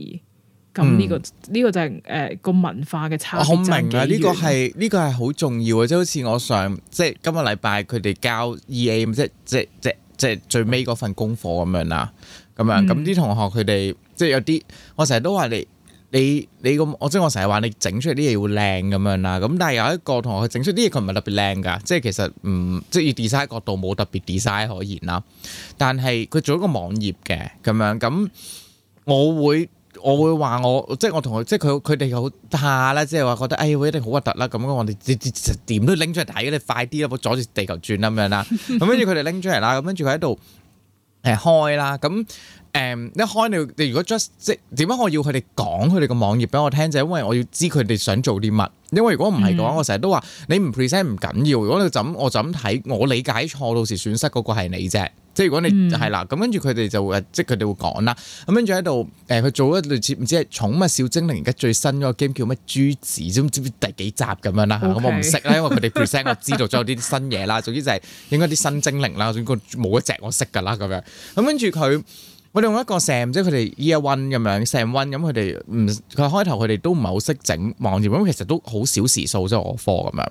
咁呢、這個呢、嗯、個就係誒個文化嘅差異。我明啊，呢、這個係呢、這個係好重要嘅。即係好似我上即係今個禮拜佢哋交 E A，即係即係即係即係最尾嗰份功課咁樣啦，咁樣咁啲、嗯、同學佢哋即係有啲，我成日都話你。你你咁，我即係我成日話你整出嚟啲嘢要靚咁樣啦。咁但係有一個同學佢整出啲嘢，佢唔係特別靚噶。即係其實唔即係要 design 角度冇特別 design 可言啦。但係佢做一個網頁嘅咁樣咁，我會我會話我即係我同學即係佢佢哋好怕啦。即係話覺得哎呀我一定好核突啦咁。我哋點都拎出嚟睇，你快啲啦，唔好阻住地球轉啦咁樣啦。咁跟住佢哋拎出嚟啦，咁跟住佢喺度誒開啦咁。誒、嗯、一開你你如果 just 即點解我要佢哋講佢哋個網頁俾我聽就係因為我要知佢哋想做啲乜，因為如果唔係嘅話，嗯、我成日都話你唔 present 唔緊要。如果你就咁我就咁睇，我理解錯到時損失嗰個係你啫。即如果你係啦，咁跟住佢哋就會即佢哋會講啦。咁跟住喺度誒，佢、呃、做一類似唔知係寵物小精靈而家最新嗰個 game 叫乜珠子，知唔知第幾集咁樣啦。咁 Okay. 我唔識啦，因為佢哋 present 我知道咗有啲新嘢啦。 總之就係應該啲新精靈啦，應該冇一隻我識㗎啦。咁樣咁跟住佢。我哋用一個 Sam，即係佢哋 Year One 咁樣，Sam One 咁，佢哋唔佢開頭佢哋都唔係好識整網頁，咁其實都好少時數即係我科咁樣。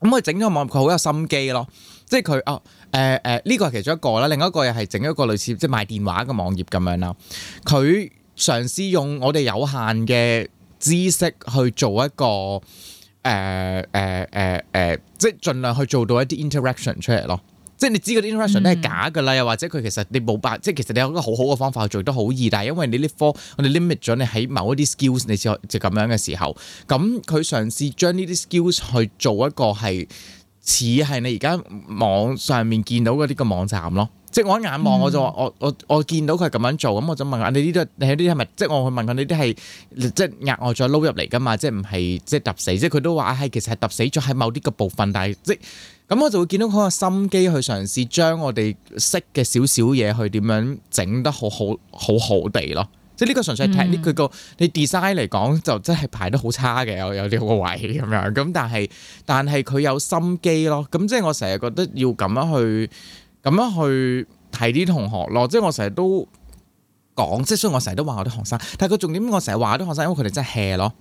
咁佢整咗個網頁，佢好有心機咯。即係佢哦，誒、呃、誒，呢、呃這個係其中一個啦。另外一個又係整一個類似即係賣電話嘅網頁咁樣啦。佢嘗試用我哋有限嘅知識去做一個誒誒誒誒，即係盡量去做到一啲 interaction 出嚟咯。即係你知嗰啲 interaction 係假㗎啦，又、嗯、或者佢其實你冇辦，即係其實你有一個好好嘅方法去做得好易，但係因為你呢科我哋 limit 咗你喺某一啲 skills，你只係就咁樣嘅時候，咁佢嘗試將呢啲 skills 去做一個係似係你而家網上面見到嗰啲嘅網站咯。即係我一眼望我就話我我我見到佢係咁樣做，咁我就問佢：你呢啲係你呢啲係咪？即係我去問佢，你啲係即係額外再撈入嚟噶嘛？即係唔係即係揼死？即係佢都話係其實係揼死，咗喺某啲個部分。但係即係咁，我就會見到佢個心機去嘗試將我哋識嘅少少嘢去點樣整得好好好好地咯。即係呢個純粹睇佢個你 design 嚟講就真係排得好差嘅有有呢個位咁樣咁，但係但係佢有心機咯。咁即係我成日覺得要咁樣去。咁樣去睇啲同學咯，即係我成日都講，即係所以我成日都話我啲學生，但係佢重點，我成日話我啲學生，因為佢哋真係 hea 咯，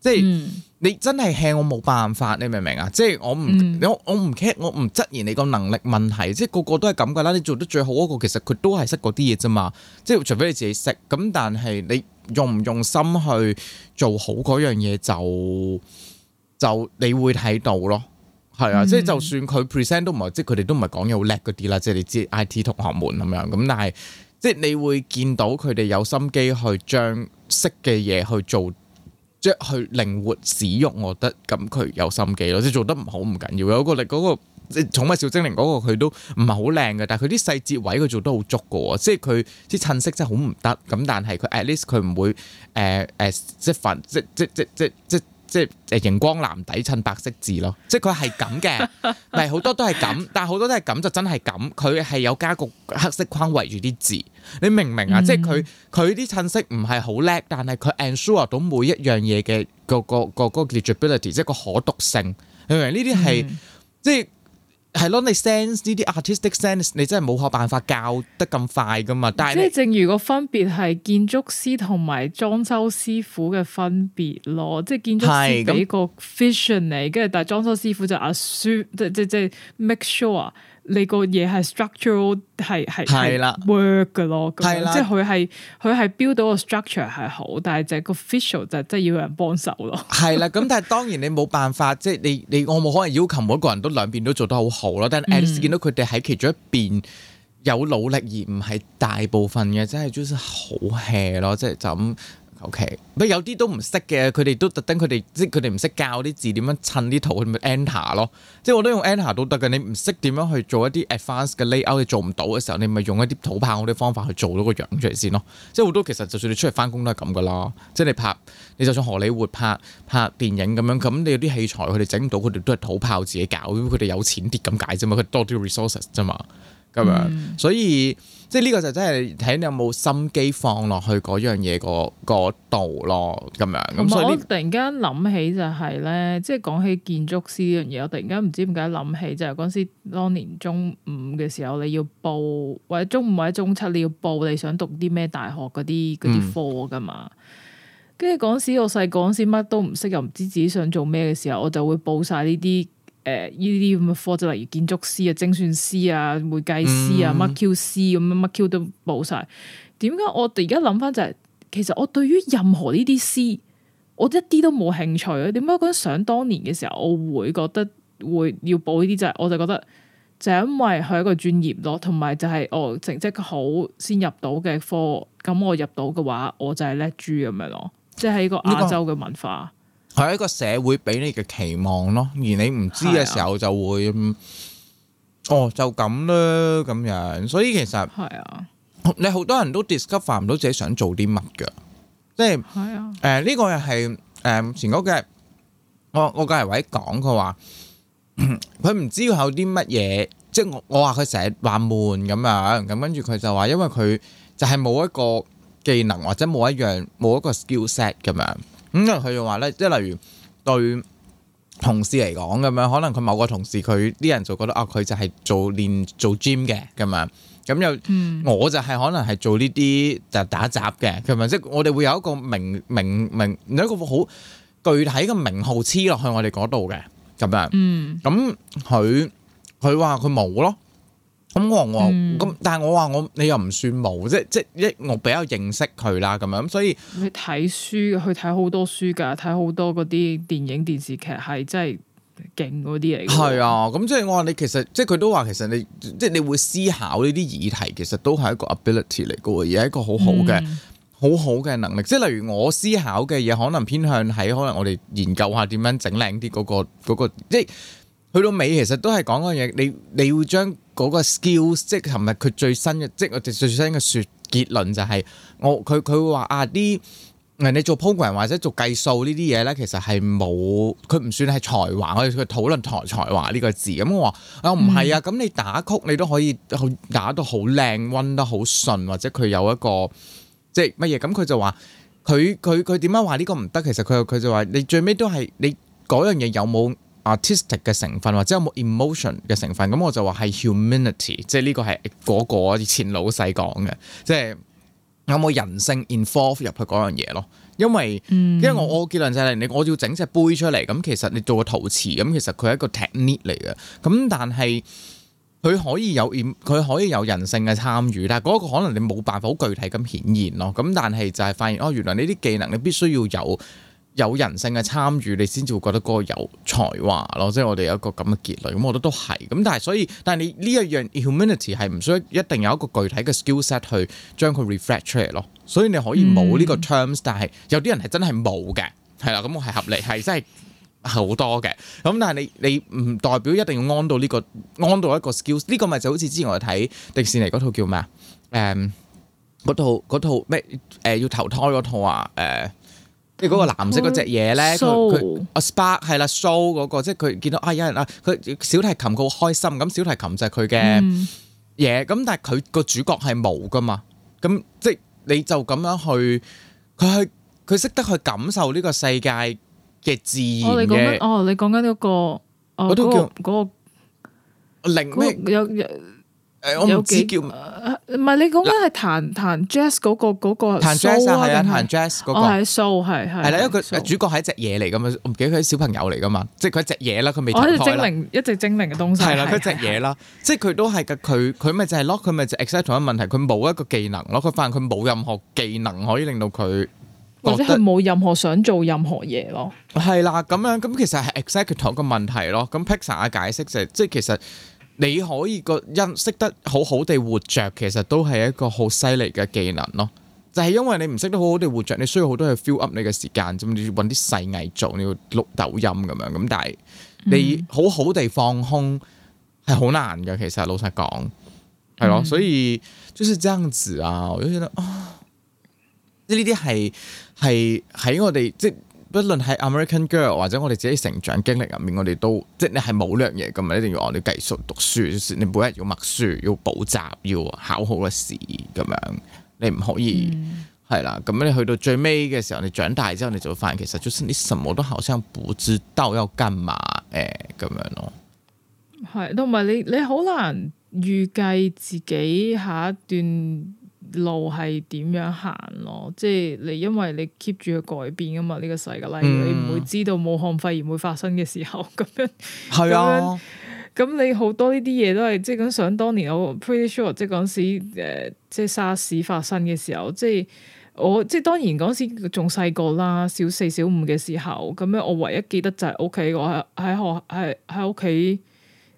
即係你真係 hea，我冇辦法，你明唔明啊？即係我唔、嗯，我唔 care，我唔質疑你個能力問題，即係個個都係咁噶啦，你做得最好嗰個其實佢都係識嗰啲嘢啫嘛，即係除非你自己識，咁但係你用唔用心去做好嗰樣嘢就就你會睇到咯。係啊，即係就算佢 present 都唔係，即係佢哋都唔係講嘢好叻嗰啲啦。即係你知 IT 同學們咁樣咁，但係即係你會見到佢哋有心機去將識嘅嘢去做，即係去靈活使用。我覺得咁佢有心機咯。即係做得唔好唔緊要。有個你、那、嗰個寵物小精靈嗰、那個佢都唔係好靚嘅，但係佢啲細節位佢做得好足嘅喎。即係佢啲襯色真係好唔得。咁但係佢 at least 佢唔會誒誒、呃呃，即係混即即即即即。即即即即即係誒，熒光藍底襯白色字咯，即係佢係咁嘅，但係好多都係咁，但係好多都係咁就真係咁，佢係有加個黑色框圍住啲字，你明唔明啊？嗯、即係佢佢啲襯色唔係好叻，但係佢 ensure 到每一樣嘢嘅、個、個、個嗰、個 readability，即係個可讀性，你明唔明？呢啲係即係。係咯，你 sense 呢啲 artistic sense，你真係冇學辦法教得咁快噶嘛？但即係正如個分別係建築師同埋裝修師傅嘅分別咯，即係建築師俾個 fashion 你，跟住但係裝修師傅就 assume 即即即 make sure。你個嘢係 structural 係係 work 嘅咯，啦即係佢係佢係 build 到個 structure 係好，但係就個 physical 就即係要有人幫手咯。係啦，咁但係當然你冇辦法， 即係你你我冇可能要求每一個人都兩邊都做得好好咯。但係 Alice 見到佢哋喺其中一邊有努力，而唔係大部分嘅，真係真係好 hea 咯，即係就咁。O.K.，咪有啲都唔識嘅，佢哋都特登，佢哋即係佢哋唔識教啲字點樣襯啲圖，去咪 enter 咯。即係我都用 enter 都得嘅。你唔識點樣去做一啲 advanced 嘅 layout，你做唔到嘅時候，你咪用一啲土炮嗰啲方法去做到個樣出嚟先咯。即係好多其實就算你出嚟翻工都係咁噶啦。即係你拍，你就算荷里活拍拍，拍電影咁樣，咁你有啲器材佢哋整唔到，佢哋都係土炮自己搞，佢哋有錢啲咁解啫嘛，佢多啲 resources 啫嘛，咁樣、mm。所以。即係呢個就真係睇你有冇心機放落去嗰樣嘢個個度咯，咁樣咁所以。我突然間諗起就係咧，即係講起建築師呢樣嘢，我突然間唔知點解諗起，就係嗰時當年中五嘅時候你要報，或者中五或者中七你要報，你想讀啲咩大學嗰啲嗰啲科㗎嘛？跟住嗰時我細個時乜都唔識，又唔知自己想做咩嘅時候，我就會報晒呢啲。誒，呢啲咁嘅科就例如建築師啊、精算師啊、會計師啊、乜 Q 師咁，乜 Q 都冇晒。點解我而家諗翻就係、是，其實我對於任何呢啲 C，我一啲都冇興趣。點解覺得想當年嘅時候，我會覺得會要報呢啲，就係我就覺得就係因為佢係一個專業咯，同埋就係、是、我、哦、成績、就是、好先入到嘅科。咁我入到嘅話，我就係叻豬咁樣咯。即、就、係、是、一個亞洲嘅文化。這個係一個社會俾你嘅期望咯，而你唔知嘅時候就會，哦是、啊、就咁啦咁樣，所以其實係是啊，你好多人都 discover 唔到自己想做啲乜嘅，即係係啊，誒呢個又係誒前嗰嘅，我我隔籬位講佢話，佢唔知有啲乜嘢，即係我我話佢成日話悶咁樣，咁跟住佢就話因為佢就係冇一個技能或者冇一樣冇一個 skill set 咁樣。咁佢、嗯、就話咧，即係例如對同事嚟講咁樣，可能佢某個同事佢啲人就覺得啊，佢、哦、就係做練做 gym 嘅咁啊，咁又、嗯、我就係可能係做呢啲就打雜嘅，佢咪即係我哋會有一個名名名有一個好具體嘅名號黐落去我哋嗰度嘅咁樣，咁佢佢話佢冇咯。咁我咁，嗯、但係我話我你又唔算冇，即係即一我比較認識佢啦，咁樣咁所以。你睇書，去睇好多書噶，睇好多嗰啲電影、電視劇係真係勁嗰啲嚟。係啊，咁即係我話你其實，即係佢都話其實你，即係你會思考呢啲議題，其實都係一個 ability 嚟噶，而係一個好好、嗯、好好嘅、好好嘅能力。即係例如我思考嘅嘢，可能偏向喺可能我哋研究下點樣整靚啲嗰個、嗰個嗰個，即係去到尾其實都係講嗰樣嘢，你你，你，你，你，你，你要將。嗰個 skills 即係尋日佢最新嘅，即係我哋最新嘅結論就係、是、我佢佢會話啊啲，誒你做 program 或者做計數呢啲嘢咧，其實係冇佢唔算係才華，我哋去討論才才華呢個字。咁我話啊唔係啊，咁你打曲你都可以打到好靚，溫得好順，或者佢有一個即係乜嘢？咁佢就話佢佢佢點解話呢個唔得？其實佢佢就話你最尾都係你嗰樣嘢有冇？artistic 嘅成分或者有冇 emotion 嘅成分，咁我就話係 humanity，即係呢個係嗰個以前老細講嘅，即係有冇人性 involve 入去嗰樣嘢咯。因為，嗯、因為我我結論就係你我要整隻杯出嚟，咁其實你做個陶瓷，咁其實佢係一個 technique 嚟嘅，咁但係佢可以有佢可以有人性嘅參與，但係嗰個可能你冇辦法好具體咁顯現咯。咁但係就係發現哦，原來呢啲技能你必須要有。有人性嘅參與，你先至會覺得嗰個有才華咯，即係我哋有一個咁嘅結論。咁我覺得都係咁，但係所以，但係你呢一樣 humanity 係唔需要一定有一個具體嘅 skillset 去將佢 reflect 出嚟咯。所以你可以冇呢個 terms，嗯、但係有啲人係真係冇嘅，係啦。咁我係合理，係真係好多嘅。咁但係你你唔代表一定要安到呢、呢個安到一個 skills 呢個咪就好似之前我哋睇迪士尼嗰套叫咩啊？誒、呃，嗰套嗰套咩？誒、呃、要投胎嗰套啊？誒、呃。你嗰個藍色嗰隻嘢咧，佢佢啊 spar 係啦，show 嗰個即係佢見到啊，有人啊佢小提琴，佢好開心咁，小提琴就係佢嘅嘢咁，但係佢個主角係冇㗎嘛，咁即係你就咁樣去佢去佢識得去感受呢個世界嘅自然嘅哦，你講緊哦，你講緊嗰個嗰個嗰個靈咩有有。誒，我唔知叫唔係你講緊係彈彈 jazz 嗰個嗰個。彈 jazz 係啊，彈 jazz 嗰個。哦，係 show 係係。係啦，因為佢主角係一隻嘢嚟噶嘛，我唔記得佢係小朋友嚟噶嘛，即係佢一隻嘢啦，佢未。一隻精靈，一隻精靈嘅東西。係啦，佢隻嘢啦，即係佢都係嘅。佢佢咪就係咯，佢咪就 executive 問題，佢冇一個技能咯，佢發現佢冇任何技能可以令到佢或者係冇任何想做任何嘢咯。係啦，咁樣咁其實係 executive 個問題咯。咁 Pixar 嘅解釋就即係其實。你可以個人識得好好地活着，其實都係一個好犀利嘅技能咯。就係、是、因為你唔識得好好地活着，你需要好多去 fill up 你嘅時間，咁你揾啲細藝做，你要錄抖音咁樣。咁但係你好好地放空係好難嘅，其實老實講係咯。嗯、所以就是這樣子啊，我就覺得哦，呢啲係係喺我哋即。不論係 American Girl 或者我哋自己成長經歷入面，我哋都即係你係冇呢樣嘢，咁咪一定要按你計數讀書，就是、你每日要默書，要補習，要考好個試咁樣，你唔可以係啦。咁、嗯、你去到最尾嘅時候，你長大之後，你就會發現其實就算你什麼都考上，不知道要幹嘛誒咁、欸、樣咯。係，同埋你你好難預計自己下一段。路係點樣行咯？即係你，因為你 keep 住去改變噶嘛，呢、這個世界，例如、嗯、你唔會知道武漢肺炎會發生嘅時候咁樣，係啊。咁你好多呢啲嘢都係即係咁。想當年我 pretty sure，即係嗰時誒，即係、呃、沙士發生嘅時候，即係我即係當然嗰時仲細個啦，小四小五嘅時候，咁樣我唯一記得就係屋企，我喺喺學喺喺屋企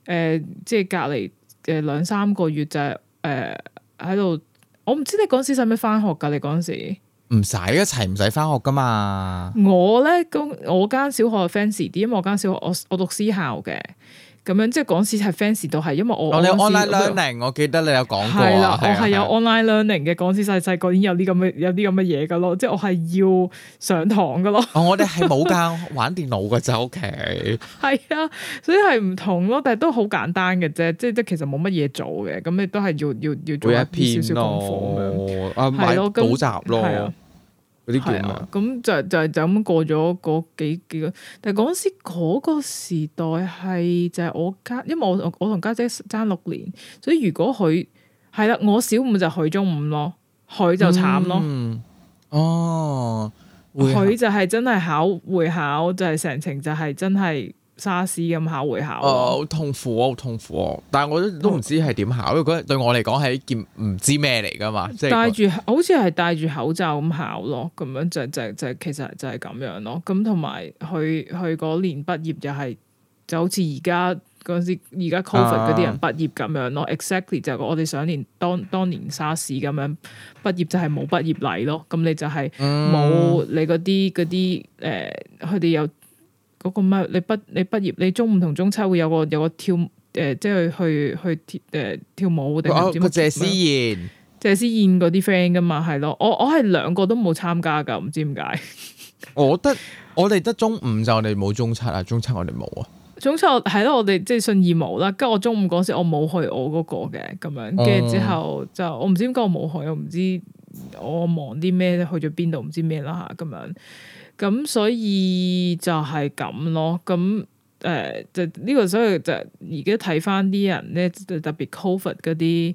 誒，即係隔離嘅兩三個月就係誒喺度。呃我唔知你嗰時使唔使返學噶？你嗰時唔使一齊，唔使返學噶嘛？我咧，咁我間小學 fancy 啲，因為我間小學我我讀私校嘅。咁樣即係嗰陣時，係 fans 都係，因為我我 online learning 我記得你有講過。係啦，我係有 online learning 嘅。嗰陣時，細細個已經有啲咁嘅有啲咁嘅嘢噶咯，即係我係要上堂噶咯。我哋係冇教玩電腦噶，就屋企係啊，所以係唔同咯，但係都好簡單嘅啫，即係即係其實冇乜嘢做嘅，咁你都係要要要做一啲少少功課咁樣，啊買補習咯。係啊，咁就就就咁過咗嗰幾幾個，但係嗰時嗰個時代係就係我家，因為我我同家姐爭六年，所以如果佢係啦，我小五就佢中五咯，佢就慘咯，嗯。哦，佢就係真係考會考就係成程就係真係。沙士咁考會考，哦，好痛苦啊，好痛苦啊！但係我都都唔知係點考，因為嗰日對我嚟講係一件唔知咩嚟㗎嘛，即係、戴住好似係戴住口罩咁考咯，咁樣就就就其實就係咁樣咯。咁同埋去去嗰年畢業就係、是、就好似而家嗰陣時，而家 Covid 嗰啲人畢業咁樣咯。啊、exactly 就我哋上年當當年沙士咁樣畢業就係冇畢業禮咯，咁你就係冇你嗰啲嗰啲誒，佢哋、呃、有。嗰個你畢你畢業，你中五同中七會有個有個跳誒、呃，即係去去去、呃、跳舞定唔知謝、哦、思燕，謝思燕嗰啲 friend 噶嘛，係咯。我我係兩個都冇參加噶，唔知點解。我得我哋得中五，就我哋冇中七啊，中七我哋冇啊。中七係咯，我哋即係信義冇啦。跟住我中五嗰時我冇去，、嗯、去，我嗰個嘅咁樣。跟住之後就我唔知點解我冇去，我唔知我忙啲咩，去咗邊度，唔知咩啦嚇咁樣。咁所以就係咁咯，咁誒、呃、就呢、這個所以就而家睇翻啲人咧，特別 Covid 嗰啲誒啲、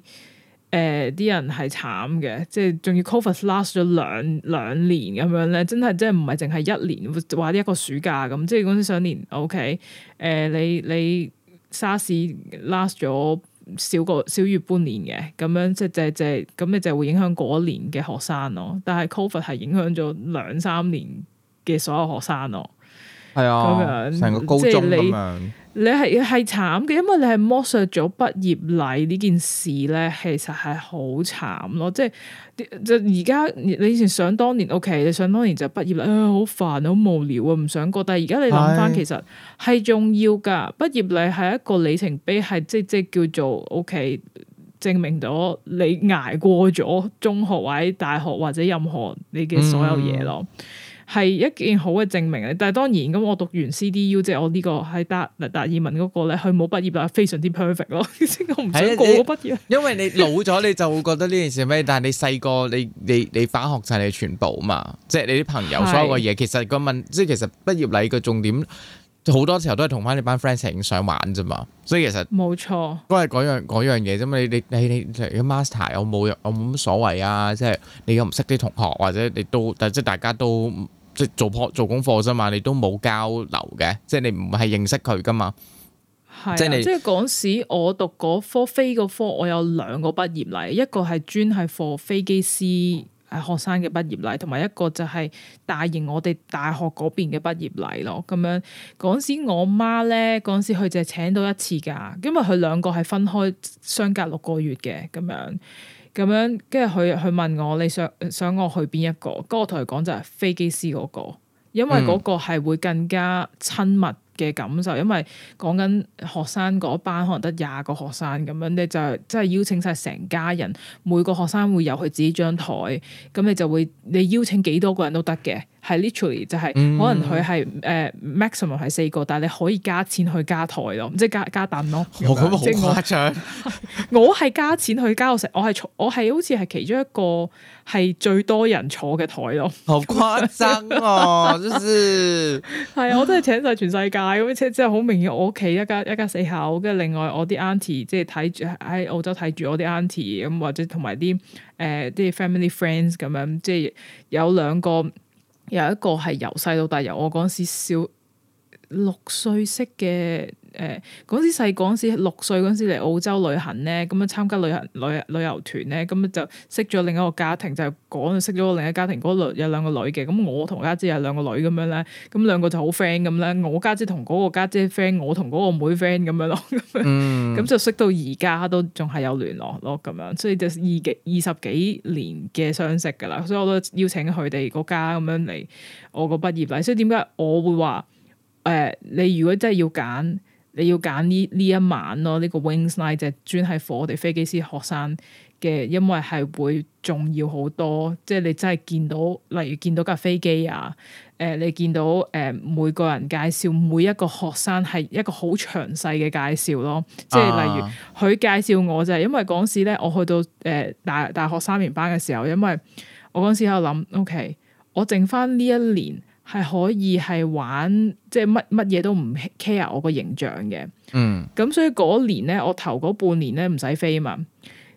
呃、人係慘嘅，即係仲要 Covid last 咗兩兩年咁樣咧，真係即係唔係淨係一年，話一個暑假咁，即係嗰陣上年 OK 誒、呃，你你 SARS last 咗少個少於半年嘅，咁樣即係即係即係咁，你就會影響嗰一年嘅學生咯。但係 Covid 係影響咗兩三年。嘅所有學生咯，係啊、哎呀，成個高中咁樣，你係係慘嘅，因為你係剝削咗畢業禮呢件事咧，其實係好慘咯。即係就而家你以前想當年，OK，你想當年就畢業啦，哎，好煩，好無聊啊，唔想過。但係而家你諗翻，係其實係重要噶，畢業禮係一個里程碑，係即即叫做 OK，證明咗你捱過咗中學或者大學或者任何你嘅所有嘢咯。嗯係一件好嘅證明啊！但係當然咁，我讀完 CDU 即係我呢、這個係達嗱達爾文嗰個咧，佢冇畢業啦，非常之 perfect 咯。 我唔想過我畢業，因為你老咗你就會覺得呢件事咩？ 但係你細個你你你返學晒你全部啊嘛！即係你啲朋友所有嘅嘢的，其實個問即係其實畢業禮嘅重點好多時候都係同翻你班 friend 成影相玩啫嘛。所以其實冇錯，錯都係嗰樣嘢啫嘛。你你 master 我冇我冇所謂啊！即係你又唔識啲同學，或者你都即係大家都。即做課做功課啫嘛，你都冇交流嘅，即係你唔係認識佢噶嘛。係的即係你即嗰時我讀嗰科飛嗰科，我有兩個畢業禮，一個係專係課飛機師誒學生嘅畢業禮，同埋一個就係大型我哋大學嗰邊嘅畢業禮咯。咁樣嗰時我媽咧，嗰時佢就請到一次假，因為佢兩個係分開相隔六個月嘅咁樣。咁樣，跟住佢佢問我你想想我去邊一個？嗰個同佢講就係飛機師嗰個，因為嗰個係會更加親密嘅感受，因為講緊學生嗰班可能得廿個學生咁樣，你就即係邀請晒成家人，每個學生會有佢自己張台，咁你就會你邀請幾多個人都得嘅。係 literally 就係可能佢係誒、呃、maximum 係四個，但係你可以加錢去加台咯，即係加加凳咯。我咁好誇張，我係加錢去加個食，我係坐，我係好似係其中一個係最多人坐嘅台咯。 就係，好誇張啊！係啊，我真係請晒全世界咁樣，即係好明顯我屋企一家一家，一家四口，跟住另外我啲 auntie 即係睇住喺澳洲睇住我啲 auntie 咁，或者同埋啲誒啲 family friends 咁樣，即、就、係、係、有兩個。有一個係由細到大，由我嗰陣時小六歲識嘅。誒嗰時細個嗰時六歲嗰時嚟澳洲旅行咧，咁樣參加旅行旅旅遊團咧，咁就識咗另一個家庭，就講、是、就識咗另一個家庭，嗰度有兩個女嘅，咁我同家姐，姐有兩個女咁樣咧，咁兩個就好 friend 咁咧，我家姐同嗰個家姐 friend，我同嗰個妹 friend 咁樣咯，咁、嗯、 就識到而家都仲係有聯絡咯，咁樣所以就二幾二十幾年嘅相識噶啦，所以我都邀請佢哋嗰家咁樣嚟我個畢業禮，所以點解我會話誒、呃？你如果真係要揀。你要揀呢呢一晚咯，呢、這個 Wings Night 就專係火我哋飛機師學生嘅，因為係會重要好多。即係你真係見到，例如見到架飛機啊，誒、呃，你見到誒、呃、每個人介紹每一個學生係一個好詳細嘅介紹咯。即係例如佢、啊、介紹我就係因為嗰時咧，我去到誒、呃、大大學三年班嘅時候，因為我嗰時喺度諗，OK，我剩翻呢一年。係可以係玩即係乜乜嘢都唔 care 我個形象嘅，嗯，咁所以嗰年咧，我頭嗰半年咧唔使飛嘛，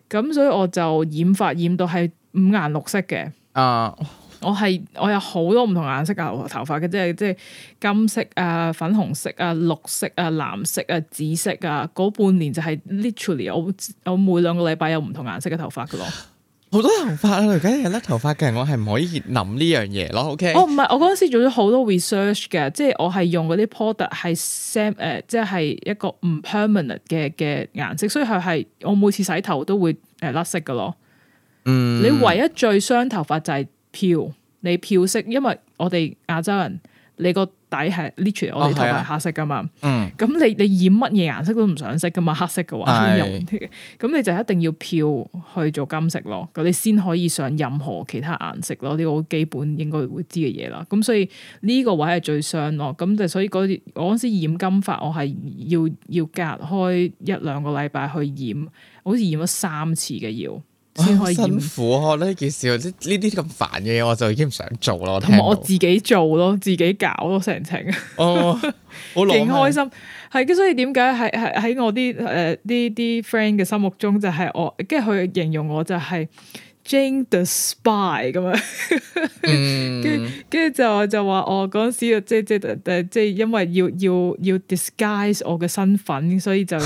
咁所以我就染髮染到係五顏六色嘅，啊，我係我有好多唔同顏色嘅頭髮嘅，即係即係金色啊、粉紅色啊、綠色啊、藍色啊、紫色啊，嗰半年就係 literally 我我每兩個禮拜有唔同顏色嘅頭髮嘅咯。好多頭髮啊！而家有甩頭髮嘅人，我係唔可以諗呢樣嘢咯。O、okay? K，oh，我唔係我嗰陣時做咗好多 research 嘅，即係我係用嗰啲 product r 係 s 誒，即係一個唔 permanent 嘅嘅顏色，所以佢係我每次洗頭都會誒甩、呃、色嘅咯。嗯、你唯一最傷頭髮就係漂，你漂色，因為我哋亞洲人你個底係 literally，我哋頭髮係黑色噶嘛，咁、哦啊、你你染乜嘢顏色都唔上色噶嘛，黑色嘅話先用，咁是 你就一定要漂去做金色咯，咁你先可以上任何其他顏色咯，呢個基本應該會知嘅嘢啦。咁所以呢個位係最傷咯，咁就所以嗰啲我嗰陣時染金髮，我係要要隔開一兩個禮拜去染，好似染咗三次嘅要。先可以辛苦、啊，我呢件事，即呢啲咁煩嘅嘢，我就已經唔想做咯。同埋我自己做咯，自己搞咯成程，好勁、哦、 開心。係咁，所以點解係係喺我啲誒啲啲 friend 嘅心目中就係我，跟住佢形容我就係、是。Jane the spy 咁 啊、mm，跟跟住就就話我嗰陣時，即即即因為要要要 disguise 我嘅身份，所以就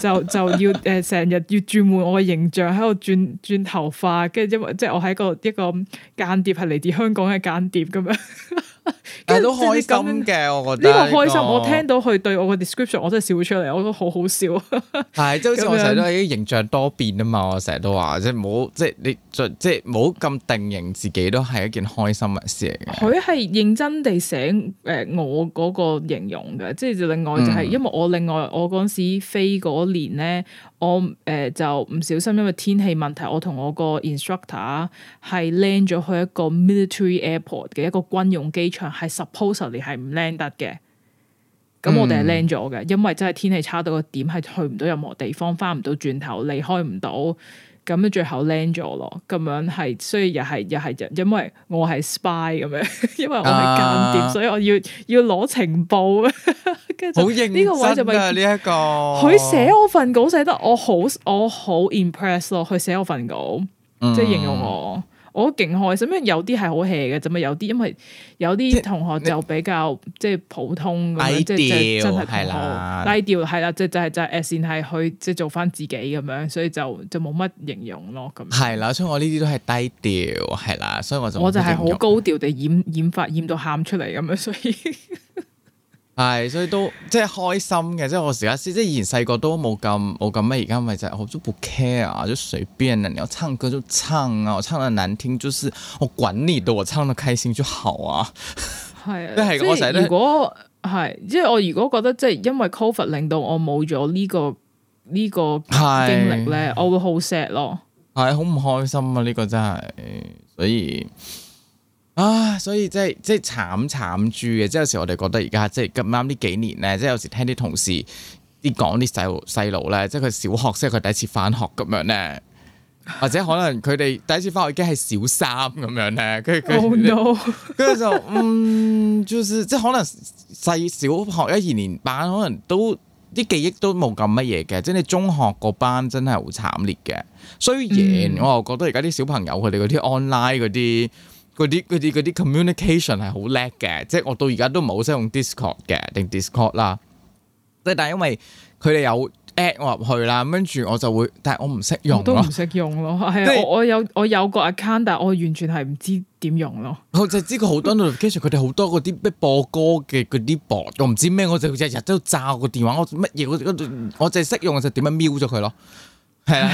就就要誒成日要轉換我嘅形象，喺度轉轉頭髮，跟住因為即我喺一個一個間諜，係嚟自香港嘅間諜咁啊。 其實都開心嘅，樣我覺得呢、這個、個開心。我聽到佢對我個 description，我真係笑出嚟，我覺得好好笑。係 即好似樣我成日都係啲形象多變啊嘛，我成日都話即係冇，即係你即係冇咁定型自己都係一件開心嘅事嚟嘅。佢係認真地寫誒、呃、我嗰個形容嘅，即係就另外就係、是嗯、因為我另外我嗰時飛嗰年咧，我誒、呃、就唔小心因為天氣問題，我同我個 instructor 係 land 咗去一個 military airport 嘅一個軍用機場。係 supposedly 係唔 land 得嘅，咁、嗯、我哋係 land 咗嘅，因為真係天氣差到個點，係去唔到任何地方，翻唔到轉頭，離開唔到，咁最後 land 咗咯。咁樣係，所以又係又係，因為我係 spy 咁樣，因為我係間諜，啊、所以我要要攞情報。跟住好認真啊，呢個位就係呢一個，佢寫我份稿寫得我好我好 impress 咯，佢寫我份稿，嗯、即係形容我。我勁開，因為有啲係好 hea 嘅，咁啊有啲因為有啲同學就比較即係普通咁調即係真係唔好低調係啦，即係就係、是、就誒先係去即係做翻自己咁樣，所以就就冇乜形容咯咁。係啦，所以我呢啲都係低調係啦，所以我就我就係好高調地染染髮染到喊出嚟咁樣，所以。 係，所以都即係開心嘅。即係我而家先，即係以前細個都冇咁冇咁咩，而家咪就係好唔 care，啊，就隨便啊！你要唱歌就唱啊，我唱得難聽，就是我管你到，我唱得開心就好啊。係 啊， 即係是是如果係，即係我如果覺得即係因為 covid 令到我冇咗呢個呢、呢個經歷咧，是我會好 sad 咯。係好唔開心啊！呢、呢個真係，所以。啊！所以即係真係慘慘住嘅，即有時我哋覺得而家即咁啱呢幾年咧，即有時聽啲同事啲講啲細細路咧，即佢小學即佢第一次返學咁樣咧，或者可能佢哋第一次返學已經係小三咁樣咧。Oh no！跟住就嗯，就是、即係可能細小學一二年班，可能都啲記憶都冇咁乜嘢嘅。即你中學個班真係好慘烈嘅。雖然、嗯、我又覺得而家啲小朋友佢哋嗰啲 online 嗰啲。嗰啲嗰啲嗰啲 communication 係好叻嘅，即係我到而家都唔係好識用 Discord 嘅定 Discord 啦。即係但係因為佢哋有 at 我入去啦，跟住我就會，但係我唔識用都唔識用咯。係我我有我有個 account，但我完全係唔知點用咯。我就知佢好多 notification 佢哋好多嗰啲咩播歌嘅嗰啲播，我唔知咩，我就日日都炸我電話，我乜嘢我就係識用就點樣瞄咗佢咯。係啊，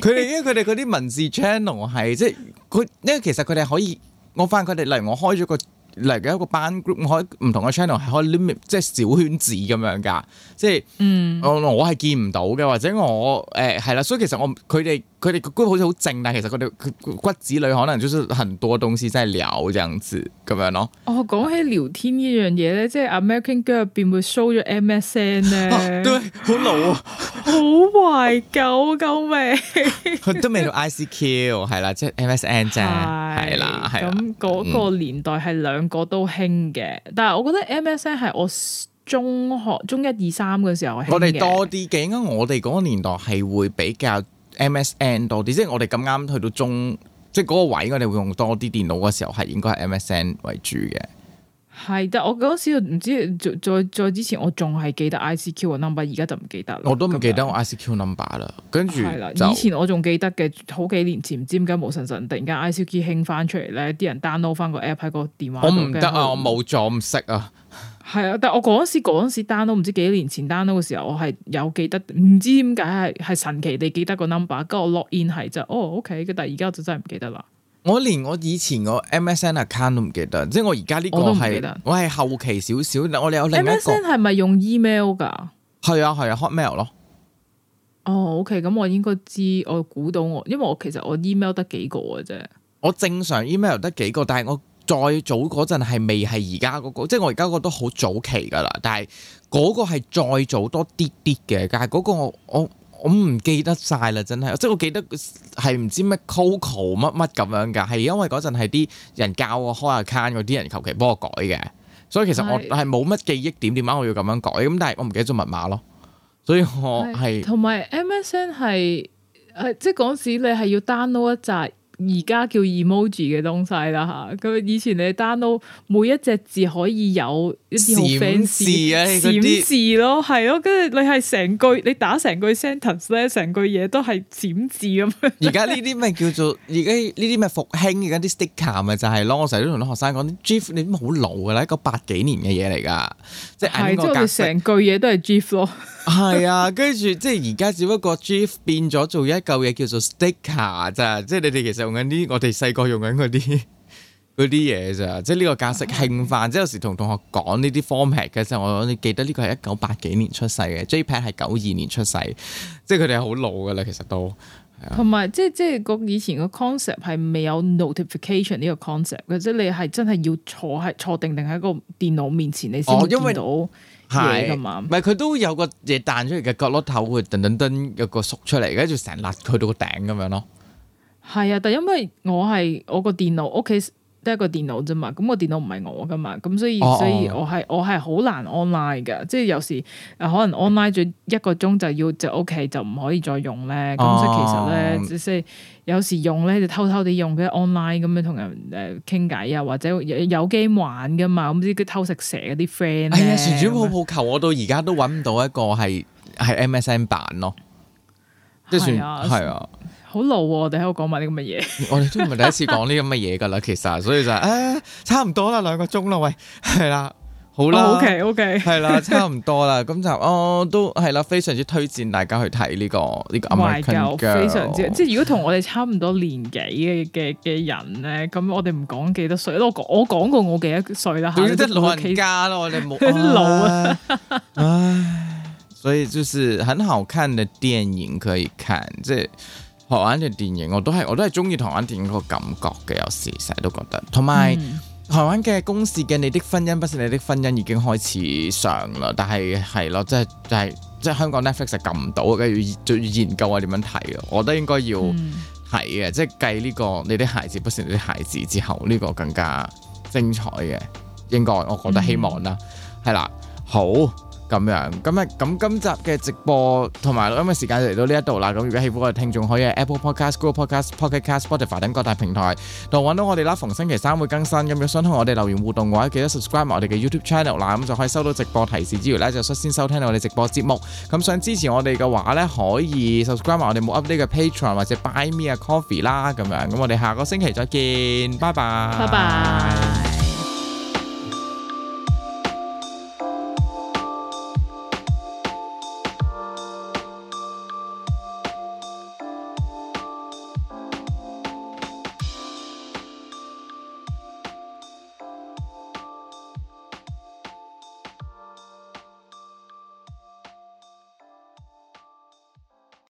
佢哋 因為佢哋嗰啲文字 channel 係即係佢，因為其實佢哋可以，我發現佢哋例如我開咗個例如一個班 group，開唔同嘅 channel 係開 limit，即係小圈子咁樣㗎，即係嗯，我我係見唔到嘅，或者我誒係啦，所以其實我佢哋。佢哋骨好似好靜，但其實佢哋骨子裏可能就是很多東西真係聊這，這樣子咁樣咯。哦，講、哦、起聊天呢樣嘢咧，即係 American Girl 入邊會 show 咗 MSN 咧，好、啊、老啊，好懷舊，救命！ 都未到 ICQ，係啦，即、就、係、是、MSN 啫，係是啦，係咁嗰個年代係兩個都興嘅，嗯、但係我覺得 MSN 係我中學中一二三嘅時候，我哋多啲嘅，應該我哋嗰個年代係會比較。MSN 多啲，即係我哋咁啱去到中，即係嗰個位，我哋會用多啲電腦嘅時候，係應該係 MSN 為主嘅。係，得，我嗰時唔知再再之前，我仲係記得 ICQ 個 number，而家就唔記得啦。我都唔記得我 ICQ number 啦。跟住係啦，以前我仲記得嘅，好幾年前唔知點解冇神神，突然間 ICQ 興翻出嚟咧，啲人 download 翻個 app 喺個電話。我唔得啊，會我冇咗唔識啊。 係啊，但係我嗰時嗰時 download 都唔知幾多年前 download 嗰個時候，我係有記得，唔知點解係係神奇地記得個 number，跟住我 login 係就哦 OK，但而家我就真係唔記得啦。我連我以前個 MSN account 都唔記得，即係我而家呢個都係我係後期少少，我有另一個 MSN 係咪用 email 噶？係啊係啊，Hotmail 咯。哦，OK，咁我應該知，我估到我，因為我其實我 email 得幾個嘅啫。我正常 email 得幾個，但係我。再早嗰陣係未係而家嗰個，即係我而家覺得好早期㗎啦。但係嗰個係再早多啲啲嘅，但係嗰個我我我唔記得晒啦，真係。即係我記得係唔知咩 Coco 乜乜咁樣㗎，係因為嗰陣係啲人教我開 account 嗰啲人求其幫我改嘅。所以其實我係冇乜記憶點點解我要咁樣改咁，但係我唔記得咗密碼咯。所以我係同埋 MSN 係，誒，即係嗰陣時你係要 download 一隻。而家叫 emoji 嘅東西啦吓，咁以前你 download 每一隻字可以有一啲好 fans 啊，閃字咯，係咯，跟住、嗯、你係成句你打成句 sentence 咧，成句嘢都係閃字咁樣。而家呢啲咪叫做而家呢啲咪復興而家啲 sticker 咪就係、是、咯，我成日都同啲學生講，gif 你都好老噶啦，一個八幾年嘅嘢嚟噶，即係係之後成句嘢都係 gif 咯。 係啊，跟住即係而家只不過 GIF 變咗做一嚿嘢叫做 sticker 咋，即係你哋其實用緊啲我哋細個用緊嗰啲嗰啲嘢咋，即係呢個格式興泛。 即係有時同同學講呢啲 format 嘅時候，我記得呢個係一九八幾年出世嘅，JPEG 係九二年出世，即係佢哋係好老噶啦，其實都。同埋有、嗯、即係即係以前個 concept 係未有 notification 呢個 concept 嘅，即係你係真係要坐喺坐定定喺個電腦面前你先會見到、哦。係，唔係佢都有個嘢彈出嚟嘅角落頭，會噔噔噔有個縮出嚟，跟住成日甩佢到個頂咁樣咯。係啊，但因為我係我個電腦屋企得一個電腦啫嘛，咁個電腦唔係我噶嘛，咁所以哦哦所以我係我係好難 online 噶，即係有時可能 online 咗一個鐘就要就屋企就唔可以再用咧。咁所以其實咧，即係、哦。即係有時用咧就偷偷地用，佢 online 咁樣同人誒傾偈啊，或者有機玩噶嘛，咁知佢偷食蛇嗰啲 friend 咧。係啊、哎，旋轉泡泡球，我到而家都揾唔到一個係係 MSN 版咯，即係算係啊，好、啊啊、老我哋喺度講埋啲咁嘅嘢。我哋都唔係第一次講呢咁嘅嘢噶啦，其實，所以就誒、是哎、差唔多啦，兩個鐘咯，喂，係啦、啊。好啦、oh,，OK OK，係 啦，差唔多啦，咁就哦都係啦，非常之推薦大家去睇呢、這個呢、這個 American Girl，非常之即係如果同我哋差唔多年紀嘅嘅嘅人咧，咁我哋唔講幾多歲，我講我講過我幾多歲啦，即係老，老人家咯，我哋冇老、啊， 唉，所以就是很好看嘅電影可以看，即係好玩嘅電影，我都係我都係中意台灣電影個感覺嘅，有時成日都覺得，同埋。嗯台灣嘅公視嘅你的婚姻不是你的婚姻已經開始上啦，但係係咯，即係即係即係香港 Netflix 係撳唔到嘅。要研究下點樣睇咯，我覺得應該要睇嘅，即係計呢個你的孩子不是你的孩子之後呢、呢個更加精彩嘅，應該我覺得希望啦，係啦、嗯，好。咁樣，咁啊，咁今集嘅直播同埋錄音嘅時間就嚟到呢一度啦。咁如果喜歡我哋聽眾，可以喺 Apple Podcast、Google Podcast、Pocket Cast、Spotify 等各大平台度揾到我哋啦。逢星期三會更新。咁如果想同我哋留言互動嘅話，記得 subscribe 埋我哋嘅 YouTube Channel 啦。咁就可以收到直播提示之餘呢，就率先收聽我哋直播節目。咁想支持我哋嘅話呢，可以 subscribe 埋我哋冇 update 嘅 Patreon 或者 Buy Me a Coffee 啦。咁樣，咁我哋下個星期再見，拜拜，拜拜。